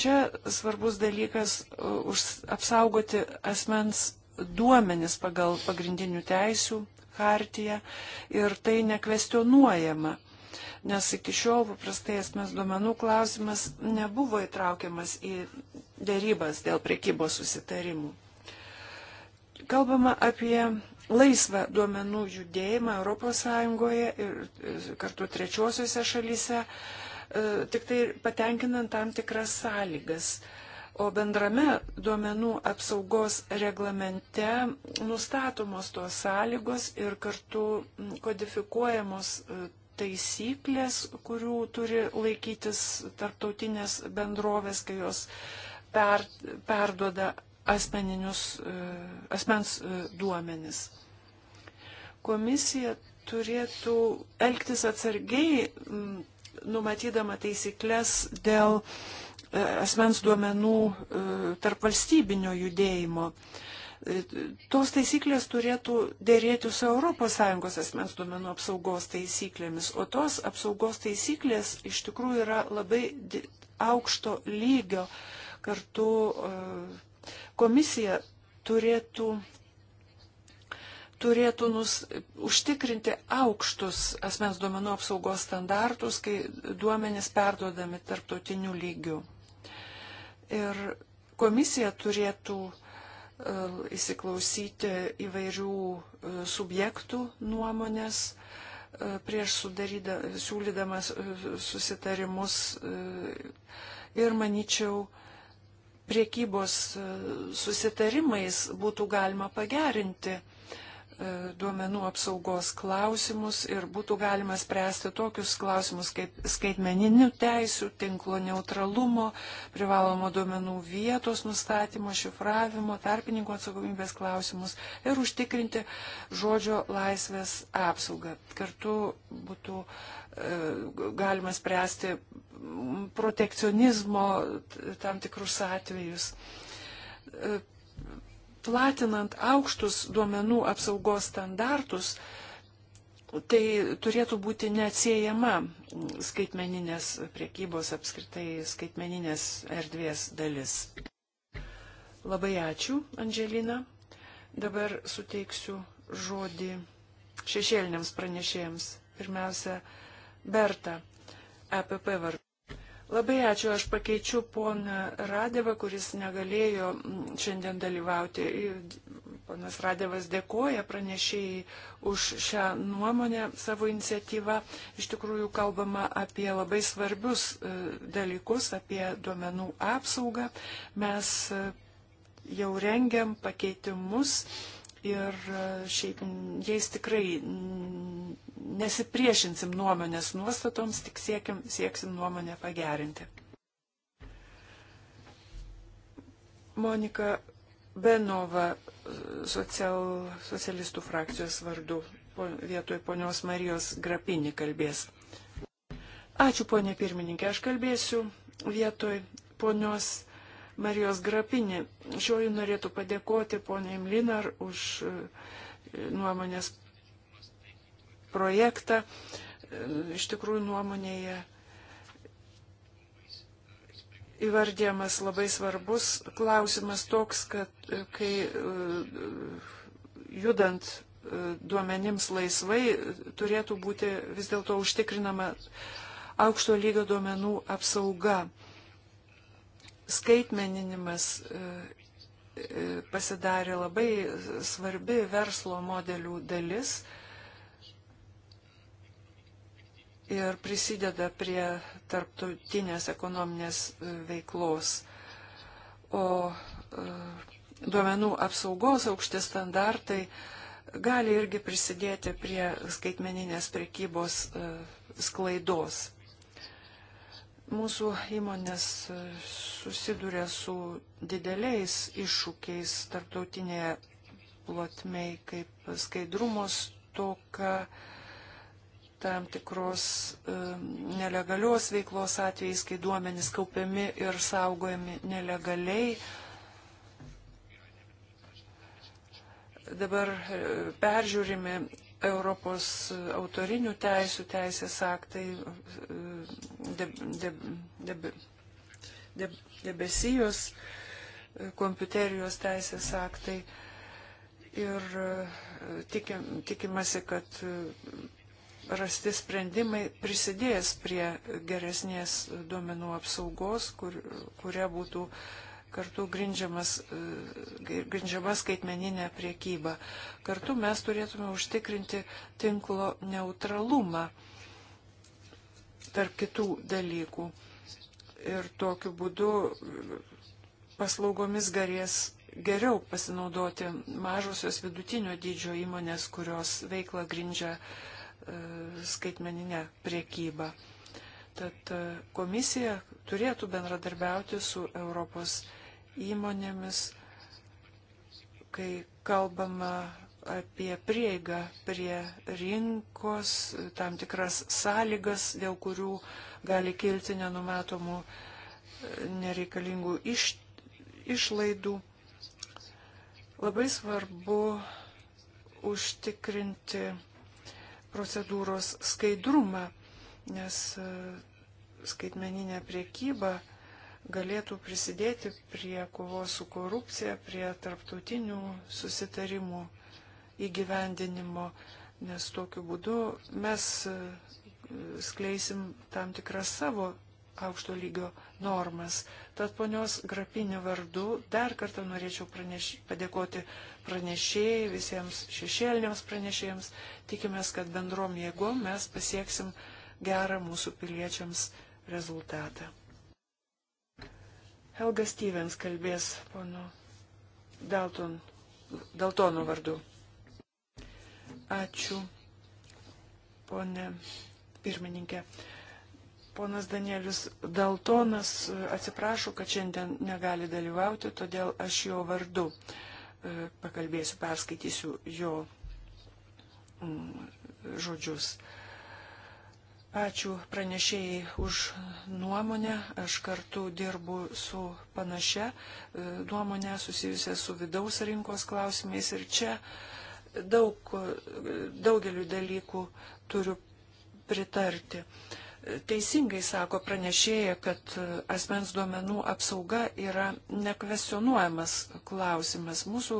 Čia svarbus dalykas uh, už apsaugoti asmens duomenis pagal pagrindinių teisių hartiją ir tai nekvestionuojama nes iki šiol paprastai esmės duomenų klausimas nebuvo įtraukiamas į dėrybas dėl prekybos susitarimų. Kalbama apie laisvą duomenų judėjimą ES ir kartu trečiosiuose šalyse, e, tik tai patenkinant tam tikras sąlygas. O bendrame duomenų apsaugos reglamente nustatomos tos sąlygos ir kartu kodifikuojamos e, taisyklės, kurių turi laikytis tarptautinės bendrovės, kai jos per, perduoda asmeninius, e, asmens e, duomenis. Komisija turėtų elgtis atsargiai, numatydama taisyklės dėl e, asmens duomenų tarp valstybinio judėjimo. Tos taisyklės turėtų dėrėti su ES asmens duomenų apsaugos taisyklėmis, o tos apsaugos taisyklės iš tikrųjų yra labai aukšto lygio. Kartu e, komisija turėtų turėtų nus, užtikrinti aukštus asmens duomenų apsaugos standartus, kai duomenys perduodami tarptautiniu lygiu. Ir komisija turėtų uh, E, įsiklausyti įvairių e, subjektų nuomonės e, prieš sudaryda, siūlydamas susitarimus ir manyčiau, priekybos susitarimais būtų galima pagerinti E, duomenų apsaugos klausimus ir būtų galima spręsti tokius klausimus kaip skaitmeninių teisių, tinklo neutralumo, privalomo duomenų vietos nustatymo, šifravimo, tarpininko atsakomybės klausimus ir užtikrinti žodžio laisvės apsaugą. Kartu būtų e, galima spręsti protekcionizmo tam tikrus atvejus e, platinant aukštus duomenų apsaugos standartus, tai turėtų būti neatsiejama skaitmeninės priekybos apskritai skaitmeninės erdvės dalis. Labai ačiū, Andželina. Dabar suteiksiu žodį šešėliniams pranešėjams. Pirmiausia, Berta, EPP vardu. Labai ačiū, aš pakeičiu poną Radevą, kuris negalėjo mm, šiandien dalyvauti. Ponas Radevas dėkoja pranešėjai už šią nuomonę savo iniciatyvą. Iš tikrųjų kalbama apie labai svarbius e, dalykus, apie duomenų apsaugą. Mes e, jau rengiam pakeitimus ir e, šiaip jais tikrai nesipriešinsim nuomonės nuostatoms, tik siekim, sieksim nuomonę pagerinti. Monika Benova e, social, socialistų frakcijos vardu vietoj ponios Marijos Grapinį kalbės. Ačiū, ponė pirmininkė, aš kalbėsiu vietoj ponios Marijos Grapinė. Šioji norėtų padėkoti poniai Mlinar už e, nuomonės projektą. E, iš tikrųjų nuomonėje įvardėjamas labai svarbus klausimas toks, kad e, kai judant duomenims laisvai turėtų būti vis dėlto užtikrinama aukšto lygio duomenų apsauga skaitmeninimas e, e, pasidarė labai svarbi verslo modelių dalis ir prisideda prie tarptautinės ekonominės e, veiklos. O duomenų apsaugos aukšti standartai gali irgi prisidėti prie skaitmeninės prekybos sklaidos. Mūsų įmonės susiduria su dideliais iššūkiais tarptautinėje plotmei, kaip skaidrumos toka, tam tikros e, nelegalios veiklos atvejais, kai duomenys kaupiami ir saugojami nelegaliai. Dabar e, peržiūrimi Europos autorinių teisų teisės aktai e, de, de, de, debesijos kompiuterijos teisės aktai. Ir e, tikim, tikimasi, kad e, rasti sprendimai prisidės prie geresnės duomenų apsaugos, kur, kuria būtų kartu grindžiamas, e, grindžiama skaitmeninė priekyba. Kartu mes turėtume užtikrinti tinklo neutralumą tarp kitų dalykų. Ir tokiu būdu paslaugomis galės geriau pasinaudoti mažosios vidutinio dydžio įmonės, kurios veikla grindžia e, skaitmeninę priekybą. Tad e, komisija turėtų bendradarbiauti su Europos įmonėmis, kai kalbama apie prieigą prie rinkos, tam tikras sąlygas, dėl kurių gali kilti nenumatomų e, nereikalingų iš, išlaidų. Labai svarbu užtikrinti procedūros skaidrumą, nes e, skaitmeninė priekyba galėtų prisidėti prie kovos su korupcija, prie tarptautinių susitarimų įgyvendinimo, nes tokiu būdu mes e, skleisim tam tikras savo aukšto lygio normas. Tad ponios grapinio vardu dar kartą norėčiau praneš, padėkoti pranešėjai, visiems šešėliniams pranešėjams. Tikimės, kad bendrom jėgom mes pasieksim gerą mūsų piliečiams rezultatą. Helga Stevens kalbės pono Dalton, Daltono vardu. Ačiū, ponė pirmininkė. Ponas Danielis Daltonas atsiprašo, kad šiandien negali dalyvauti, todėl aš jo vardu e, pakalbėsiu, perskaitysiu jo mm, žodžius. Ačiū pranešėjai už nuomonę. Aš kartu dirbu su panašia e, nuomonė susijusia su vidaus rinkos klausimais ir čia uh, daug, daugeliu dalykų turiu pritarti. Teisingai sako pranešėja, kad asmens duomenų apsauga yra nekvesionuojamas klausimas. Mūsų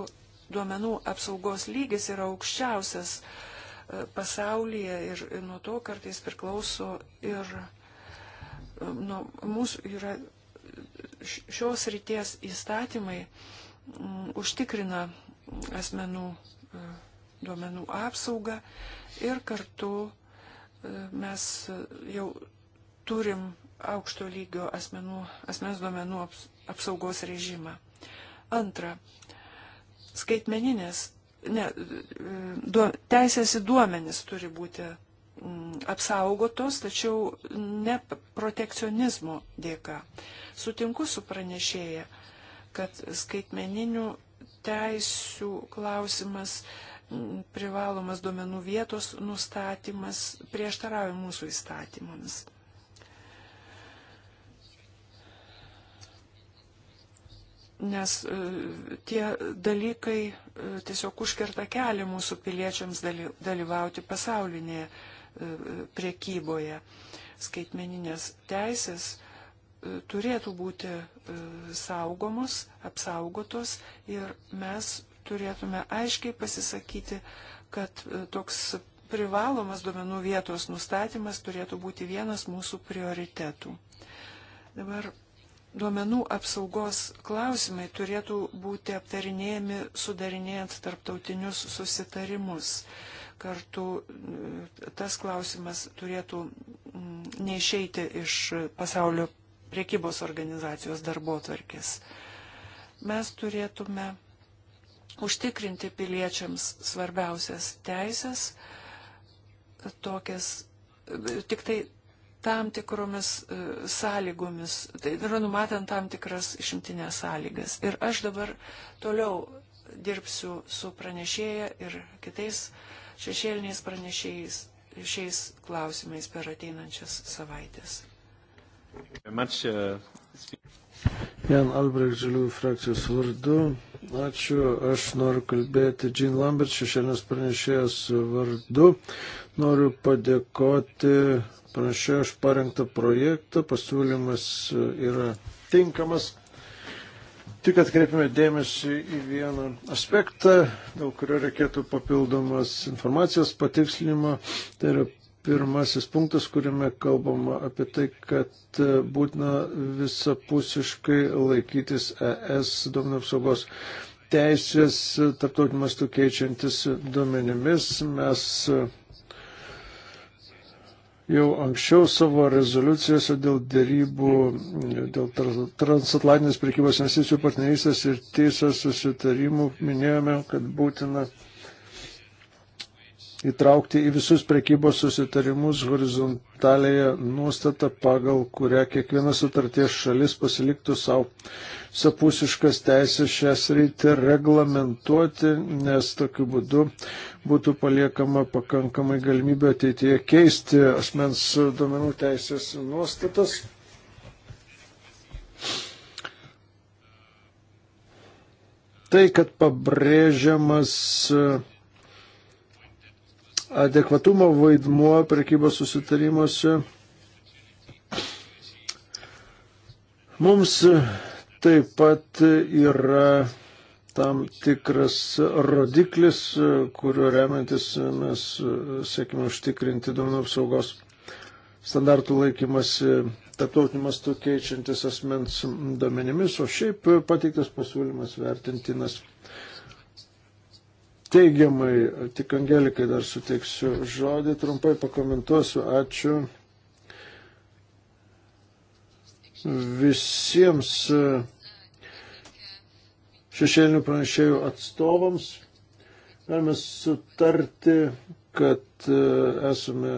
duomenų apsaugos lygis yra aukščiausias e, pasaulyje ir nuo to kartais priklauso ir e, nuo mūsų yra šios ryties įstatymai m, užtikrina asmenų duomenų apsaugą ir kartu e, mes jau turim aukšto lygio asmenų, asmens duomenų apsaugos režimą. Antra, skaitmeninės, ne, e, duo, teisės į duomenis turi būti mm, apsaugotos, tačiau ne protekcionizmo dėka. Sutinku su pranešėja, kad skaitmeninių teisų klausimas, privalomas duomenų vietos nustatymas prieštarauja mūsų įstatymams. Nes e, tie dalykai e, tiesiog užkerta kelią mūsų piliečiams dalyvauti pasaulinėje e, priekyboje. Skaitmeninės teisės turėtų būti e, saugomos, apsaugotos ir mes turėtume aiškiai pasisakyti, kad e, toks privalomas duomenų vietos nustatymas turėtų būti vienas mūsų prioritetų. Dabar duomenų apsaugos klausimai turėtų būti aptarinėjami sudarinėjant tarptautinius susitarimus. Kartu e, tas klausimas turėtų neišeiti iš pasaulio priekybos organizacijos darbo tvarkės. Mes turėtume užtikrinti piliečiams svarbiausias teisės, tokias tik tai tam tikromis e, sąlygomis, tai yra numatant tam tikras išimtinės sąlygas. Ir aš dabar toliau dirbsiu su pranešėja ir kitais šešėliniais pranešėjais šiais klausimais per ateinančias savaitės. Jan Albrecht Žaliųjų frakcijos vardu. Ačiū. Aš noriu kalbėti Jean Lambert, šešėlės pranešėjas vardu. Noriu padėkoti pranešėjo už parengtą projektą. Pasiūlymas yra tinkamas. Tik atkreipime dėmesį į vieną aspektą, dėl kurio reikėtų papildomas informacijos patikslinimo. Tai yra pirmasis punktas, kuriame kalbama apie tai, kad e, būtina visapusiškai laikytis ES duomenų apsaugos teisės, e, tarptautiniu mastu keičiantis duomenimis. Mes e, jau anksčiau savo rezoliucijose dėl dėrybų, dėl transatlantinės prekybos investicijų partnerystės ir teisės susitarimų minėjome, kad būtina įtraukti į visus prekybos susitarimus horizontalėje nuostatą, pagal kurią kiekviena sutarties šalis pasiliktų savo sapusiškas teisės šią sritį reglamentuoti, nes tokiu būdu būtų paliekama pakankamai galimybė ateityje keisti asmens duomenų teisės nuostatas. Tai, kad pabrėžiamas uh, adekvatumo vaidmuo prekybos susitarimuose mums taip pat yra tam tikras rodiklis, kuriuo remiantis mes siekime užtikrinti duomenų apsaugos standartų laikymasi tarptautiniu mastu keičiantis asmens duomenimis, o šiaip pateiktas pasiūlymas vertintinas teigiamai. Tik Angelikai dar suteiksiu žodį, trumpai pakomentuosiu. Ačiū visiems e, šešėlinių pranešėjų atstovams. Galime sutarti, kad e, esame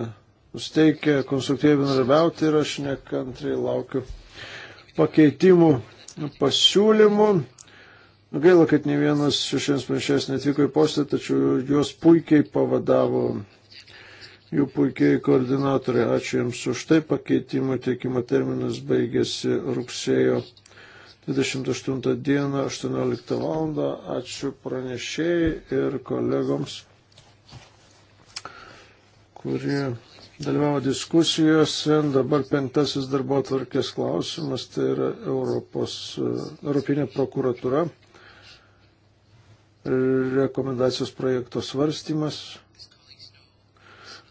nusteikę konstruktyviai bendradarbiauti ir aš nekantriai laukiu pakeitimų pasiūlymų. Gaila, kad ne vienas šešiems pranešėjas netvyko į postą, tačiau juos puikiai pavadavo jų puikiai koordinatoriai. Ačiū Jums už tai. Pakeitimo teikimo terminas baigėsi rugsėjo 28 dieną 18 val. Ačiū pranešėjai ir kolegoms, kurie dalyvavo diskusijose. Dabar penktasis darbo atvarkės klausimas, tai yra Europos, Europinė prokuratura rekomendacijos projekto svarstymas.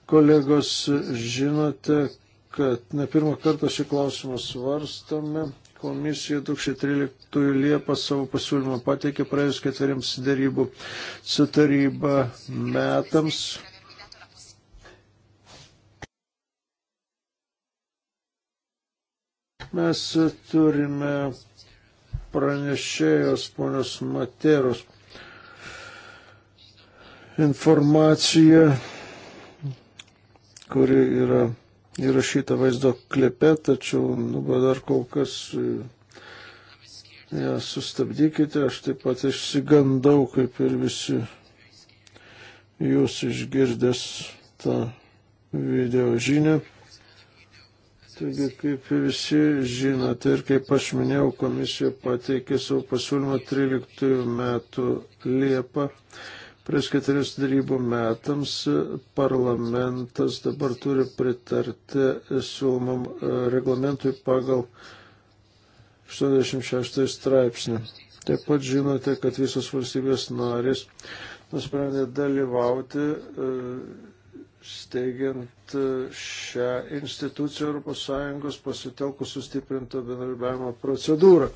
Kolegos, žinote, kad ne pirmą kartą šį klausimą svarstame. Komisija 2013 Liepą savo pasiūlymą pateikė praėjus ketveriems darybų su taryba metams. Mes turime pranešėjos ponios Materos informacija, kuri yra įrašyta vaizdo klipe, tačiau dabar nu, dar kol kas e, ją sustabdykite, aš taip pat išsigandau, kaip ir visi jūs išgirdęs tą video žinią. Taigi, kaip visi žinote ir kaip aš minėjau, komisija pateikė savo pasiūlymą 13 metų Liepą prieš keturis darybų metams parlamentas dabar turi pritarti siūlomam e, reglamentui pagal 86 straipsnį. Taip pat žinote, kad visos valstybės narės nusprendė dalyvauti e, steigiant e, šią instituciją ES pasitelkus sustiprinto bendradarbiavimo procedūrą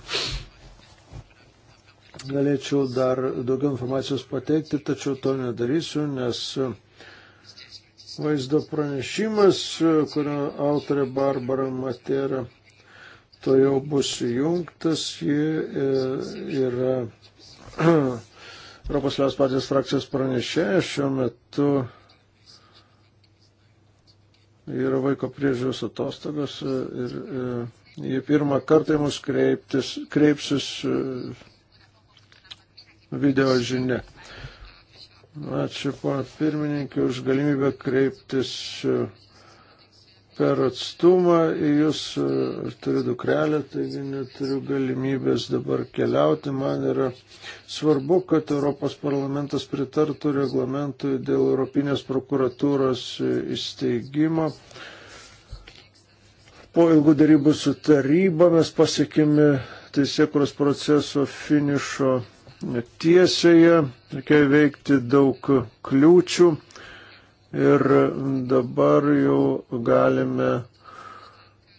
galėčiau dar daugiau informacijos pateikti, tačiau to nedarysiu, nes e, vaizdo pranešimas, e, kurio autorė Barbara Matera, to jau bus jungtas, ji e, yra <clears throat> Europos Liaus partijos frakcijos pranešėja šiuo metu. Yra vaiko priežiūros atostogos ir, ir jie pirmą kartą mus kreiptis, kreipsis video žinia. Ačiū, pana pirmininkė, už galimybę kreiptis e, per atstumą į jūs. Aš e, turiu dukrelę, taigi neturiu galimybės dabar keliauti. Man yra svarbu, kad Europos parlamentas pritartų reglamentui dėl Europinės prokuratūros e, įsteigimo. Po ilgų darybų su taryba mes pasiekime teisėkuros proceso finišo tiesioje, reikėjo veikti daug kliūčių ir dabar jau galime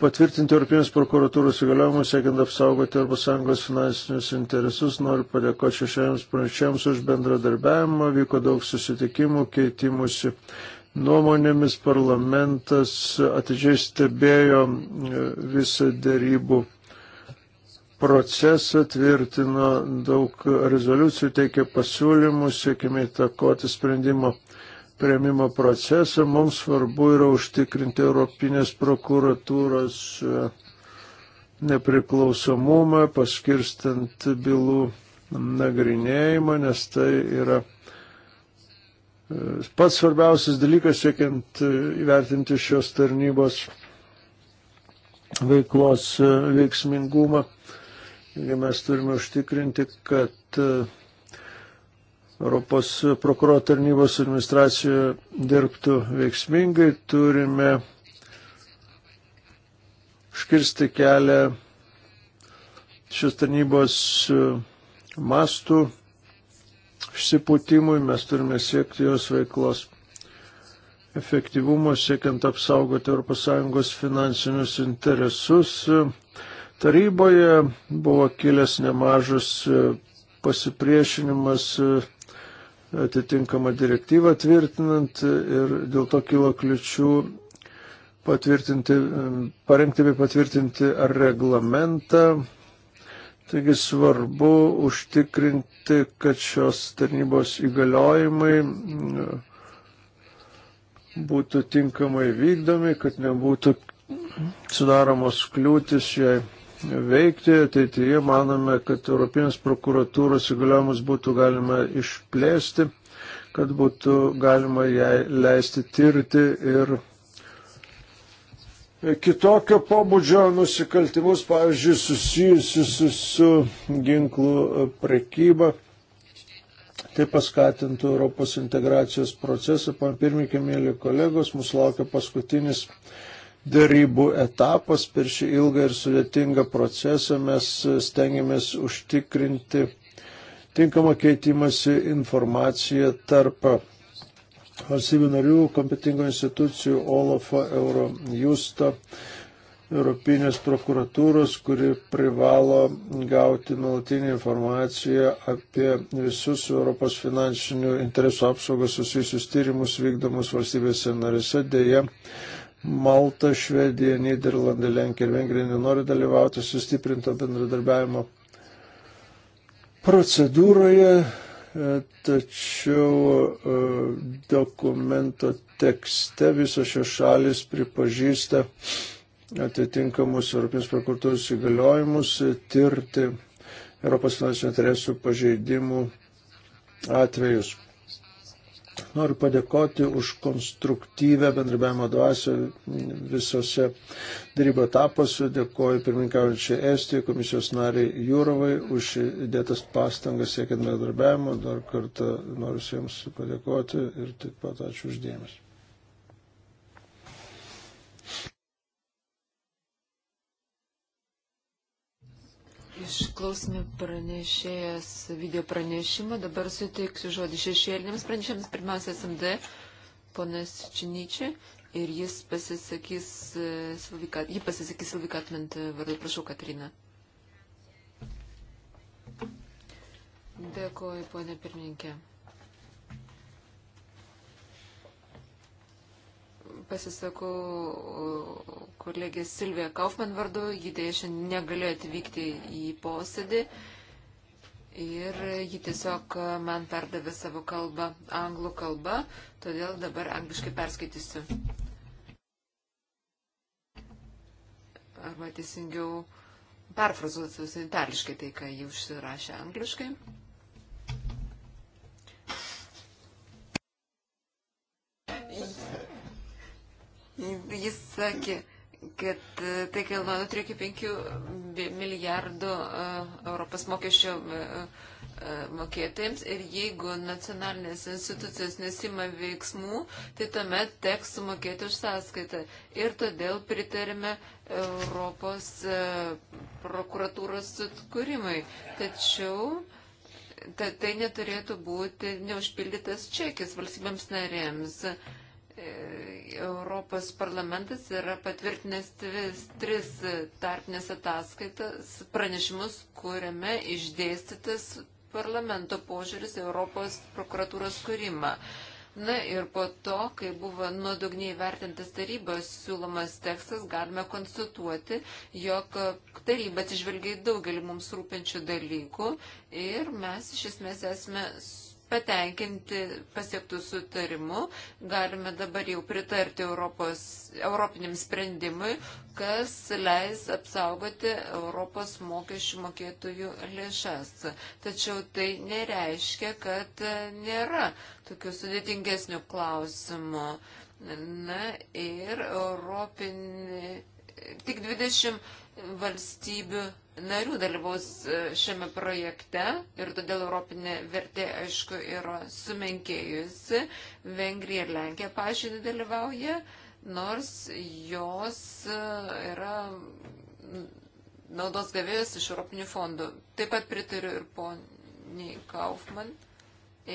patvirtinti Europinės prokuratūros įgaliojimus, siekiant apsaugoti ES finansinius interesus. Noriu padėkoti šešiems pranešėjams už bendradarbiavimą. Vyko daug susitikimų, keitimusi nuomonėmis. Parlamentas atidžiai stebėjo e, visą dėrybų procesą, tvirtino daug rezoliucijų, teikė pasiūlymus, siekime įtakoti sprendimo prieimimo procesą. Mums svarbu yra užtikrinti Europinės prokuratūros e, nepriklausomumą, paskirstant bylų nagrinėjimą, nes tai yra e, pats svarbiausias dalykas, siekiant e, įvertinti šios tarnybos veiklos veiksmingumą. Taigi mes turime užtikrinti, kad e, Europos prokuroro tarnybos administracijoje dirbtų veiksmingai, turime škirsti kelią šios tarnybos e, mastų išsipūtimui, mes turime siekti jos veiklos efektyvumo, siekiant apsaugoti ES finansinius interesus. Taryboje buvo kilęs nemažas e, pasipriešinimas e, atitinkamą direktyvą tvirtinant e, ir dėl to kilo kliučių patvirtinti, parengti bei patvirtinti reglamentą. Taigi svarbu užtikrinti, kad šios tarnybos įgaliojimai būtų tinkamai vykdomi, kad nebūtų sudaromos kliūtis jai veikti. Ateityje manome, kad Europinės prokuratūros įgaliojimus būtų galima išplėsti, kad būtų galima jai leisti tirti ir kitokio pobūdžio nusikaltimus, pavyzdžiui, susijusius su, su ginklų prekyba. Tai paskatintų Europos integracijos procesą. Pan pirmininkė, mėly kolegos, mūsų laukia paskutinis darybų etapas. Per šį ilgą ir sudėtingą procesą mes stengiamės užtikrinti tinkamą keitimąsi informaciją tarp valstybių narių, kompetingų institucijų, OLAFO, Eurojusto, Europinės prokuratūros, kuri privalo gauti nuolatinį informaciją apie visus Europos finansinių interesų apsaugos susijusius tyrimus vykdomus valstybėse narėse. Deja, Malta, Švedija, Niderlandai, Lenkija ir Vengrija nenori dalyvauti sustiprinto bendradarbiavimo procedūroje, e, tačiau e, dokumento tekste visos šios šalis pripažįsta atitinkamus Europės prokuratūros įgaliojimus tirti Europos finansinių interesų pažeidimų atvejus. Noriu padėkoti už konstruktyvę bendrabiavimo dvasę visose darybo etapuose. Dėkoju pirmininkaujančiai Estijai, komisijos nariai Jūrovai už dėtas pastangas siekiant bendrabiavimo. Dar kartą noriu jums padėkoti ir taip pat ačiū uždėmesi. Išklausime pranešėjas video pranešimą. Dabar suteiksiu žodį šešėlinėms pranešėms. Pirmiausia, SMD, ponas Činyčiai. Ir jis pasisakys, e, Silvikat, jį pasisakys Silvikatment vardu. Prašau, Katrina. Dėkuoju, ponė pirmininkė. pasisakau kolegės Silvija Kaufman vardu, ji dėja šiandien negalėjo atvykti į posėdį ir ji tiesiog man perdavė savo kalbą anglų kalbą, todėl dabar angliškai perskaitysiu. Arba teisingiau perfrazuosiu itališkai tai, ką ji užsirašė angliškai. Jis sakė, kad e, tai kalba nuo 3 iki 5 milijardų e, Europos mokesčio e, mokėtojams ir jeigu nacionalinės institucijos nesima veiksmų, tai tuomet teks sumokėti už sąskaitą. Ir todėl pritarime Europos prokuratūros sutkūrimui. Tačiau ta, tai neturėtų būti neužpildytas čekis valstybėms narėms. Europos parlamentas yra patvirtinęs tris, tris tarpinės ataskaitas, pranešimus, kuriame išdėstytas parlamento požiūris Europos prokuratūros kūrimą. Na ir po to, kai buvo nuodugniai vertintas tarybos siūlomas tekstas, galime konstatuoti, jog taryba atsižvelgia į daugelį mums rūpinčių dalykų ir mes iš esmės esame patenkinti pasiektų sutarimu. Galime dabar jau pritarti Europos, europiniam sprendimui, kas leis apsaugoti Europos mokesčių mokėtojų lėšas. Tačiau tai nereiškia, kad nėra tokių sudėtingesnių klausimų. Na ir europinį. Tik 20 valstybių narių dalyvaus e, šiame projekte ir todėl europinė vertė, aišku, yra sumenkėjusi. Vengrija ir Lenkija, pažiūrėjau, dalyvauja, nors jos e, yra naudos gavėjus iš europinių fondų. Taip pat pritariu ir poniai Kaufman.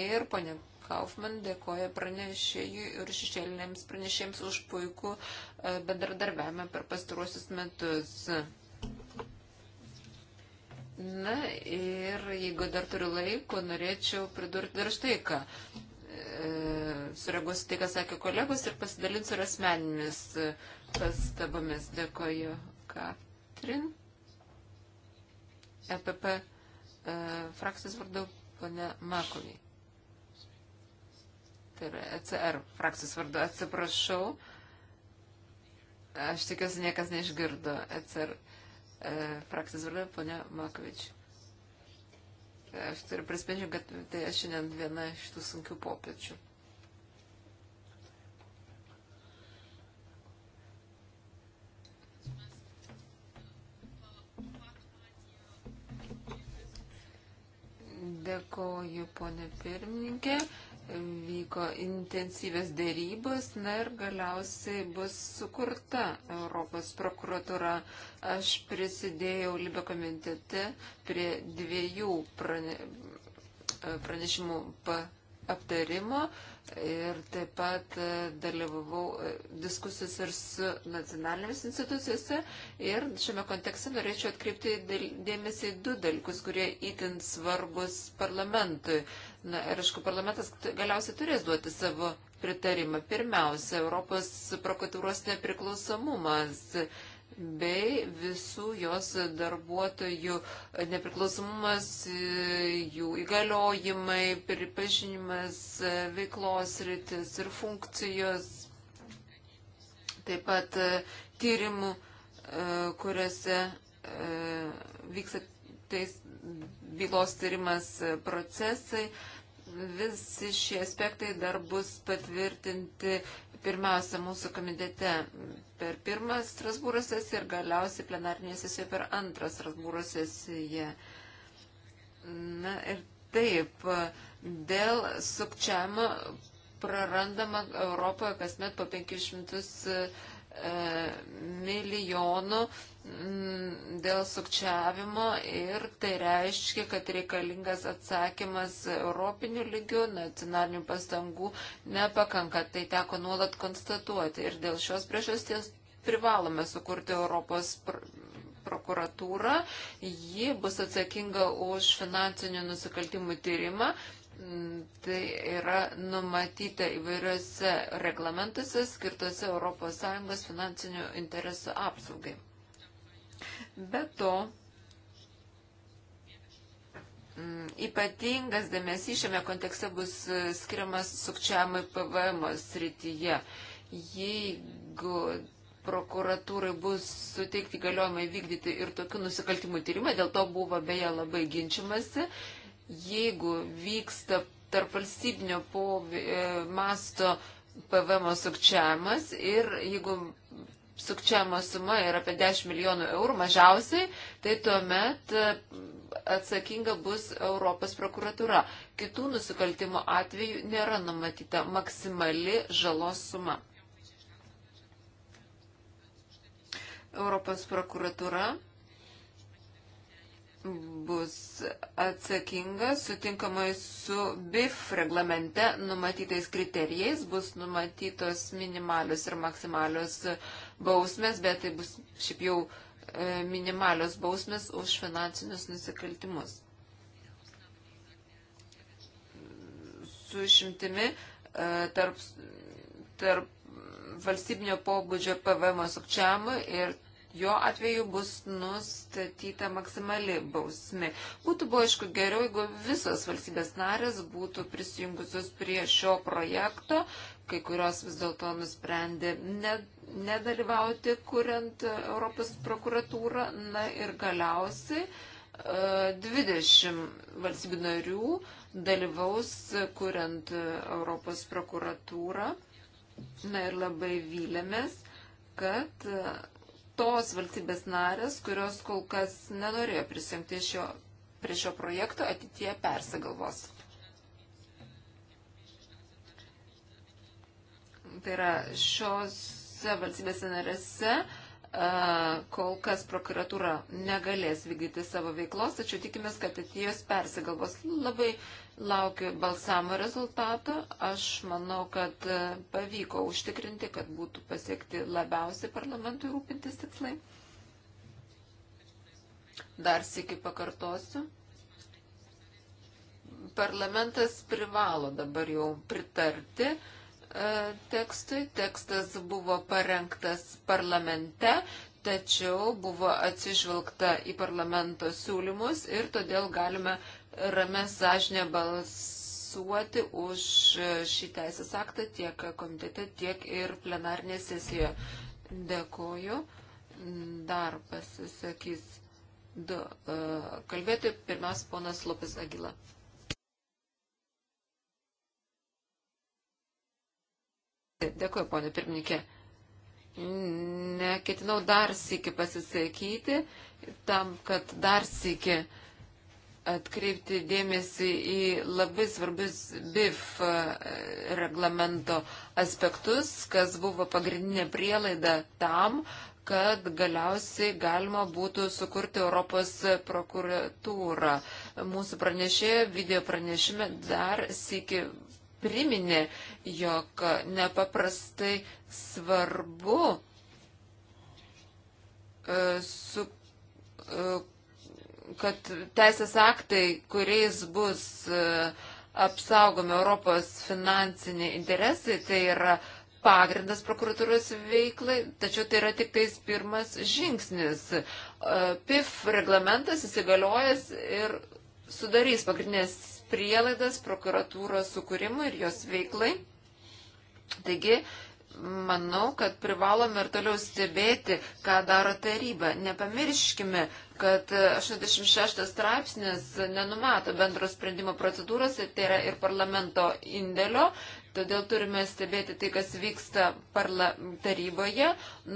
Ir ponia Kaufman dėkoja pranešėjui ir šešėlinėms pranešėjams už puikų e, bendradarbiavimą per pastaruosius metus. Na ir jeigu dar turiu laiko, norėčiau pridurti dar štai ką. E, Sureaguosiu tai, ką sakė kolegos ir pasidalinsiu ir asmenimis pastabomis. Dėkoju, Katrin. EPP e, frakcijos vardu pone Makovį. Tai yra ECR frakcijos vardu. Atsiprašau. Aš tikiuosi, niekas neišgirdo. ECR. E, E, frakcijos vardu, ponia Makovič. Aš e, turiu prisipažinti, kad tai aš šiandien viena iš tų sunkių popiečių. Dėkoju, ponė pirmininkė vyko intensyvės dėrybos, na ir galiausiai bus sukurta Europos prokuratura. Aš prisidėjau Libio komitete prie dviejų prane, pranešimų aptarimo ir taip pat e, dalyvavau e, diskusijos ir su nacionalinėmis institucijose. Ir šiame kontekste norėčiau atkreipti dėmesį į du dalykus, kurie itin svarbus parlamentui. Na ir aišku, parlamentas galiausiai turės duoti savo pritarimą. Pirmiausia, Europos prokuratūros nepriklausomumas bei visų jos darbuotojų nepriklausomumas, jų įgaliojimai, pripažinimas, veiklos rytis ir funkcijos, taip pat tyrimų, e, kuriuose e, vyksta teis, bylos tyrimas e, procesai. Visi šie aspektai dar bus patvirtinti pirmiausia mūsų komitete per pirmą Strasbūro sesiją ir galiausiai plenarinėje sesijoje per antrą Strasbūro sesiją. Na ir taip, dėl sukčiamo prarandama Europoje kasmet po 500 milijonų mm, dėl sukčiavimo ir tai reiškia, kad reikalingas atsakymas europinių lygių, nacionalinių pastangų nepakanka. Tai teko nuolat konstatuoti ir dėl šios priežasties privalome sukurti Europos pr prokuratūrą. Ji bus atsakinga už finansinių nusikaltimų tyrimą Tai yra numatyta įvairiuose reglamentuose skirtuose ES finansinių interesų apsaugai. Be to, mm, ypatingas dėmesys šiame kontekste bus skiriamas sukčiamui PVM srityje. Jeigu prokuratūrai bus suteikti galiojimai vykdyti ir tokių nusikaltimų tyrimą, dėl to buvo beje labai ginčiamasi jeigu vyksta tarp valstybinio e, masto PVM sukčiavimas ir jeigu sukčiavimo suma yra apie 10 milijonų eurų mažiausiai, tai tuomet e, atsakinga bus Europos prokuratura. Kitų nusikaltimo atveju nėra numatyta maksimali žalos suma. Europos prokuratura bus atsakingas, sutinkamai su BIF reglamente numatytais kriterijais, bus numatytos minimalios ir maksimalios bausmės, bet tai bus šiaip jau e, minimalios bausmės už finansinius nusikaltimus. Su išimtimi e, tarp, tarp valstybinio pobūdžio PVM sukčiamų ir jo atveju bus nustatyta maksimali bausmi. Būtų buvo, aišku, geriau, jeigu visos valstybės narės būtų prisijungusios prie šio projekto, kai kurios vis dėlto nusprendė ne, nedalyvauti, kuriant Europos prokuratūrą. Na ir galiausiai 20 e, valstybių narių dalyvaus, kuriant Europos prokuratūrą. Na ir labai vylėmės, kad tos valstybės narės, kurios kol kas nenorėjo prisimti šio, prie šio projekto, ateitie persigalvos. Tai yra šiose valstybėse narėse kol kas prokuratūra negalės vykdyti savo veiklos, tačiau tikimės, kad atėjos persigalvos. Labai uh, Laukiu balsamo rezultato. Aš manau, kad e, pavyko užtikrinti, kad būtų pasiekti labiausiai parlamentui rūpintis tikslai. Dar sėki pakartosiu. Parlamentas privalo dabar jau pritarti e, tekstui. Tekstas buvo parengtas parlamente, tačiau buvo atsižvelgta į parlamento siūlymus ir todėl galime ramę sąžinę balsuoti už šį teisės aktą tiek komitete, tiek ir plenarnėje sesijoje. Dėkoju. Dar pasisakys du uh, kalbėti. Pirmiausia, ponas Lopes Agila. Dėkuoju, ponė pirmininkė. Neketinau dar sėki pasisakyti, tam, kad dar sėki uh, atkreipti dėmesį į labai svarbius BIF e, reglamento aspektus, kas buvo pagrindinė prielaida tam, kad galiausiai galima būtų sukurti Europos prokuratūrą. Mūsų pranešėjo video pranešime dar sėki priminė, jog nepaprastai svarbu e, su e, kad teisės aktai, kuriais bus e, apsaugomi Europos finansiniai interesai, tai yra pagrindas prokuratūros veiklai, tačiau tai yra tik tais pirmas žingsnis. E, PIF reglamentas įsigaliojas ir sudarys pagrindinės prielaidas prokuratūros sukūrimui ir jos veiklai. Taigi, manau, kad privalome ir toliau stebėti, ką daro taryba. Nepamirškime, kad 86 straipsnis nenumato bendro sprendimo procedūros, tai yra ir parlamento indėlio, todėl turime stebėti tai, kas vyksta parla taryboje,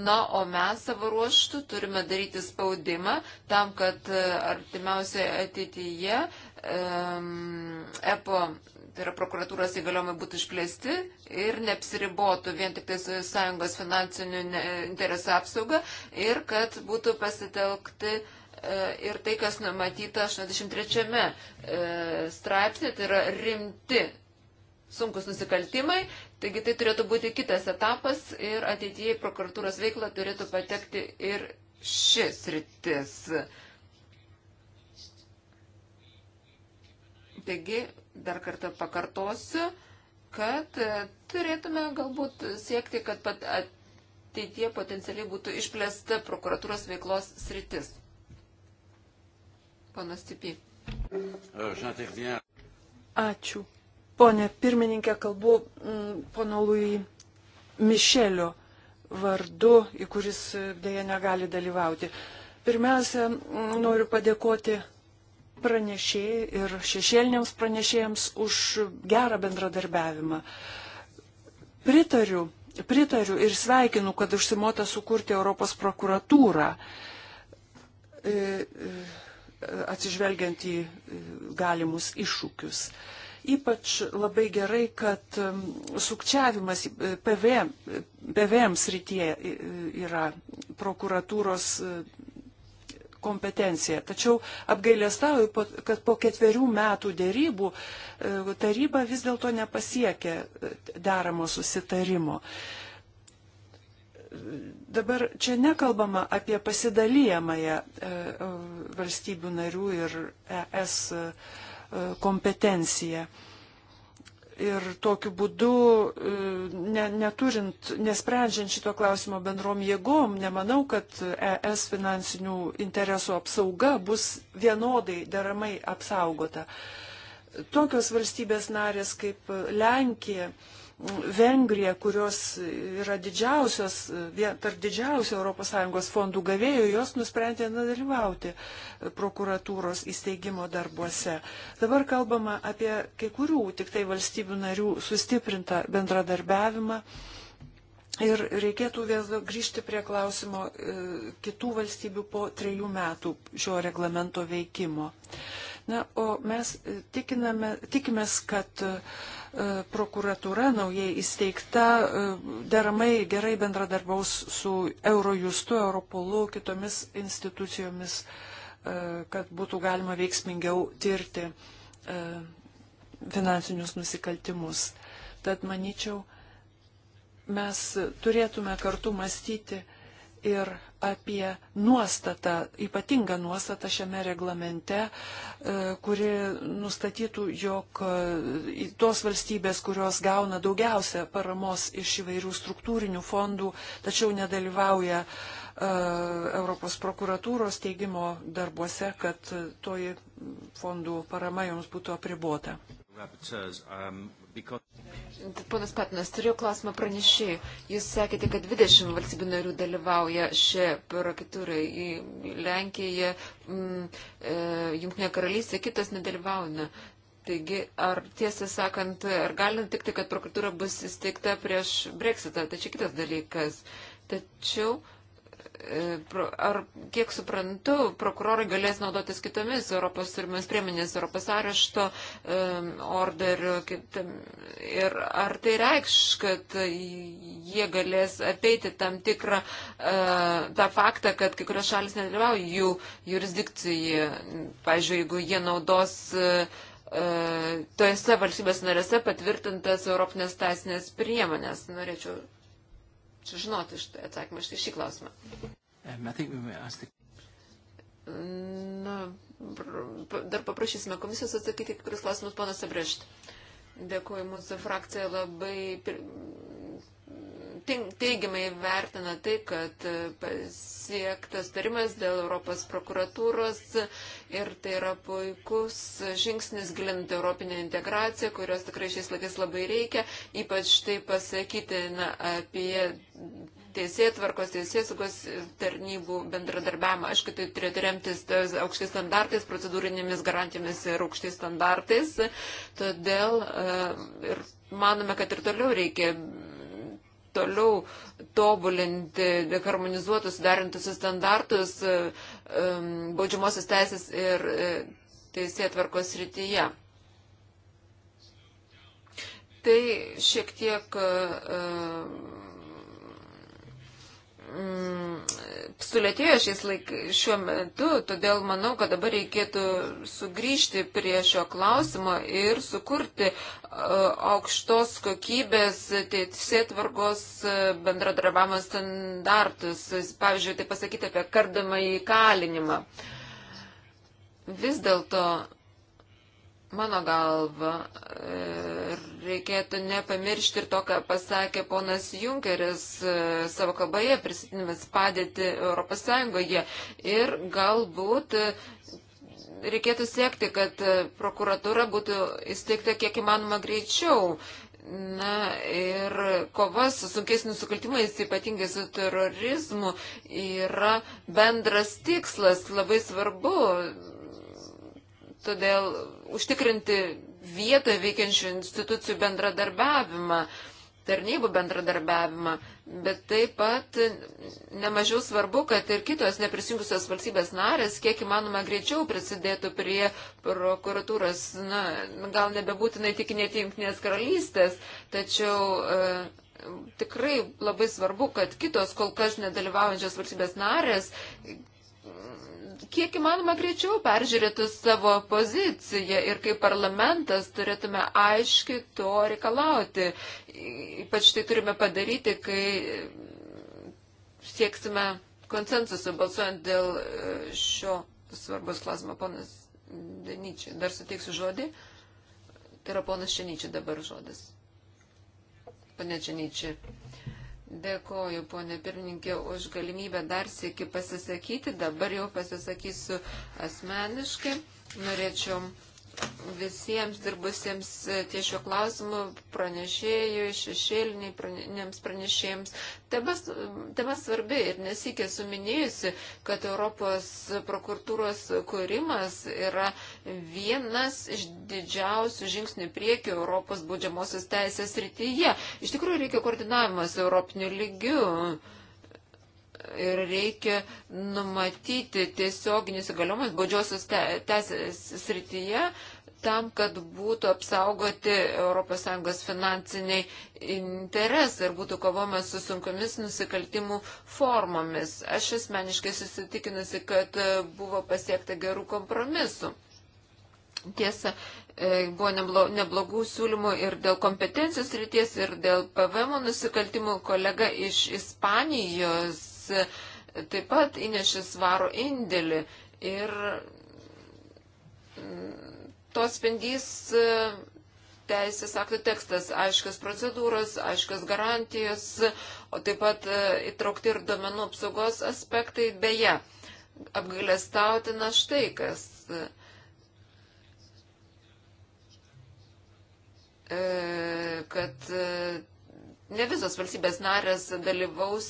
na, o mes savo ruoštų turime daryti spaudimą tam, kad e, artimiausioje ateityje um, EPO tai yra prokuratūros įgaliojimai būtų išplėsti ir neapsiribotų vien tik tai sąjungos finansinių interesų apsauga ir kad būtų pasitelkti e, ir tai, kas numatyta 83 e, straipsnė, tai yra rimti sunkus nusikaltimai, taigi tai turėtų būti kitas etapas ir ateityje į prokuratūros veiklą turėtų patekti ir šis rytis. Taigi dar kartą pakartosiu, kad e, turėtume galbūt siekti, kad pat ateitie potencialiai būtų išplėsta prokuratūros veiklos sritis. Panas Tipi. Euh, Ačiū. Pone pirmininkė, kalbu m, mm, pono Lui Mišelio vardu, į kuris e, dėja negali dalyvauti. Pirmiausia, mm, noriu padėkoti pranešėjai ir šešėliniams pranešėjams už gerą bendradarbiavimą. Pritariu, pritariu ir sveikinu, kad užsimota sukurti Europos prokuratūrą, e, e, atsižvelgiant į e, galimus iššūkius. Ypač labai gerai, kad sukčiavimas PVM, PVM srityje yra prokuratūros kompetencija. Tačiau apgailestauju, kad po ketverių metų dėrybų e, taryba vis dėlto nepasiekė e, deramo susitarimo. Dabar čia nekalbama apie pasidalyjamąją e, valstybių narių ir ES kompetenciją. Ir tokiu būdu, e, ne, neturint, nesprendžiant šito klausimo bendrom jėgom, nemanau, kad ES finansinių interesų apsauga bus vienodai deramai apsaugota. Tokios valstybės narės kaip Lenkija, Vengrija, kurios yra didžiausios, tarp didžiausių ES fondų gavėjų, jos nusprendė nedalyvauti prokuratūros įsteigimo darbuose. Dabar kalbama apie kai kurių tik tai valstybių narių sustiprintą bendradarbiavimą. Ir reikėtų vėl grįžti prie klausimo e, kitų valstybių po trejų metų šio reglamento veikimo. E, Na, o mes e, tikiname, tikimės, kad e, prokuratūra naujai įsteigta e, deramai gerai bendradarbaus su Eurojustu, Europolu, kitomis institucijomis, kad būtų galima veiksmingiau tirti finansinius nusikaltimus. Tad manyčiau, mes turėtume kartu mąstyti ir apie nuostatą, ypatingą nuostatą šiame reglamente, e, kuri nustatytų, jog e, tos valstybės, kurios gauna daugiausia paramos iš įvairių struktūrinių fondų, tačiau nedalyvauja e, Europos prokuratūros teigimo darbuose, kad toji fondų parama joms būtų apribota. Rapporteurs, um, because... Ponas Patinas, turiu klausimą pranešėjai. Jūs sakėte, kad 20 valstybių narių dalyvauja šią parakitūrą į Lenkiją, mm, e, Junktinė karalystė, kitas nedalyvauna. Taigi, ar tiesą sakant, ar galim tikti, kad prokuratūra bus įsteigta prieš Brexitą, tai čia kitas dalykas. Tačiau E, ar, kiek suprantu, prokurorai galės naudotis kitomis Europos turimis priemonės, Europos arešto um, orderių. Kitam, ir ar tai reikš, kad jie galės apeiti tam tikrą uh, tą faktą, kad kai kurios šalis nedalyvauja jų jurisdikcijai. Pavyzdžiui, jeigu jie naudos. Uh, Tojose valstybės narėse patvirtintas Europinės teisinės priemonės. Norėčiau sužinoti atsakymą štai šį klausimą. Um, Na, dar paprašysime komisijos atsakyti, kuris klausimus panas abriešt. Dėkuoju, mūsų frakcija labai teigiamai vertina tai, kad pasiektas tarimas dėl Europos prokuratūros ir tai yra puikus žingsnis gilint Europinę integraciją, kurios tikrai šiais laikais labai reikia, ypač tai pasakyti na, apie teisėtvarkos, teisėsaugos tarnybų bendradarbiavimą. Aišku, tai turėtų remtis aukštais standartais, procedūrinėmis garantijomis ir aukštais standartais. Todėl e, ir manome, kad ir toliau reikia toliau tobulinti harmonizuotus, darintus standartus e, e, baudžiamosios teisės ir e, teisė tvarkos rytyje. Tai šiek tiek uh, mm, sulėtėjo šiais laik šiuo metu, todėl manau, kad dabar reikėtų sugrįžti prie šio klausimo ir sukurti e, aukštos kokybės teisėtvarkos e, bendradarbiavimo standartus. Pavyzdžiui, tai pasakyti apie kardamą įkalinimą. Vis dėlto Mano galva, e, reikėtų nepamiršti ir to, ką pasakė ponas Junkeris e, savo kalboje, prisitinimas padėti Europos Sąjungoje. Ir galbūt e, reikėtų siekti, kad prokuratūra būtų įsteigta kiek įmanoma greičiau. Na ir kova su sunkiais nusikaltimais, ypatingai su terorizmu, yra bendras tikslas, labai svarbu todėl užtikrinti vietoje veikiančių institucijų bendradarbiavimą, tarnybų bendradarbiavimą, bet taip pat nemažiau svarbu, kad ir kitos neprisijungusios valstybės narės kiek įmanoma greičiau prisidėtų prie prokuratūros, na, gal nebebūtinai tikinėti jungtinės karalystės, tačiau e, tikrai labai svarbu, kad kitos kol kas nedalyvaujančios valstybės narės kiek įmanoma greičiau peržiūrėtų savo poziciją ir kaip parlamentas turėtume aiškiai to reikalauti. Ypač tai turime padaryti, kai sieksime konsensusą balsuojant dėl e, šio svarbus klausimo. Ponas Denyčiai, dar suteiksiu žodį. Tai yra ponas Šenyčiai dabar žodis. Pane Čenyčiai. Dėkoju, ponė pirmininkė, už galimybę dar sėki pasisakyti. Dabar jau pasisakysiu asmeniškai. Norėčiau visiems dirbusiems e, ties šio klausimu pranešėjui, šešėliniams pranešėjams. Tema svarbi ir nesikė suminėjusi, kad Europos prokuratūros kūrimas yra vienas iš didžiausių žingsnių priekių Europos būdžiamosios teisės rytyje. Iš tikrųjų reikia koordinavimas Europinių lygių ir reikia numatyti tiesioginius įgaliomus baudžiosios teisės srityje tam, kad būtų apsaugoti ES finansiniai interesai ir būtų kovoma su sunkomis nusikaltimų formomis. Aš asmeniškai susitikinusi, kad e, buvo pasiekta gerų kompromisų. Tiesa, e, buvo neblogų siūlymų ir dėl kompetencijos ryties, ir dėl PVM nusikaltimų kolega iš Ispanijos taip pat įnešė svaro indėlį ir mm, tos spendys e, teisės aktų tekstas, aiškios procedūros, aiškios garantijos, o taip pat e, įtraukti ir domenų apsaugos aspektai, beje, apgailestautina štai kas. E, kad ne visos valstybės narės dalyvaus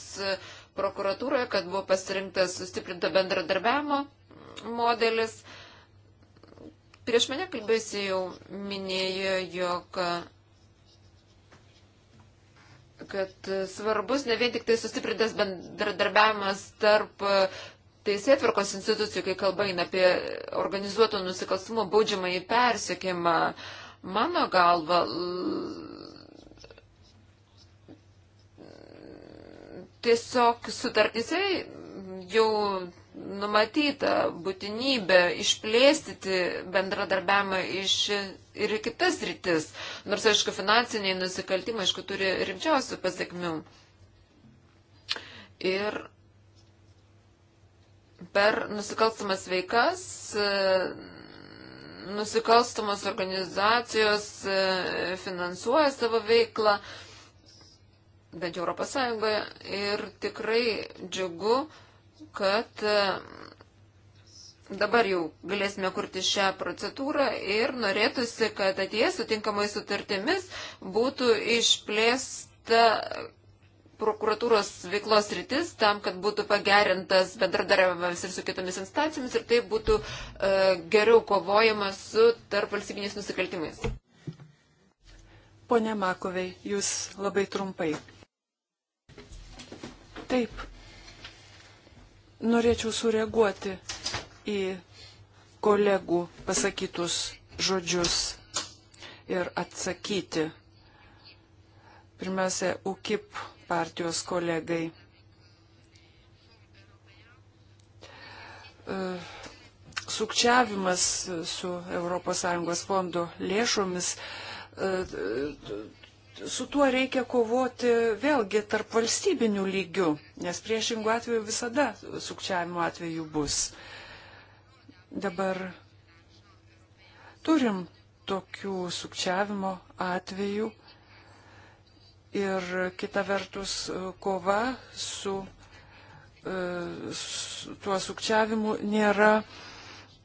prokuratūroje, kad buvo pasirinktas sustiprinto bendradarbiavimo modelis. Prieš mane kalbėjusi jau minėjo, jog kad svarbus ne vien tik tai sustiprintas bendradarbiavimas tarp teisėtvarkos institucijų, kai kalba eina apie organizuoto nusikalstumo baudžiamą į persiekimą, mano galva Tiesiog sutartise jau numatyta būtinybė išplėstyti bendradarbiavimą iš ir į kitas rytis, nors, aišku, finansiniai nusikaltimai, aišku, turi rimčiausių pasiekmių. Ir per nusikalstamas veikas, nusikalstamas organizacijos e, finansuoja savo veiklą, bent jau Europos Sąjungoje, ir tikrai džiugu, kad e, dabar jau galėsime kurti šią procedūrą ir norėtųsi, kad ateitie sutinkamai sutartimis būtų išplėsta prokuratūros veiklos rytis tam, kad būtų pagerintas bendradarbiavimas ir su kitomis instancijomis ir tai būtų e, geriau kovojama su tarp valstybiniais nusikaltimais. Pone Makovei, jūs labai trumpai. Taip, norėčiau sureaguoti į kolegų pasakytus žodžius ir atsakyti. Pirmiausia, UKIP partijos kolegai. E, sukčiavimas su ES fondo lėšomis e, su tuo reikia kovoti vėlgi tarp valstybinių lygių, nes priešingų atveju visada sukčiavimo atveju bus. Dabar turim tokių sukčiavimo atvejų ir kita vertus kova su, e, su tuo sukčiavimu nėra uh,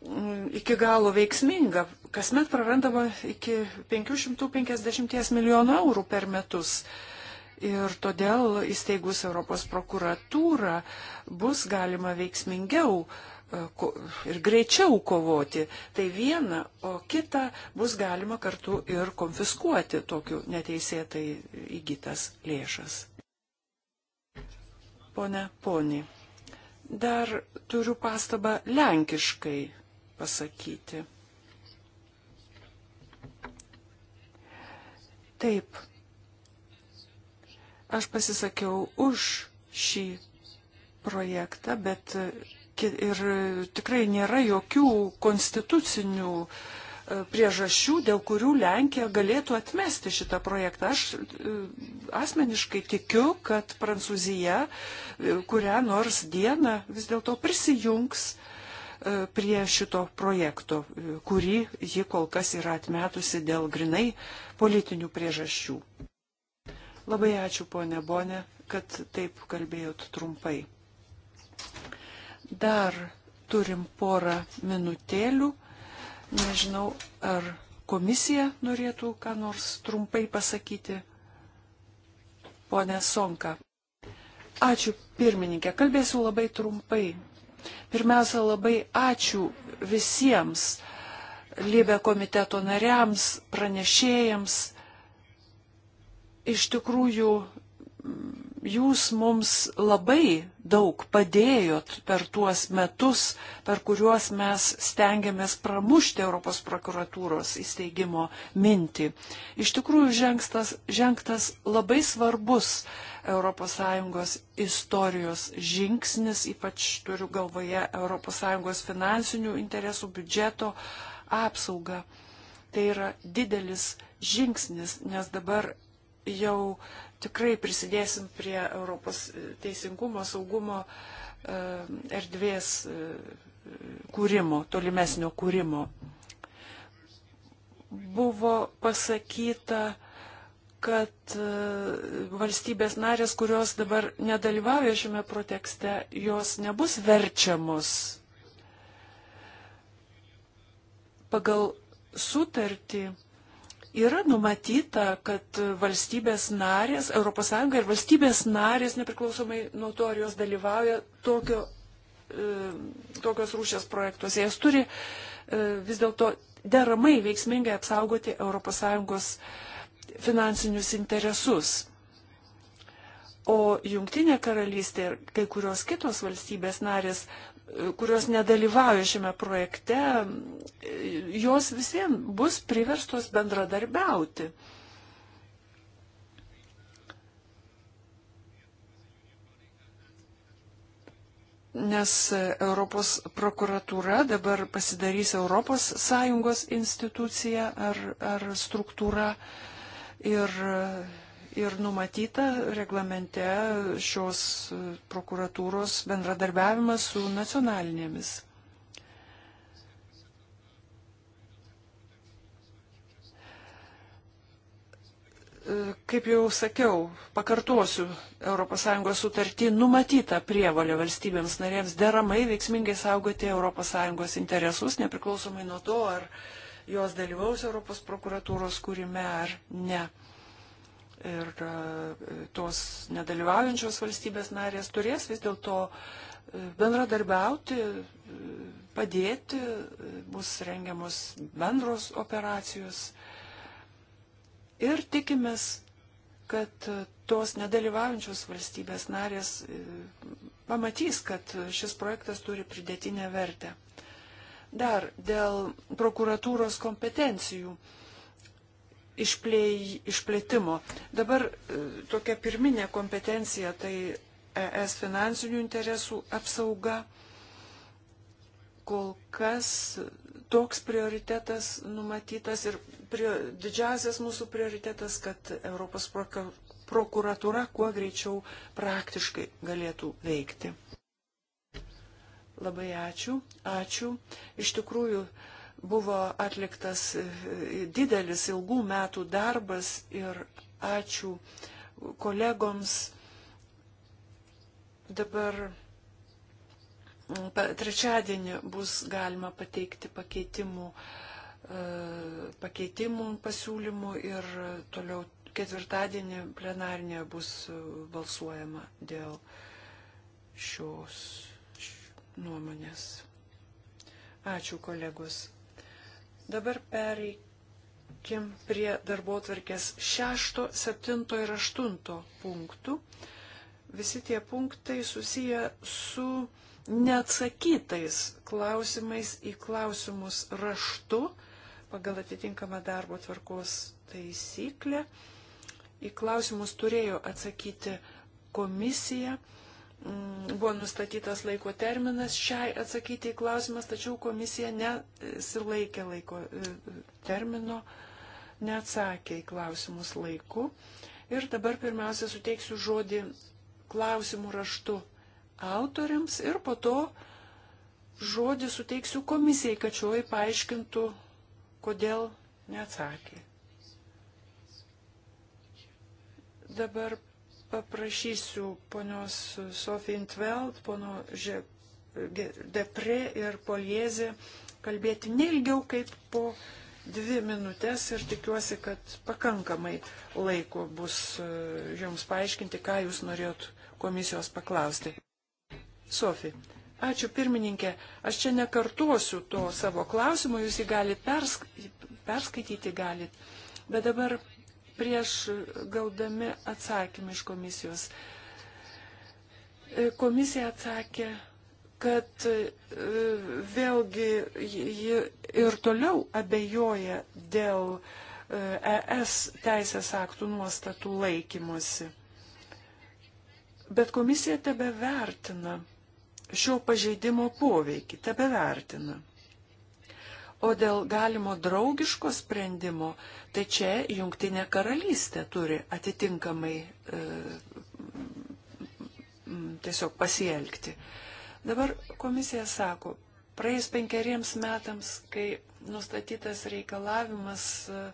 Mm, iki galo veiksminga. Kasmet prarandama iki 550 milijonų eurų per metus. Ir todėl įsteigus Europos prokuratūrą bus galima veiksmingiau e, ir greičiau kovoti. Tai viena, o kita bus galima kartu ir konfiskuoti tokiu neteisėtai įgytas lėšas. Pone, poni, dar turiu pastabą lenkiškai pasakyti. Taip, aš pasisakiau už šį projektą, bet ir tikrai nėra jokių konstitucinių e, priežasčių, dėl kurių Lenkija galėtų atmesti šitą projektą. Aš e, asmeniškai tikiu, kad Prancūzija e, kurią nors dieną vis dėlto prisijungs uh, E, prie šito projekto, e, kurį ji kol kas yra atmetusi dėl grinai politinių priežasčių. Labai ačiū, ponė Bonė, kad taip kalbėjot trumpai. Dar turim porą minutėlių. Nežinau, ar komisija norėtų ką nors trumpai pasakyti. Pone Sonka. Ačiū, pirmininkė. Kalbėsiu labai trumpai. Pirmiausia, labai ačiū visiems Libė komiteto nariams, pranešėjams. Iš tikrųjų, jūs mums labai daug padėjot per tuos metus, per kuriuos mes stengiamės pramušti Europos prokuratūros įsteigimo mintį. Iš tikrųjų žengtas, žengtas labai svarbus ES istorijos žingsnis, ypač turiu galvoje ES finansinių interesų biudžeto apsaugą. Tai yra didelis žingsnis, nes dabar jau tikrai prisidėsim prie Europos e, teisingumo, saugumo e, erdvės e, kūrimo, tolimesnio kūrimo. Buvo pasakyta, kad valstybės narės, kurios dabar nedalyvauja šiame protekste, jos nebus verčiamos pagal sutartį yra numatyta, kad valstybės narės, ES ir valstybės narės, nepriklausomai nuo to, ar jos dalyvauja tokio, e, tokios rūšės projektuose, jas turi e, vis dėlto deramai veiksmingai apsaugoti ES finansinius interesus. O Junktinė karalystė ir kai kurios kitos valstybės narės kurios nedalyvauja šiame projekte, jos visiems bus priverstos bendradarbiauti. Nes Europos prokuratūra dabar pasidarys Europos Sąjungos institucija ar, ar struktūra ir ir numatyta reglamente šios e, prokuratūros bendradarbiavimas su nacionalinėmis. E, kaip jau sakiau, pakartosiu, ES sutartį numatyta prievalė valstybėms narėms deramai veiksmingai saugoti ES interesus, nepriklausomai nuo to, ar jos dalyvaus Europos prokuratūros kūrime ar ne ir e, tos nedalyvaujančios valstybės narės turės vis dėlto e, bendradarbiauti, e, padėti, bus rengiamos bendros operacijos. Ir tikimės, kad tos nedalyvaujančios valstybės narės pamatys, kad šis projektas turi pridėtinę vertę. Dar dėl prokuratūros kompetencijų išplėj, išplėtimo. Dabar e, tokia pirminė kompetencija tai ES finansinių interesų apsauga. Kol kas toks prioritetas numatytas ir prio, didžiasias mūsų prioritetas, kad Europos prokuratūra kuo greičiau praktiškai galėtų veikti. Labai ačiū. Ačiū. Iš tikrųjų, Buvo atliktas e, didelis ilgų metų darbas ir ačiū kolegoms. Dabar trečiadienį bus galima pateikti pakeitimų, e, pakeitimų pasiūlymų ir toliau ketvirtadienį plenarnėje bus e, balsuojama dėl šios nuomonės. Ačiū kolegos. Dabar pereikim prie darbo tvarkės šešto, septinto ir aštunto punktų. Visi tie punktai susiję su neatsakytais klausimais į klausimus raštu pagal atitinkamą darbo tvarkos taisyklę. Į klausimus turėjo atsakyti komisija Mm, buvo nustatytas laiko terminas šiai atsakyti į klausimas, tačiau komisija nesilaikė laiko e, termino, neatsakė į klausimus laiku. Ir dabar pirmiausia suteiksiu žodį klausimų raštu autoriams ir po to žodį suteiksiu komisijai, kad šioji paaiškintų, kodėl neatsakė. Dabar paprašysiu ponios Sofie Intveld, pono Že... Depre ir Poliezė kalbėti neilgiau kaip po dvi minutės ir tikiuosi, kad pakankamai laiko bus e, jums paaiškinti, ką jūs norėjot komisijos paklausti. Sofie. Ačiū pirmininkė, aš čia nekartuosiu to savo klausimo, jūs jį galit persk perskaityti, galit. Bet dabar prieš gaudami atsakymą iš komisijos. Komisija atsakė, kad e, vėlgi ji ir toliau abejoja dėl ES e teisės aktų nuostatų laikymosi. Bet komisija tebe vertina šio pažeidimo poveikį, tebe vertina. O dėl galimo draugiško sprendimo, tai čia jungtinė karalystė turi atitinkamai e, tiesiog pasielgti. Dabar komisija sako, praėjus penkeriems metams, kai nustatytas reikalavimas, e,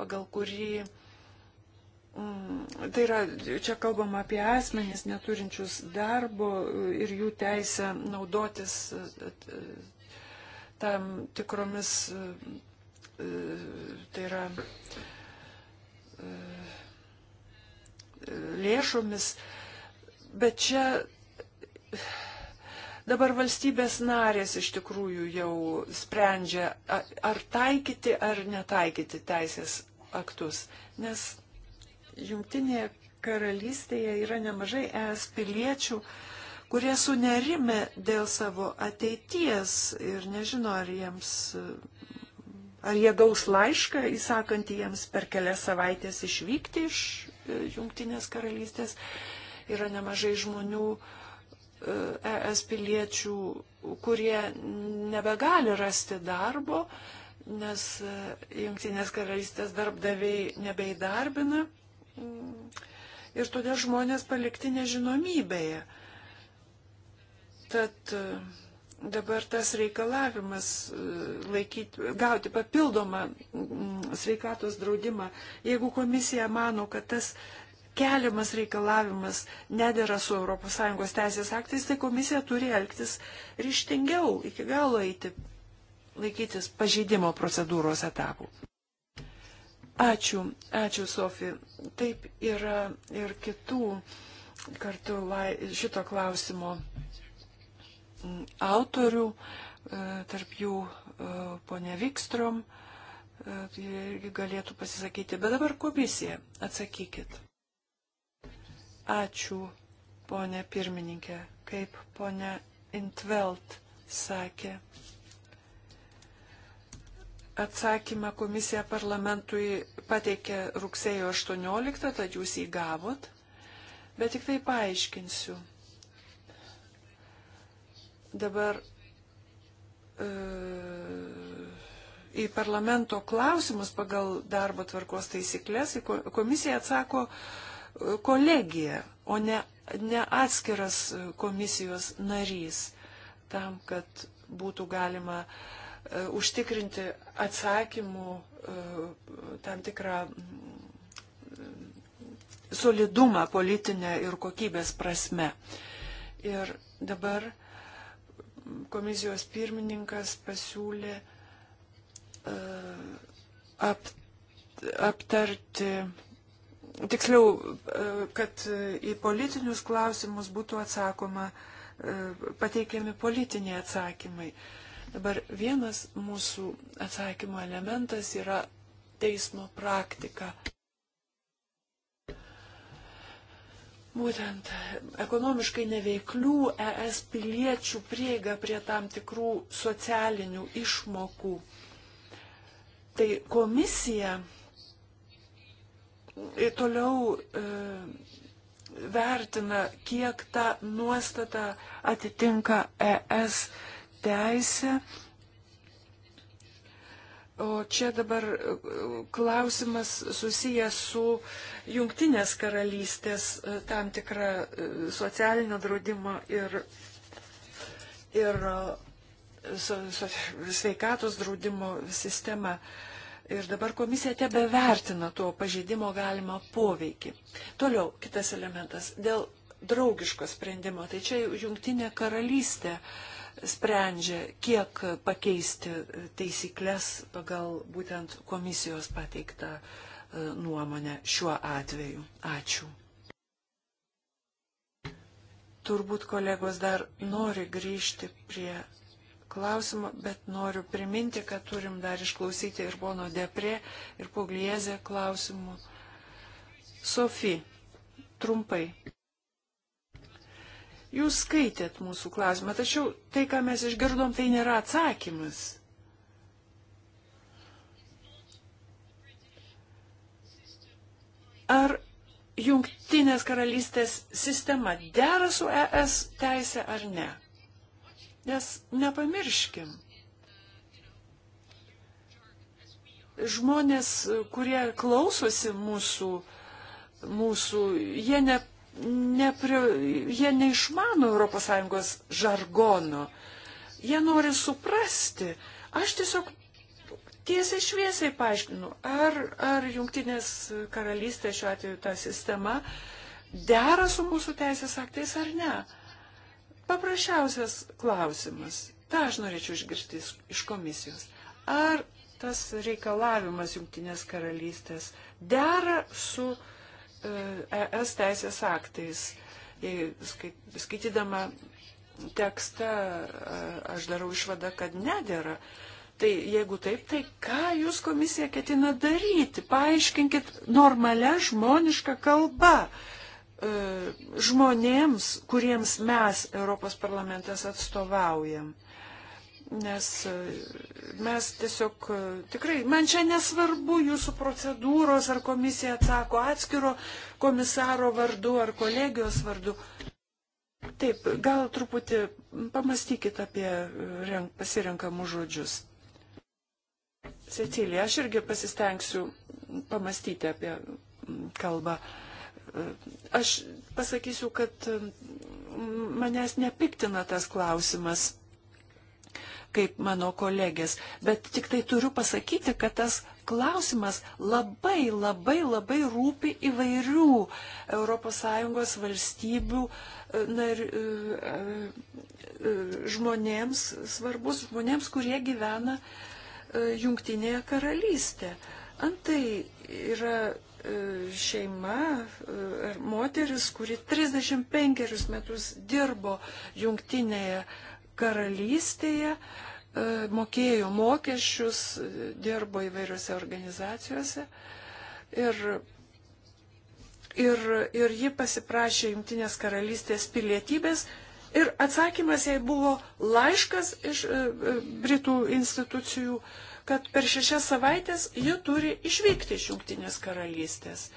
pagal kurį Tai yra, čia kalbama apie asmenys neturinčius darbo ir jų teisę naudotis e, tam tikromis, e, e, tai yra e, lėšomis, bet čia dabar valstybės narės iš tikrųjų jau sprendžia, ar taikyti ar netaikyti teisės aktus, nes jungtinėje karalystėje yra nemažai es piliečių, uh, kurie sunerime dėl savo ateities ir nežino, ar jiems. Ar jie gaus laišką įsakantį jiems per kelias savaitės išvykti iš e, Junktinės karalystės? Yra nemažai žmonių, ES e piliečių, kurie nebegali rasti darbo, nes e, Junktinės karalystės darbdaviai nebeidarbina mm. ir todėl žmonės palikti nežinomybėje. Tad e, dabar tas reikalavimas e, laikyti, gauti papildomą sveikatos draudimą, jeigu komisija mano, kad tas keliamas reikalavimas nedėra su ES teisės aktais, tai komisija turi elgtis ryštingiau, iki galo eiti, laikytis pažeidimo procedūros etapų. Ačiū, ačiū Sofija. Taip yra ir kitų kartu šito klausimo autorių, e, tarp jų e, ponė Vikstrom, e, tai jie irgi galėtų pasisakyti. Bet dabar komisija, atsakykit. Ačiū, ponė pirmininkė, kaip ponė Intvelt sakė. Atsakymą komisija parlamentui pateikė rugsėjo 18, tad jūs jį gavot, bet tik tai paaiškinsiu Dabar e, į parlamento klausimus pagal darbo tvarkos taisyklės komisija atsako e, kolegija, o ne, ne atskiras komisijos narys, tam, kad būtų galima e, užtikrinti atsakymų tam tikrą solidumą politinę ir kokybės prasme. Ir dabar uh, komisijos pirmininkas pasiūlė e, ap, aptarti, tiksliau, e, kad į politinius klausimus būtų atsakoma, e, pateikiami politiniai atsakymai. Dabar vienas mūsų atsakymo elementas yra teismo praktika. būtent ekonomiškai neveiklių ES piliečių prieiga prie tam tikrų socialinių išmokų. Tai komisija toliau e, vertina, kiek ta nuostata atitinka ES teisę O čia dabar e, klausimas susijęs su jungtinės karalystės e, tam tikra e, socialinio draudimo ir, ir sveikatos draudimo sistema. Ir dabar komisija tebe vertina tuo pažeidimo galimą poveikį. Toliau, kitas elementas, dėl draugiško sprendimo. Tai čia jungtinė karalystė uh, sprendžia, kiek pakeisti taisyklės pagal būtent komisijos pateiktą e, nuomonę šiuo atveju. Ačiū. Turbūt kolegos dar nori grįžti prie klausimo, bet noriu priminti, kad turim dar išklausyti ir Bono Depre, ir Pugliezė klausimų. Sofi, trumpai. Jūs skaitėt mūsų klausimą, tačiau tai, ką mes išgirdom, tai nėra atsakymas. Ar jungtinės karalystės sistema dera su ES teisė ar ne? Nes nepamirškim, žmonės, kurie klausosi mūsų, mūsų jie ne, nepri, jie neišmano ES žargono. Jie nori suprasti. Aš tiesiog tiesiai šviesiai paaiškinu, ar, ar jungtinės karalystės šiuo atveju ta sistema dera su mūsų teisės aktais ar ne. Paprasčiausias klausimas. Ta aš norėčiau išgirsti iš komisijos. Ar tas reikalavimas jungtinės karalystės dera su uh, E, ES teisės aktais. Skaitydama tekstą e, aš darau išvadą, kad nedėra. Tai jeigu taip, tai ką jūs komisija ketina daryti? Paaiškinkit normalią žmonišką kalbą e, žmonėms, kuriems mes Europos parlamentas atstovaujam. Nes e, mes tiesiog e, tikrai, man čia nesvarbu jūsų procedūros, ar komisija atsako atskiro komisaro vardu, ar kolegijos vardu. Taip, gal truputį pamastykit apie e, renk, pasirenkamus žodžius. Cecilija, aš irgi pasistengsiu pamastyti apie kalbą. Aš pasakysiu, kad manęs nepiktina tas klausimas kaip mano kolegės, bet tik tai turiu pasakyti, kad tas klausimas labai, labai, labai rūpi įvairių ES valstybių e, nar, e, e, žmonėms, svarbus žmonėms, kurie gyvena Junktinėje karalystėje. Antai yra šeima ar moteris, kuri 35 metus dirbo jungtinėje karalystėje e, mokėjo mokesčius, dirbo įvairiose organizacijose ir, ir, ir ji pasiprašė Junktinės karalystės pilietybės ir atsakymas jai buvo laiškas iš e, e, Britų institucijų, kad per šešias savaitės ji turi išvykti iš Junktinės karalystės.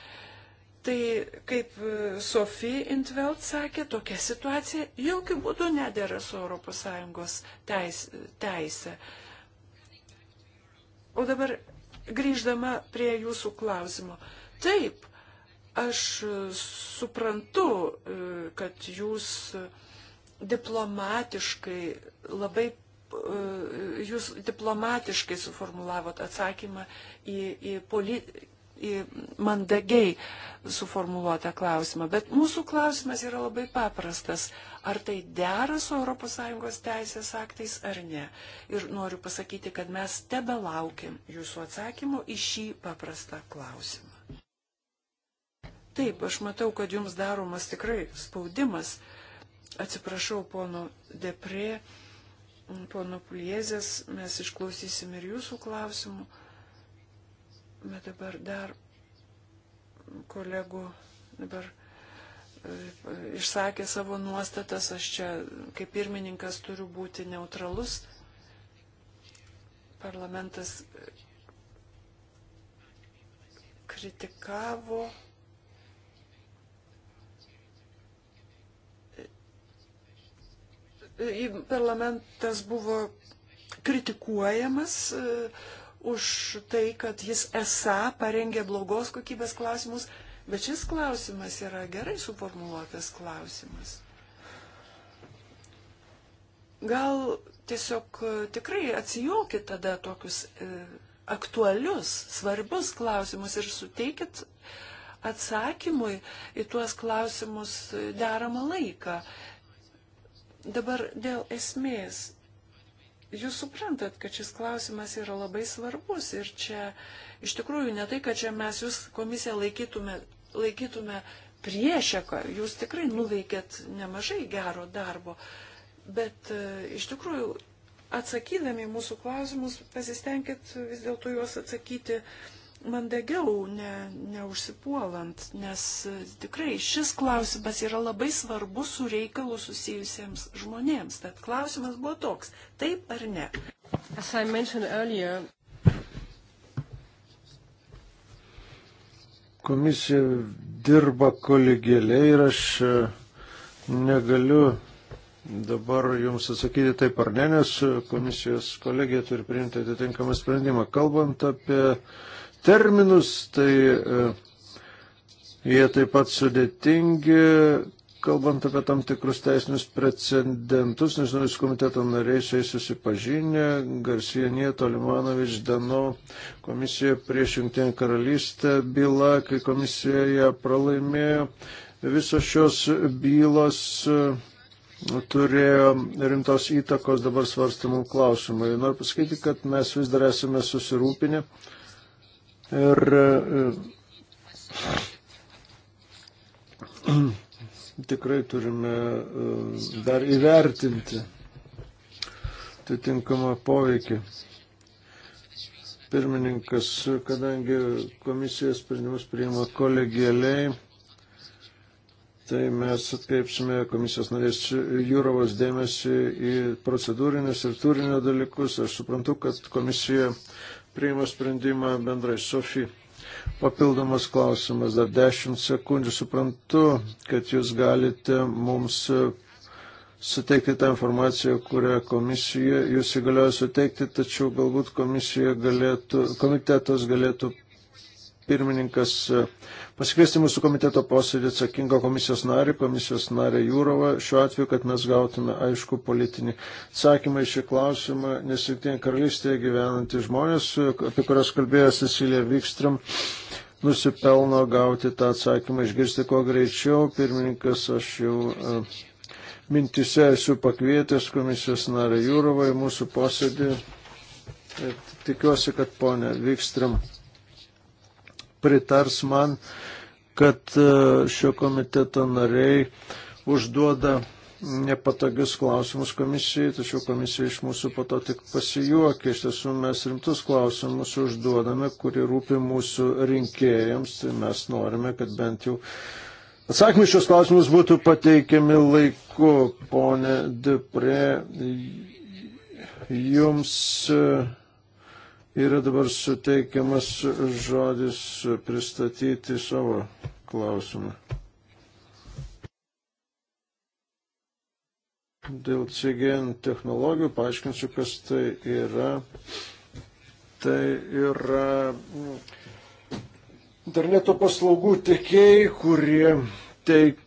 Tai kaip e, Sofija Intveld sakė, tokia situacija jokių būdų nedėra su ES teis, teisė. O dabar grįždama prie jūsų klausimo. Taip, aš suprantu, e, kad jūs diplomatiškai labai e, jūs diplomatiškai suformulavot atsakymą į, į poli, į mandagiai suformuluotą klausimą. Bet mūsų klausimas yra labai paprastas. Ar tai dera su ES teisės aktais ar ne? Ir noriu pasakyti, kad mes tebe laukiam jūsų atsakymų į šį paprastą klausimą. Taip, aš matau, kad jums daromas tikrai spaudimas. Atsiprašau, pono Depre, pono Puliezės, mes išklausysim ir jūsų klausimų. Bet dabar dar kolegų dabar e, išsakė savo nuostatas, aš čia kaip pirmininkas turiu būti neutralus. Parlamentas kritikavo Parlamentas buvo kritikuojamas e, už tai, kad jis esą parengė blogos kokybės klausimus, bet šis klausimas yra gerai suformuoluotas klausimas. Gal tiesiog e, tikrai atsijokit tada tokius e, aktualius, svarbius klausimus ir suteikit atsakymui į tuos klausimus e, deramą laiką. Dabar dėl esmės jūs suprantat, kad šis klausimas yra labai svarbus ir čia iš tikrųjų ne tai, kad čia mes jūs komisiją laikytume, laikytume priešėką, jūs tikrai nuveikėt nemažai gero darbo, bet e, iš tikrųjų atsakydami mūsų klausimus pasistengit vis dėlto juos atsakyti uh, mandagiau, ne, neužsipuolant, nes e, tikrai šis klausimas yra labai svarbus su reikalu susijusiems žmonėms. Tad klausimas buvo toks, taip ar ne? Earlier... Komisija dirba kolegėliai ir aš e, negaliu Dabar jums atsakyti taip ar ne, nes e, komisijos kolegija turi priimti atitinkamą sprendimą. Kalbant apie terminus, tai e, jie taip pat sudėtingi, kalbant apie tam tikrus teisinius precedentus, nežinau, jūs komiteto nariai šiai susipažinę, Garsienė Tolimanovič Dano komisija prieš Junktinę karalystę byla, kai komisija ją pralaimėjo, visos šios bylos e, turėjo rimtos įtakos dabar svarstamų klausimų. Noriu pasakyti, kad mes vis dar esame susirūpinę. Ir e, <clears throat> tikrai turime e, dar įvertinti atitinkamą poveikį. Pirmininkas, kadangi komisijos sprendimus priima kolegialiai, tai mes atkreipsime komisijos narės Jūrovas dėmesį į procedūrinės ir turinio dalykus. Aš suprantu, kad komisija priima sprendimą bendrai. Sofija, papildomas klausimas, dar 10 sekundžių. Suprantu, kad jūs galite mums e, suteikti tą informaciją, kurią komisija jūs įgalioja suteikti, tačiau galbūt komisija galėtų, komitetas galėtų pirmininkas uh, pasikviesti mūsų komiteto posėdį atsakingo komisijos narį, komisijos narį Jūrovą, šiuo atveju, kad mes gautume aišku politinį atsakymą į šį klausimą, nes jungtinė karalystėje gyvenantys žmonės, apie kurias kalbėjo Cecilija Vikstram, nusipelno gauti tą atsakymą, išgirsti kuo greičiau. Pirmininkas, aš jau e, mintise esu pakvietęs komisijos narę Jūrovą į mūsų posėdį. E, tikiuosi, kad ponė Vikstram pritars man, kad e, šio komiteto nariai užduoda nepatogius klausimus komisijai, tačiau komisija iš mūsų po to tik pasijuokia. Iš tiesų mes rimtus klausimus užduodame, kurie rūpi mūsų rinkėjams. Tai mes norime, kad bent jau atsakymai šios klausimus būtų pateikiami laiku. Pone Dupre, jums e, yra dabar suteikiamas žodis pristatyti savo klausimą. Dėl CGN technologijų paaiškinsiu, kas tai yra. Tai yra mm, interneto paslaugų tiekėjai, kurie, teik,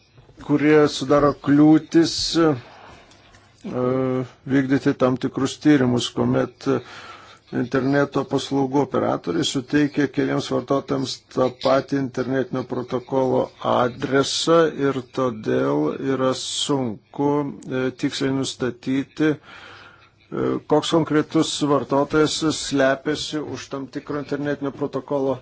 kurie sudaro kliūtis e, vykdyti tam tikrus tyrimus, kuomet uh, interneto paslaugų operatoriai suteikia keliams vartotojams tą patį internetinio protokolo adresą ir todėl yra sunku e, tiksliai nustatyti, e, koks konkretus vartotojas slepiasi už tam tikro internetinio protokolo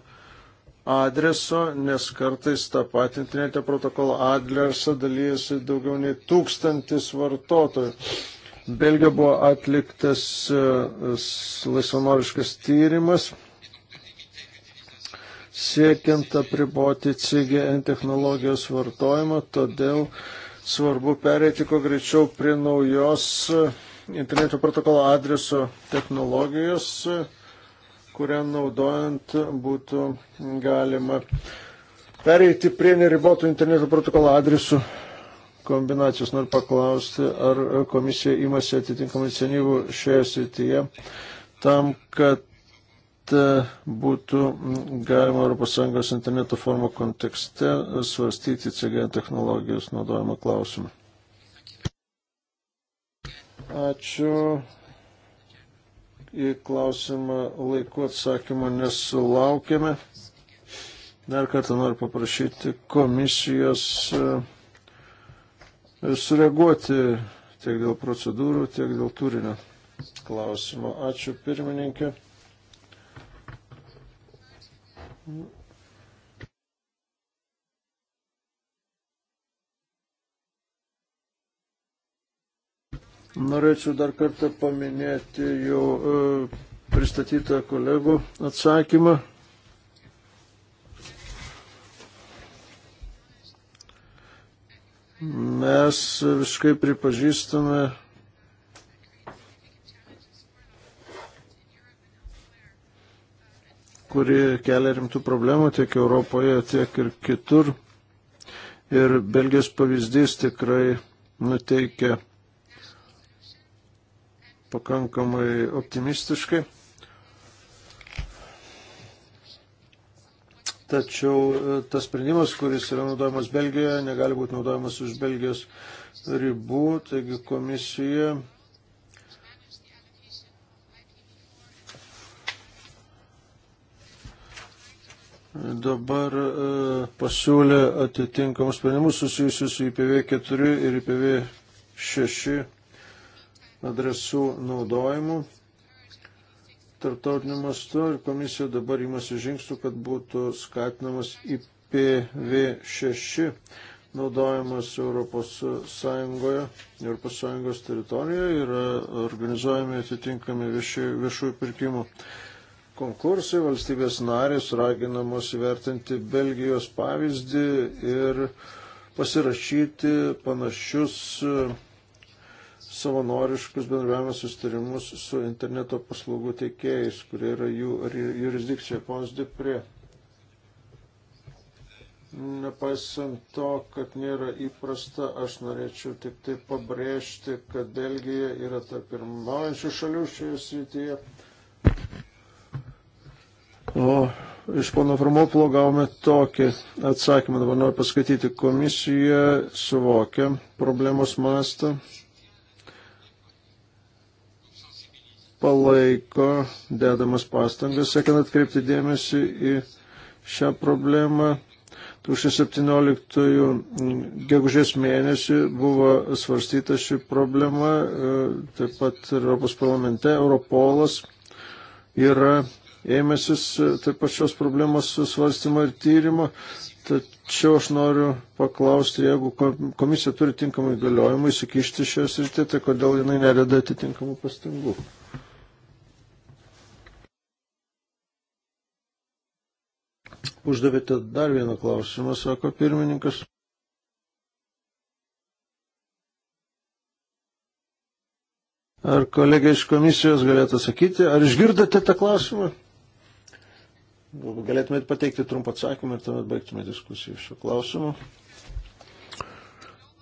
adreso, nes kartais tą patį internetinio protokolo adresą dalyjasi daugiau nei tūkstantis vartotojų. Belgija buvo atliktas e, laisvanoriškas tyrimas siekiant apriboti CGN technologijos vartojimą, todėl svarbu pereiti kuo greičiau prie naujos e, interneto protokolo adreso technologijos, e, kurią naudojant būtų galima pereiti prie neribotų interneto protokolo adresų kombinacijos. Noriu paklausti, ar komisija imasi atitinkamų iniciatyvų šioje srityje tam, kad e, būtų galima ES interneto formų kontekste svarstyti CG technologijos naudojimo klausimą. Ačiū. Į klausimą laiku atsakymą nesulaukėme. Dar kartą noriu paprašyti komisijos uh, sureaguoti tiek dėl procedūrų, tiek dėl turinio klausimo. Ačiū pirmininkė. Norėčiau dar kartą paminėti jau e, pristatytą kolegų atsakymą Mes visiškai pripažįstame kuri kelia rimtų problemų tiek Europoje, tiek ir kitur. Ir Belgijos pavyzdys tikrai nuteikia pakankamai optimistiškai. Tačiau e, tas sprendimas, kuris yra naudojamas Belgijoje, negali būti naudojamas už Belgijos ribų, taigi komisija dabar e, pasiūlė atitinkamus sprendimus susijusius su IPv4 ir IPv6 adresų naudojimu tarptautiniu mastu ir komisija dabar įmasi žingsnių, kad būtų skatinamas IPv6 naudojamas Europos Sąjungoje, Europos Sąjungos teritorijoje yra organizuojami atitinkami vieši, viešųjų pirkimų konkursai, valstybės narės raginamos įvertinti Belgijos pavyzdį ir pasirašyti panašius savanoriškus bendravimo sustarimus su interneto paslaugų teikėjais, kurie yra jų jurisdikcija pons deprie. Nepaisant to, kad nėra įprasta, aš norėčiau tik tai pabrėžti, kad Belgija yra tarp pirmaujančių šalių šioje srityje. O iš pono Fromoplo gavome tokį atsakymą, dabar noriu paskaityti, komisija suvokia problemos mastą palaiko dedamas pastangas, siekiant atkreipti dėmesį į šią problemą. 2017 gegužės mėnesį buvo svarstyta ši problema, e, taip pat Europos parlamente Europolas yra ėmėsis e, taip pat šios problemos svarstymo ir tyrimo. Tačiau aš noriu paklausti, jeigu komisija turi tinkamą įgaliojimą įsikišti šios ir tai, tai kodėl jinai nededa atitinkamų pastangų. Uždavėte dar vieną klausimą, sako pirmininkas. Ar kolegė iš komisijos galėtų sakyti, ar išgirdote tą klausimą? Galėtumėte pateikti trumpą atsakymą ir tuomet baigtume diskusiją šio klausimu.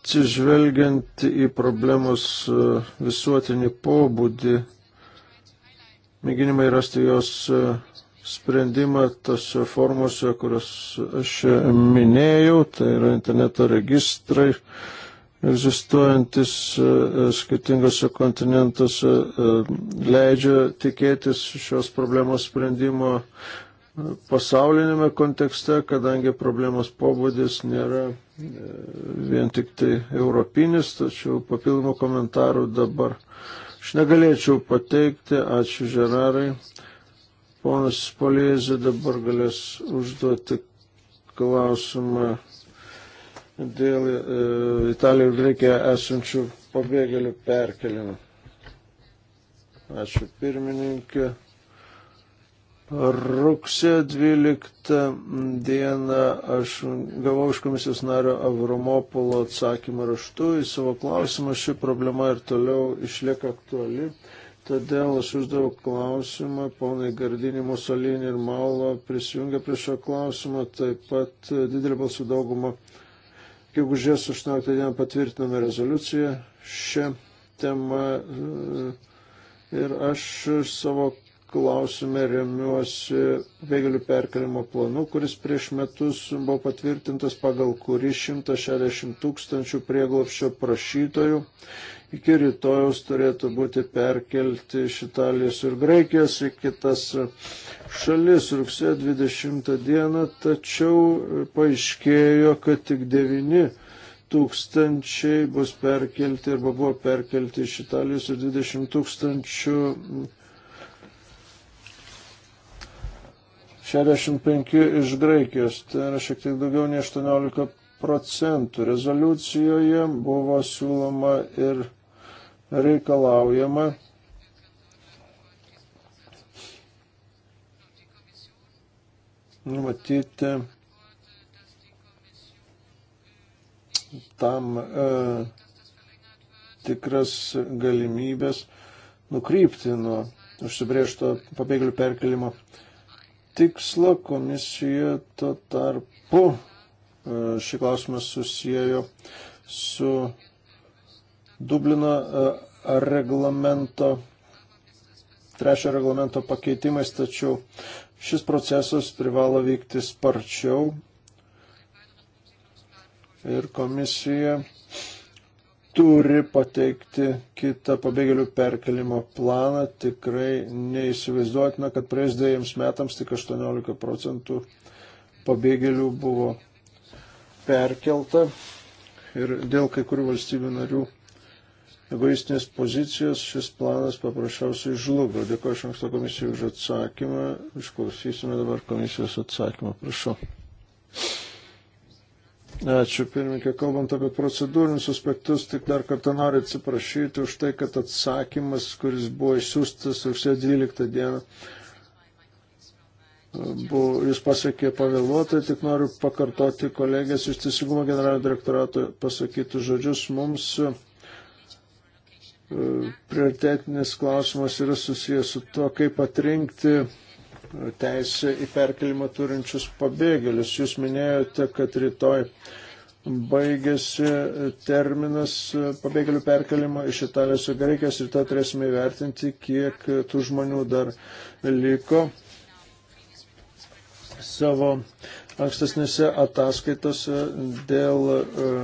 Atsižvelgiant į problemos uh, visuotinį pobūdį, mėginimai rasti jos uh, sprendimą tose formose, kurias aš minėjau, tai yra interneto registrai, egzistuojantis e, e, skirtingose kontinentuose, e, leidžia tikėtis šios problemos sprendimo pasaulinėme kontekste, kadangi problemos pobūdis nėra vien tik tai europinis, tačiau papildomų komentarų dabar aš negalėčiau pateikti. Ačiū Žerarai. Ponas Polėzė dabar galės užduoti klausimą dėl e, Italijoje ir Graikijoje esančių pabėgėlių perkelimo. Ačiū pirmininkė. Rugsėjo 12 dieną aš gavau iš komisijos nario Avromopolo atsakymą raštu į savo klausimą. Ši problema ir toliau išlieka aktuali. Todėl aš uždavau klausimą, ponai Gardinį, Musolinį ir Maulo prisijungė prie šio klausimo, taip pat didelį balsų daugumą, kiek užės 18 dieną patvirtiname rezoliuciją šią temą ir aš savo klausime remiuosi vėgalių perkelimo planu, kuris prieš metus buvo patvirtintas, pagal kurį 160 tūkstančių prieglopščio prašytojų iki rytojaus turėtų būti perkelti iš Italijos ir Graikijos į kitas šalis rugsėjo 20 dieną, tačiau paaiškėjo, kad tik 9 tūkstančiai bus perkelti arba buvo perkelti iš Italijos ir 20 tūkstančių 65 iš Graikijos, tai yra šiek tiek daugiau nei 18 procentų. Rezoliucijoje buvo siūloma ir reikalaujama numatyti tam e, tikras galimybės nukrypti nuo užsibriežto pabėgėlių perkelimo tikslo. Komisija tuo tarpu e, šį klausimą susijęjo su Dublino e, reglamento, trečio reglamento pakeitimais, tačiau šis procesas privalo vykti sparčiau ir komisija turi pateikti kitą pabėgėlių perkelimo planą. Tikrai neįsivaizduotina, kad praėjus dviejams metams tik 18 procentų pabėgėlių buvo perkelta ir dėl kai kurių valstybių narių egoistinės pozicijos šis planas paprasčiausiai žlugo. Dėkuoju iš anksto komisijai už atsakymą. Išklausysime dabar komisijos atsakymą. Prašau. Ačiū, pirmininkė. Kalbant apie procedūrinius aspektus, tik dar kartą noriu atsiprašyti už tai, kad atsakymas, kuris buvo išsiųstas rugsėjo 12 dieną, buvo, jis pasiekė pavėluotai, tik noriu pakartoti kolegės iš Teisingumo generalinio direktorato pasakytų žodžius. Mums prioritetinis klausimas yra susijęs su to, kaip atrinkti teisę į perkelimą turinčius pabėgėlius. Jūs minėjote, kad rytoj baigėsi terminas pabėgėlių perkelimo iš Italijos į Graikijos ir tą turėsime įvertinti, kiek tų žmonių dar liko savo ankstesnėse ataskaitose dėl e,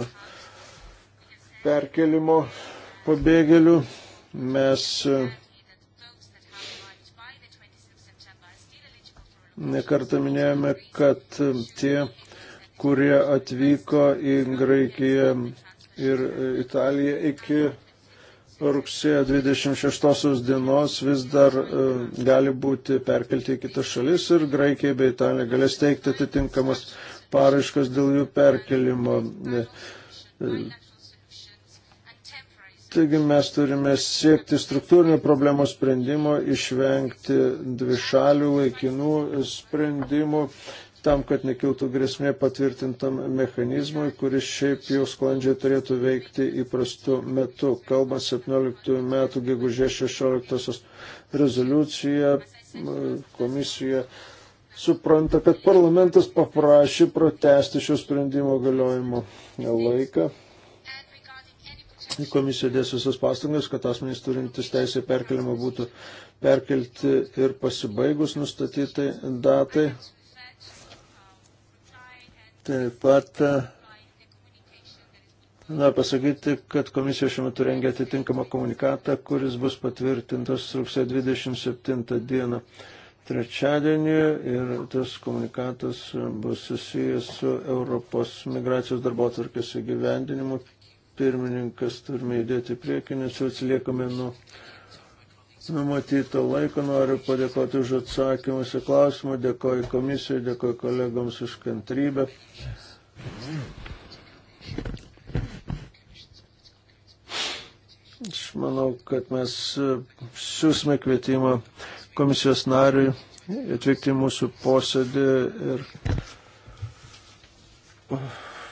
perkelimo pabėgėlių. Mes e, nekartą minėjome, kad e, tie, kurie atvyko į Graikiją ir e, Italiją iki rugsėjo 26 dienos vis dar gali būti perkelti į kitas šalis ir Graikija bei Italija galės teikti atitinkamas paraiškas dėl jų perkelimo. Taigi mes turime siekti struktūrinių problemų sprendimo, išvengti dvišalių laikinų sprendimų tam, kad nekiltų grėsmė patvirtintam mechanizmui, kuris šiaip jau sklandžiai turėtų veikti įprastu metu. Kalbant 17 metų gegužės 16 rezoliuciją, komisija supranta, kad parlamentas paprašė pratesti šio sprendimo galiojimo laiką Komisija dės visas pastangas, kad asmenys turintis teisę perkelimą būtų perkelti ir pasibaigus nustatytai datai. Taip pat Na, pasakyti, kad komisija šiuo metu rengia atitinkamą komunikatą, kuris bus patvirtintas rugsėjo 27 dieną trečiadienį ir tas komunikatas bus susijęs su Europos migracijos darbo atvarkės įgyvendinimu pirmininkas, turime judėti priekį, nes jau atsiliekame nuo numatyto laiko. Noriu padėkoti už atsakymus į klausimą, dėkoju komisijai, dėkoju kolegoms už kantrybę. Aš manau, kad mes siūsime kvietimą komisijos nariui atvykti į mūsų posėdį ir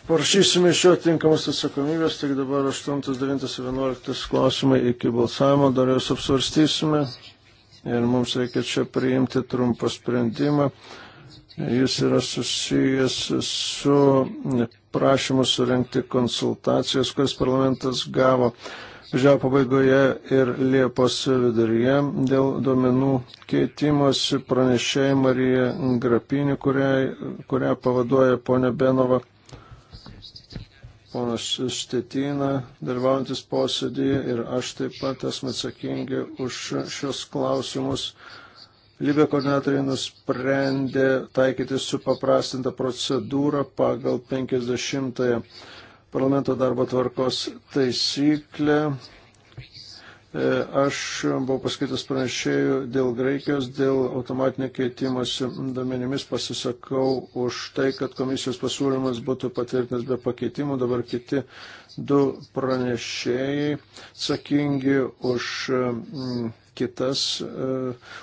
Parašysime šio tinkamus atsakomybės, tik dabar 8, 9, 11 klausimai iki balsavimo, dar juos apsvarstysime ir mums reikia čia priimti trumpą sprendimą. Jis yra susijęs su prašymu surenkti konsultacijos, kuris parlamentas gavo žiavo pabaigoje ir Liepos viduryje dėl duomenų keitimosi pranešėjai Marija Grapinė, kurią, kurią pavaduoja ponia Benova ponas Štetina, dalyvaujantis posėdėje ir aš taip pat esame atsakingi už šios klausimus. Libė koordinatoriai nusprendė taikyti supaprastintą procedūrą pagal 50-ąją parlamento darbo tvarkos taisyklę E, aš buvau paskaitas pranešėjų dėl Graikijos, dėl automatinio keitimosi domenimis pasisakau už tai, kad komisijos pasiūlymas būtų patvirtintas be pakeitimų. Dabar kiti du pranešėjai atsakingi už kitas e,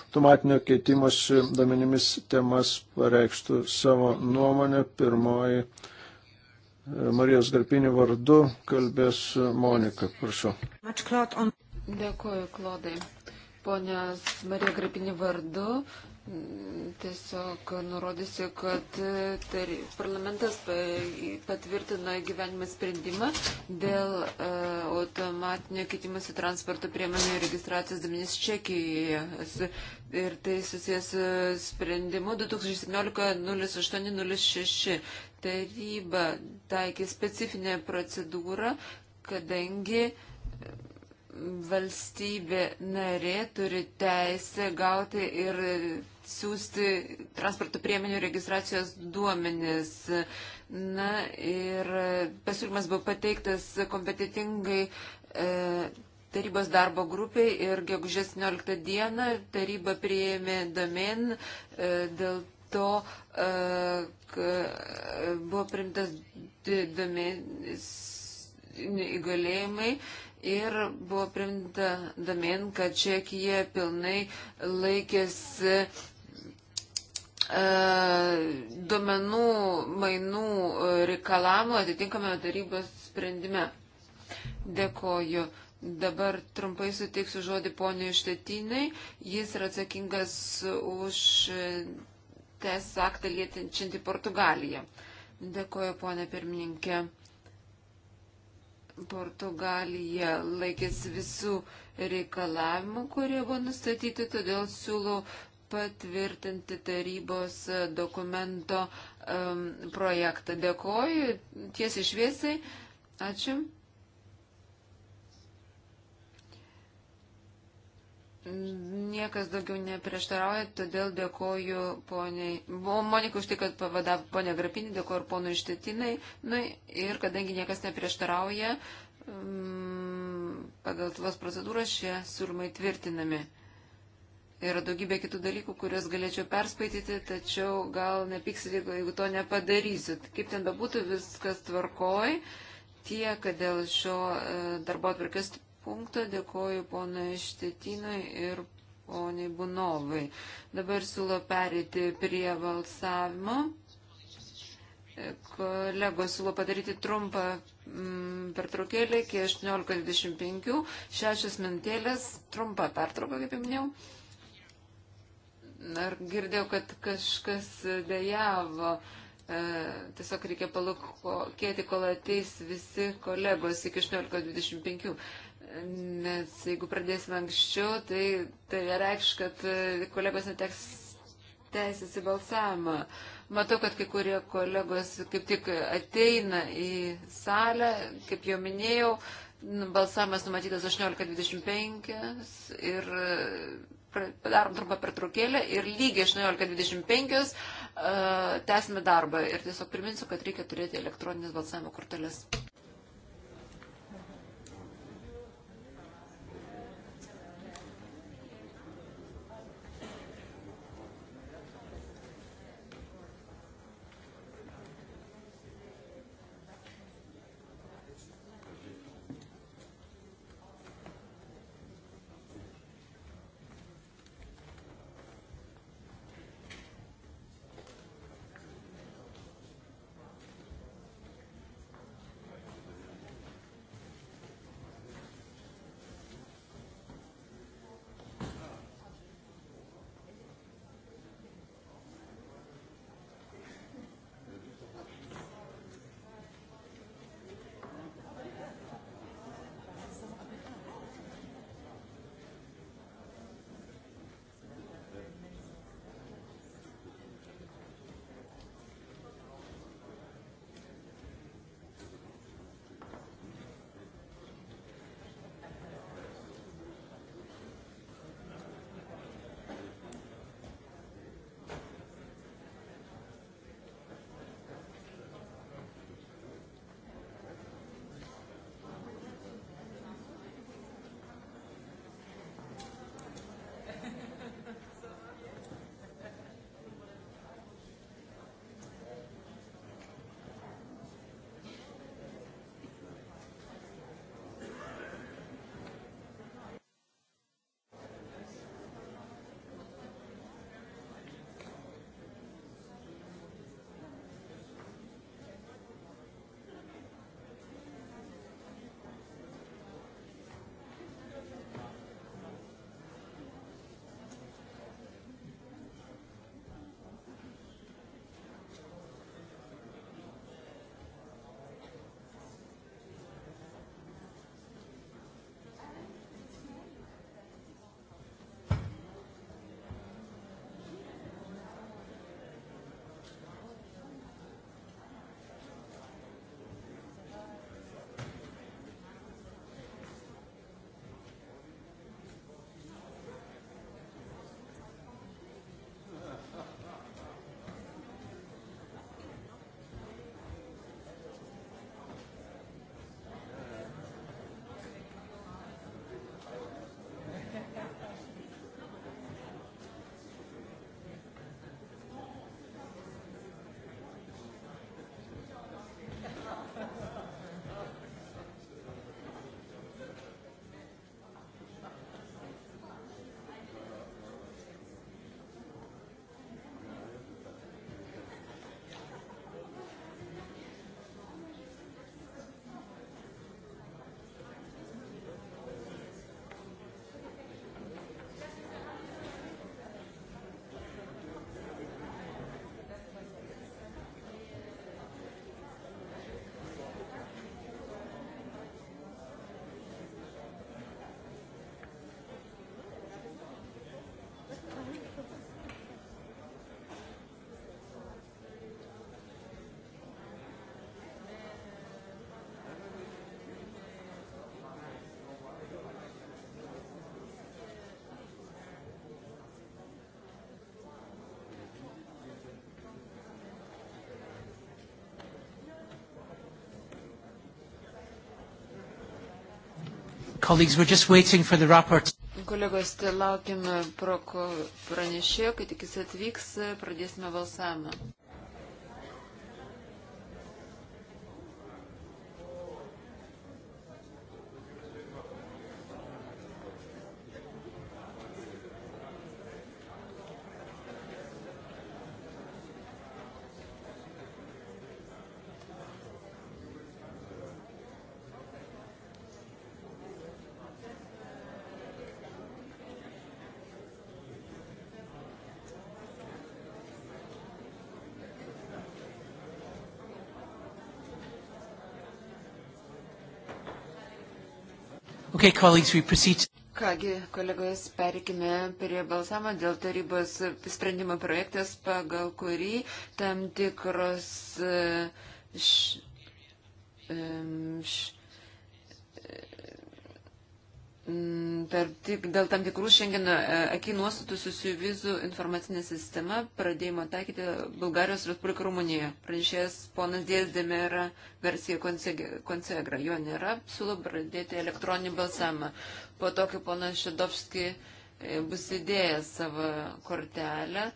automatinio keitimosi domenimis temas pareikštų savo nuomonę. Pirmoji e, Marijos Garpinį vardu kalbės Monika. Prašau. Dėkuoju, Klodai. Ponios Marija Grapinį vardu. Tiesiog nurodysiu, kad e, tar, parlamentas patvirtino gyvenimą sprendimą dėl e, automatinio keitimosi transporto priemonių registracijos duomenys Čekijoje. Ir tai susijęs su sprendimu 2017-0806. Taryba taikė specifinę procedūrą, kadangi e, valstybė narė turi teisę gauti ir siūsti transporto priemonių registracijos duomenis. Na ir pasiūlymas buvo pateiktas kompetitingai e, tarybos darbo grupiai ir gegužės 19 dieną taryba priėmė domen e, dėl to e, e buvo primtas domenis įgalėjimai ir buvo primta domen, kad Čekija pilnai laikėsi e, duomenų mainų reikalavimo atitinkame tarybos sprendime. Dėkoju. Dabar trumpai suteiksiu žodį poniai Štetinai. Jis yra atsakingas už tes aktą lietinčiantį Portugaliją. Dėkoju, ponė pirmininkė. Portugalija laikėsi visų reikalavimų, kurie buvo nustatyti, todėl siūlau patvirtinti tarybos e, dokumento um, projektą. Dėkoju tiesiai šviesiai. Ačiū. Niekas daugiau neprieštarauja, todėl dėkoju poniai, Monika už tai, kad pavadavo ponę Grapinį, dėkoju ir ponui Štetinai. Nu, ir kadangi niekas neprieštarauja, mm, pagal tvas procedūras šie siūlymai tvirtinami. Yra daugybė kitų dalykų, kuriuos galėčiau perspaityti, tačiau gal nepyksit, jeigu to nepadarysit. Kaip ten bebūtų, viskas tvarkoj. Tiek dėl šio e, darbo atvarkės punktą. Dėkoju ponai Štetinai ir poniai Bunovai. Dabar siūlo perėti prie balsavimo. Kolegos siūlo padaryti trumpą mm, pertraukėlį iki 18.25, 6 minutėlės, trumpą pertrauką, kaip jau minėjau. Ar girdėjau, kad kažkas dejavo, e, tiesiog reikia palūkėti, kol ateis visi kolegos iki 18.25. Nes jeigu pradėsime anksčiau, tai, tai reikš, kad e, kolegos neteks teisės į balsavimą. Matau, kad kai kurie kolegos kaip tik ateina į salę, kaip jau minėjau, balsavimas numatytas 18.25 ir e, padarom trumpą pertraukėlę ir lygiai 18.25 uh, e, tęsime darbą. Ir tiesiog priminsiu, kad reikia turėti elektroninės balsavimo korteles. Colleagues, we're just waiting for the rapport. Kolegos, laukiame proko pranešėjo, kai tik jis atvyks, pradėsime balsavimą. Okay, colleagues, we proceed. Kągi, kolegos, perikime prie balsamo dėl tarybos sprendimo projektas, pagal kurį tam tikros e, š, š, tik, dėl tam tikrų šiandien e, akiai nuostatų susijusių vizų informacinė sistema pradėjimo taikyti Bulgarijos Respublika Rumunijoje. Pranešėjas ponas Dėsdėme yra versija konsegra. Jo nėra, siūlo pradėti elektroninį balsamą. Po to, kai ponas Šedovski e, bus įdėjęs savo kortelę,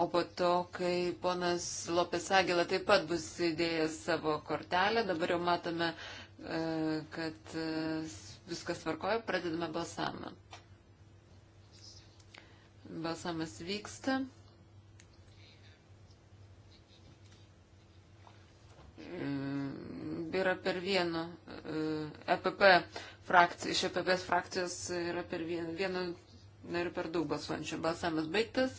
o po to, kai ponas Lopes Agila taip pat bus įdėjęs savo kortelę, dabar jau matome, e, kad Viskas tvarkoja, pradedame balsavimą. Balsavimas vyksta. Mm, yra per vieno mm, EPP frakciją, iš EPP frakcijos yra per vieno, vieno narių per daug balsuojančių. Balsavimas baigtas.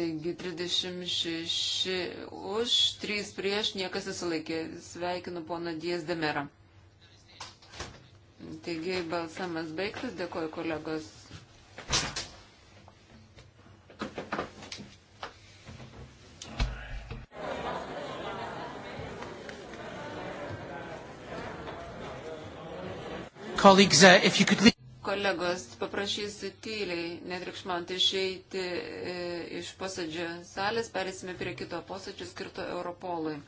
Taigi 36 už, 3 prieš, niekas susilaikė. Sveikinu poną Dies Demerą. Taigi balsamas baigtas, dėkoju kolegos. Colleagues, uh, if you could leave kolegos, paprašysiu tyliai, netrikšmant išeiti e, iš posėdžio salės, perėsime prie kito posėdžio skirto Europolui.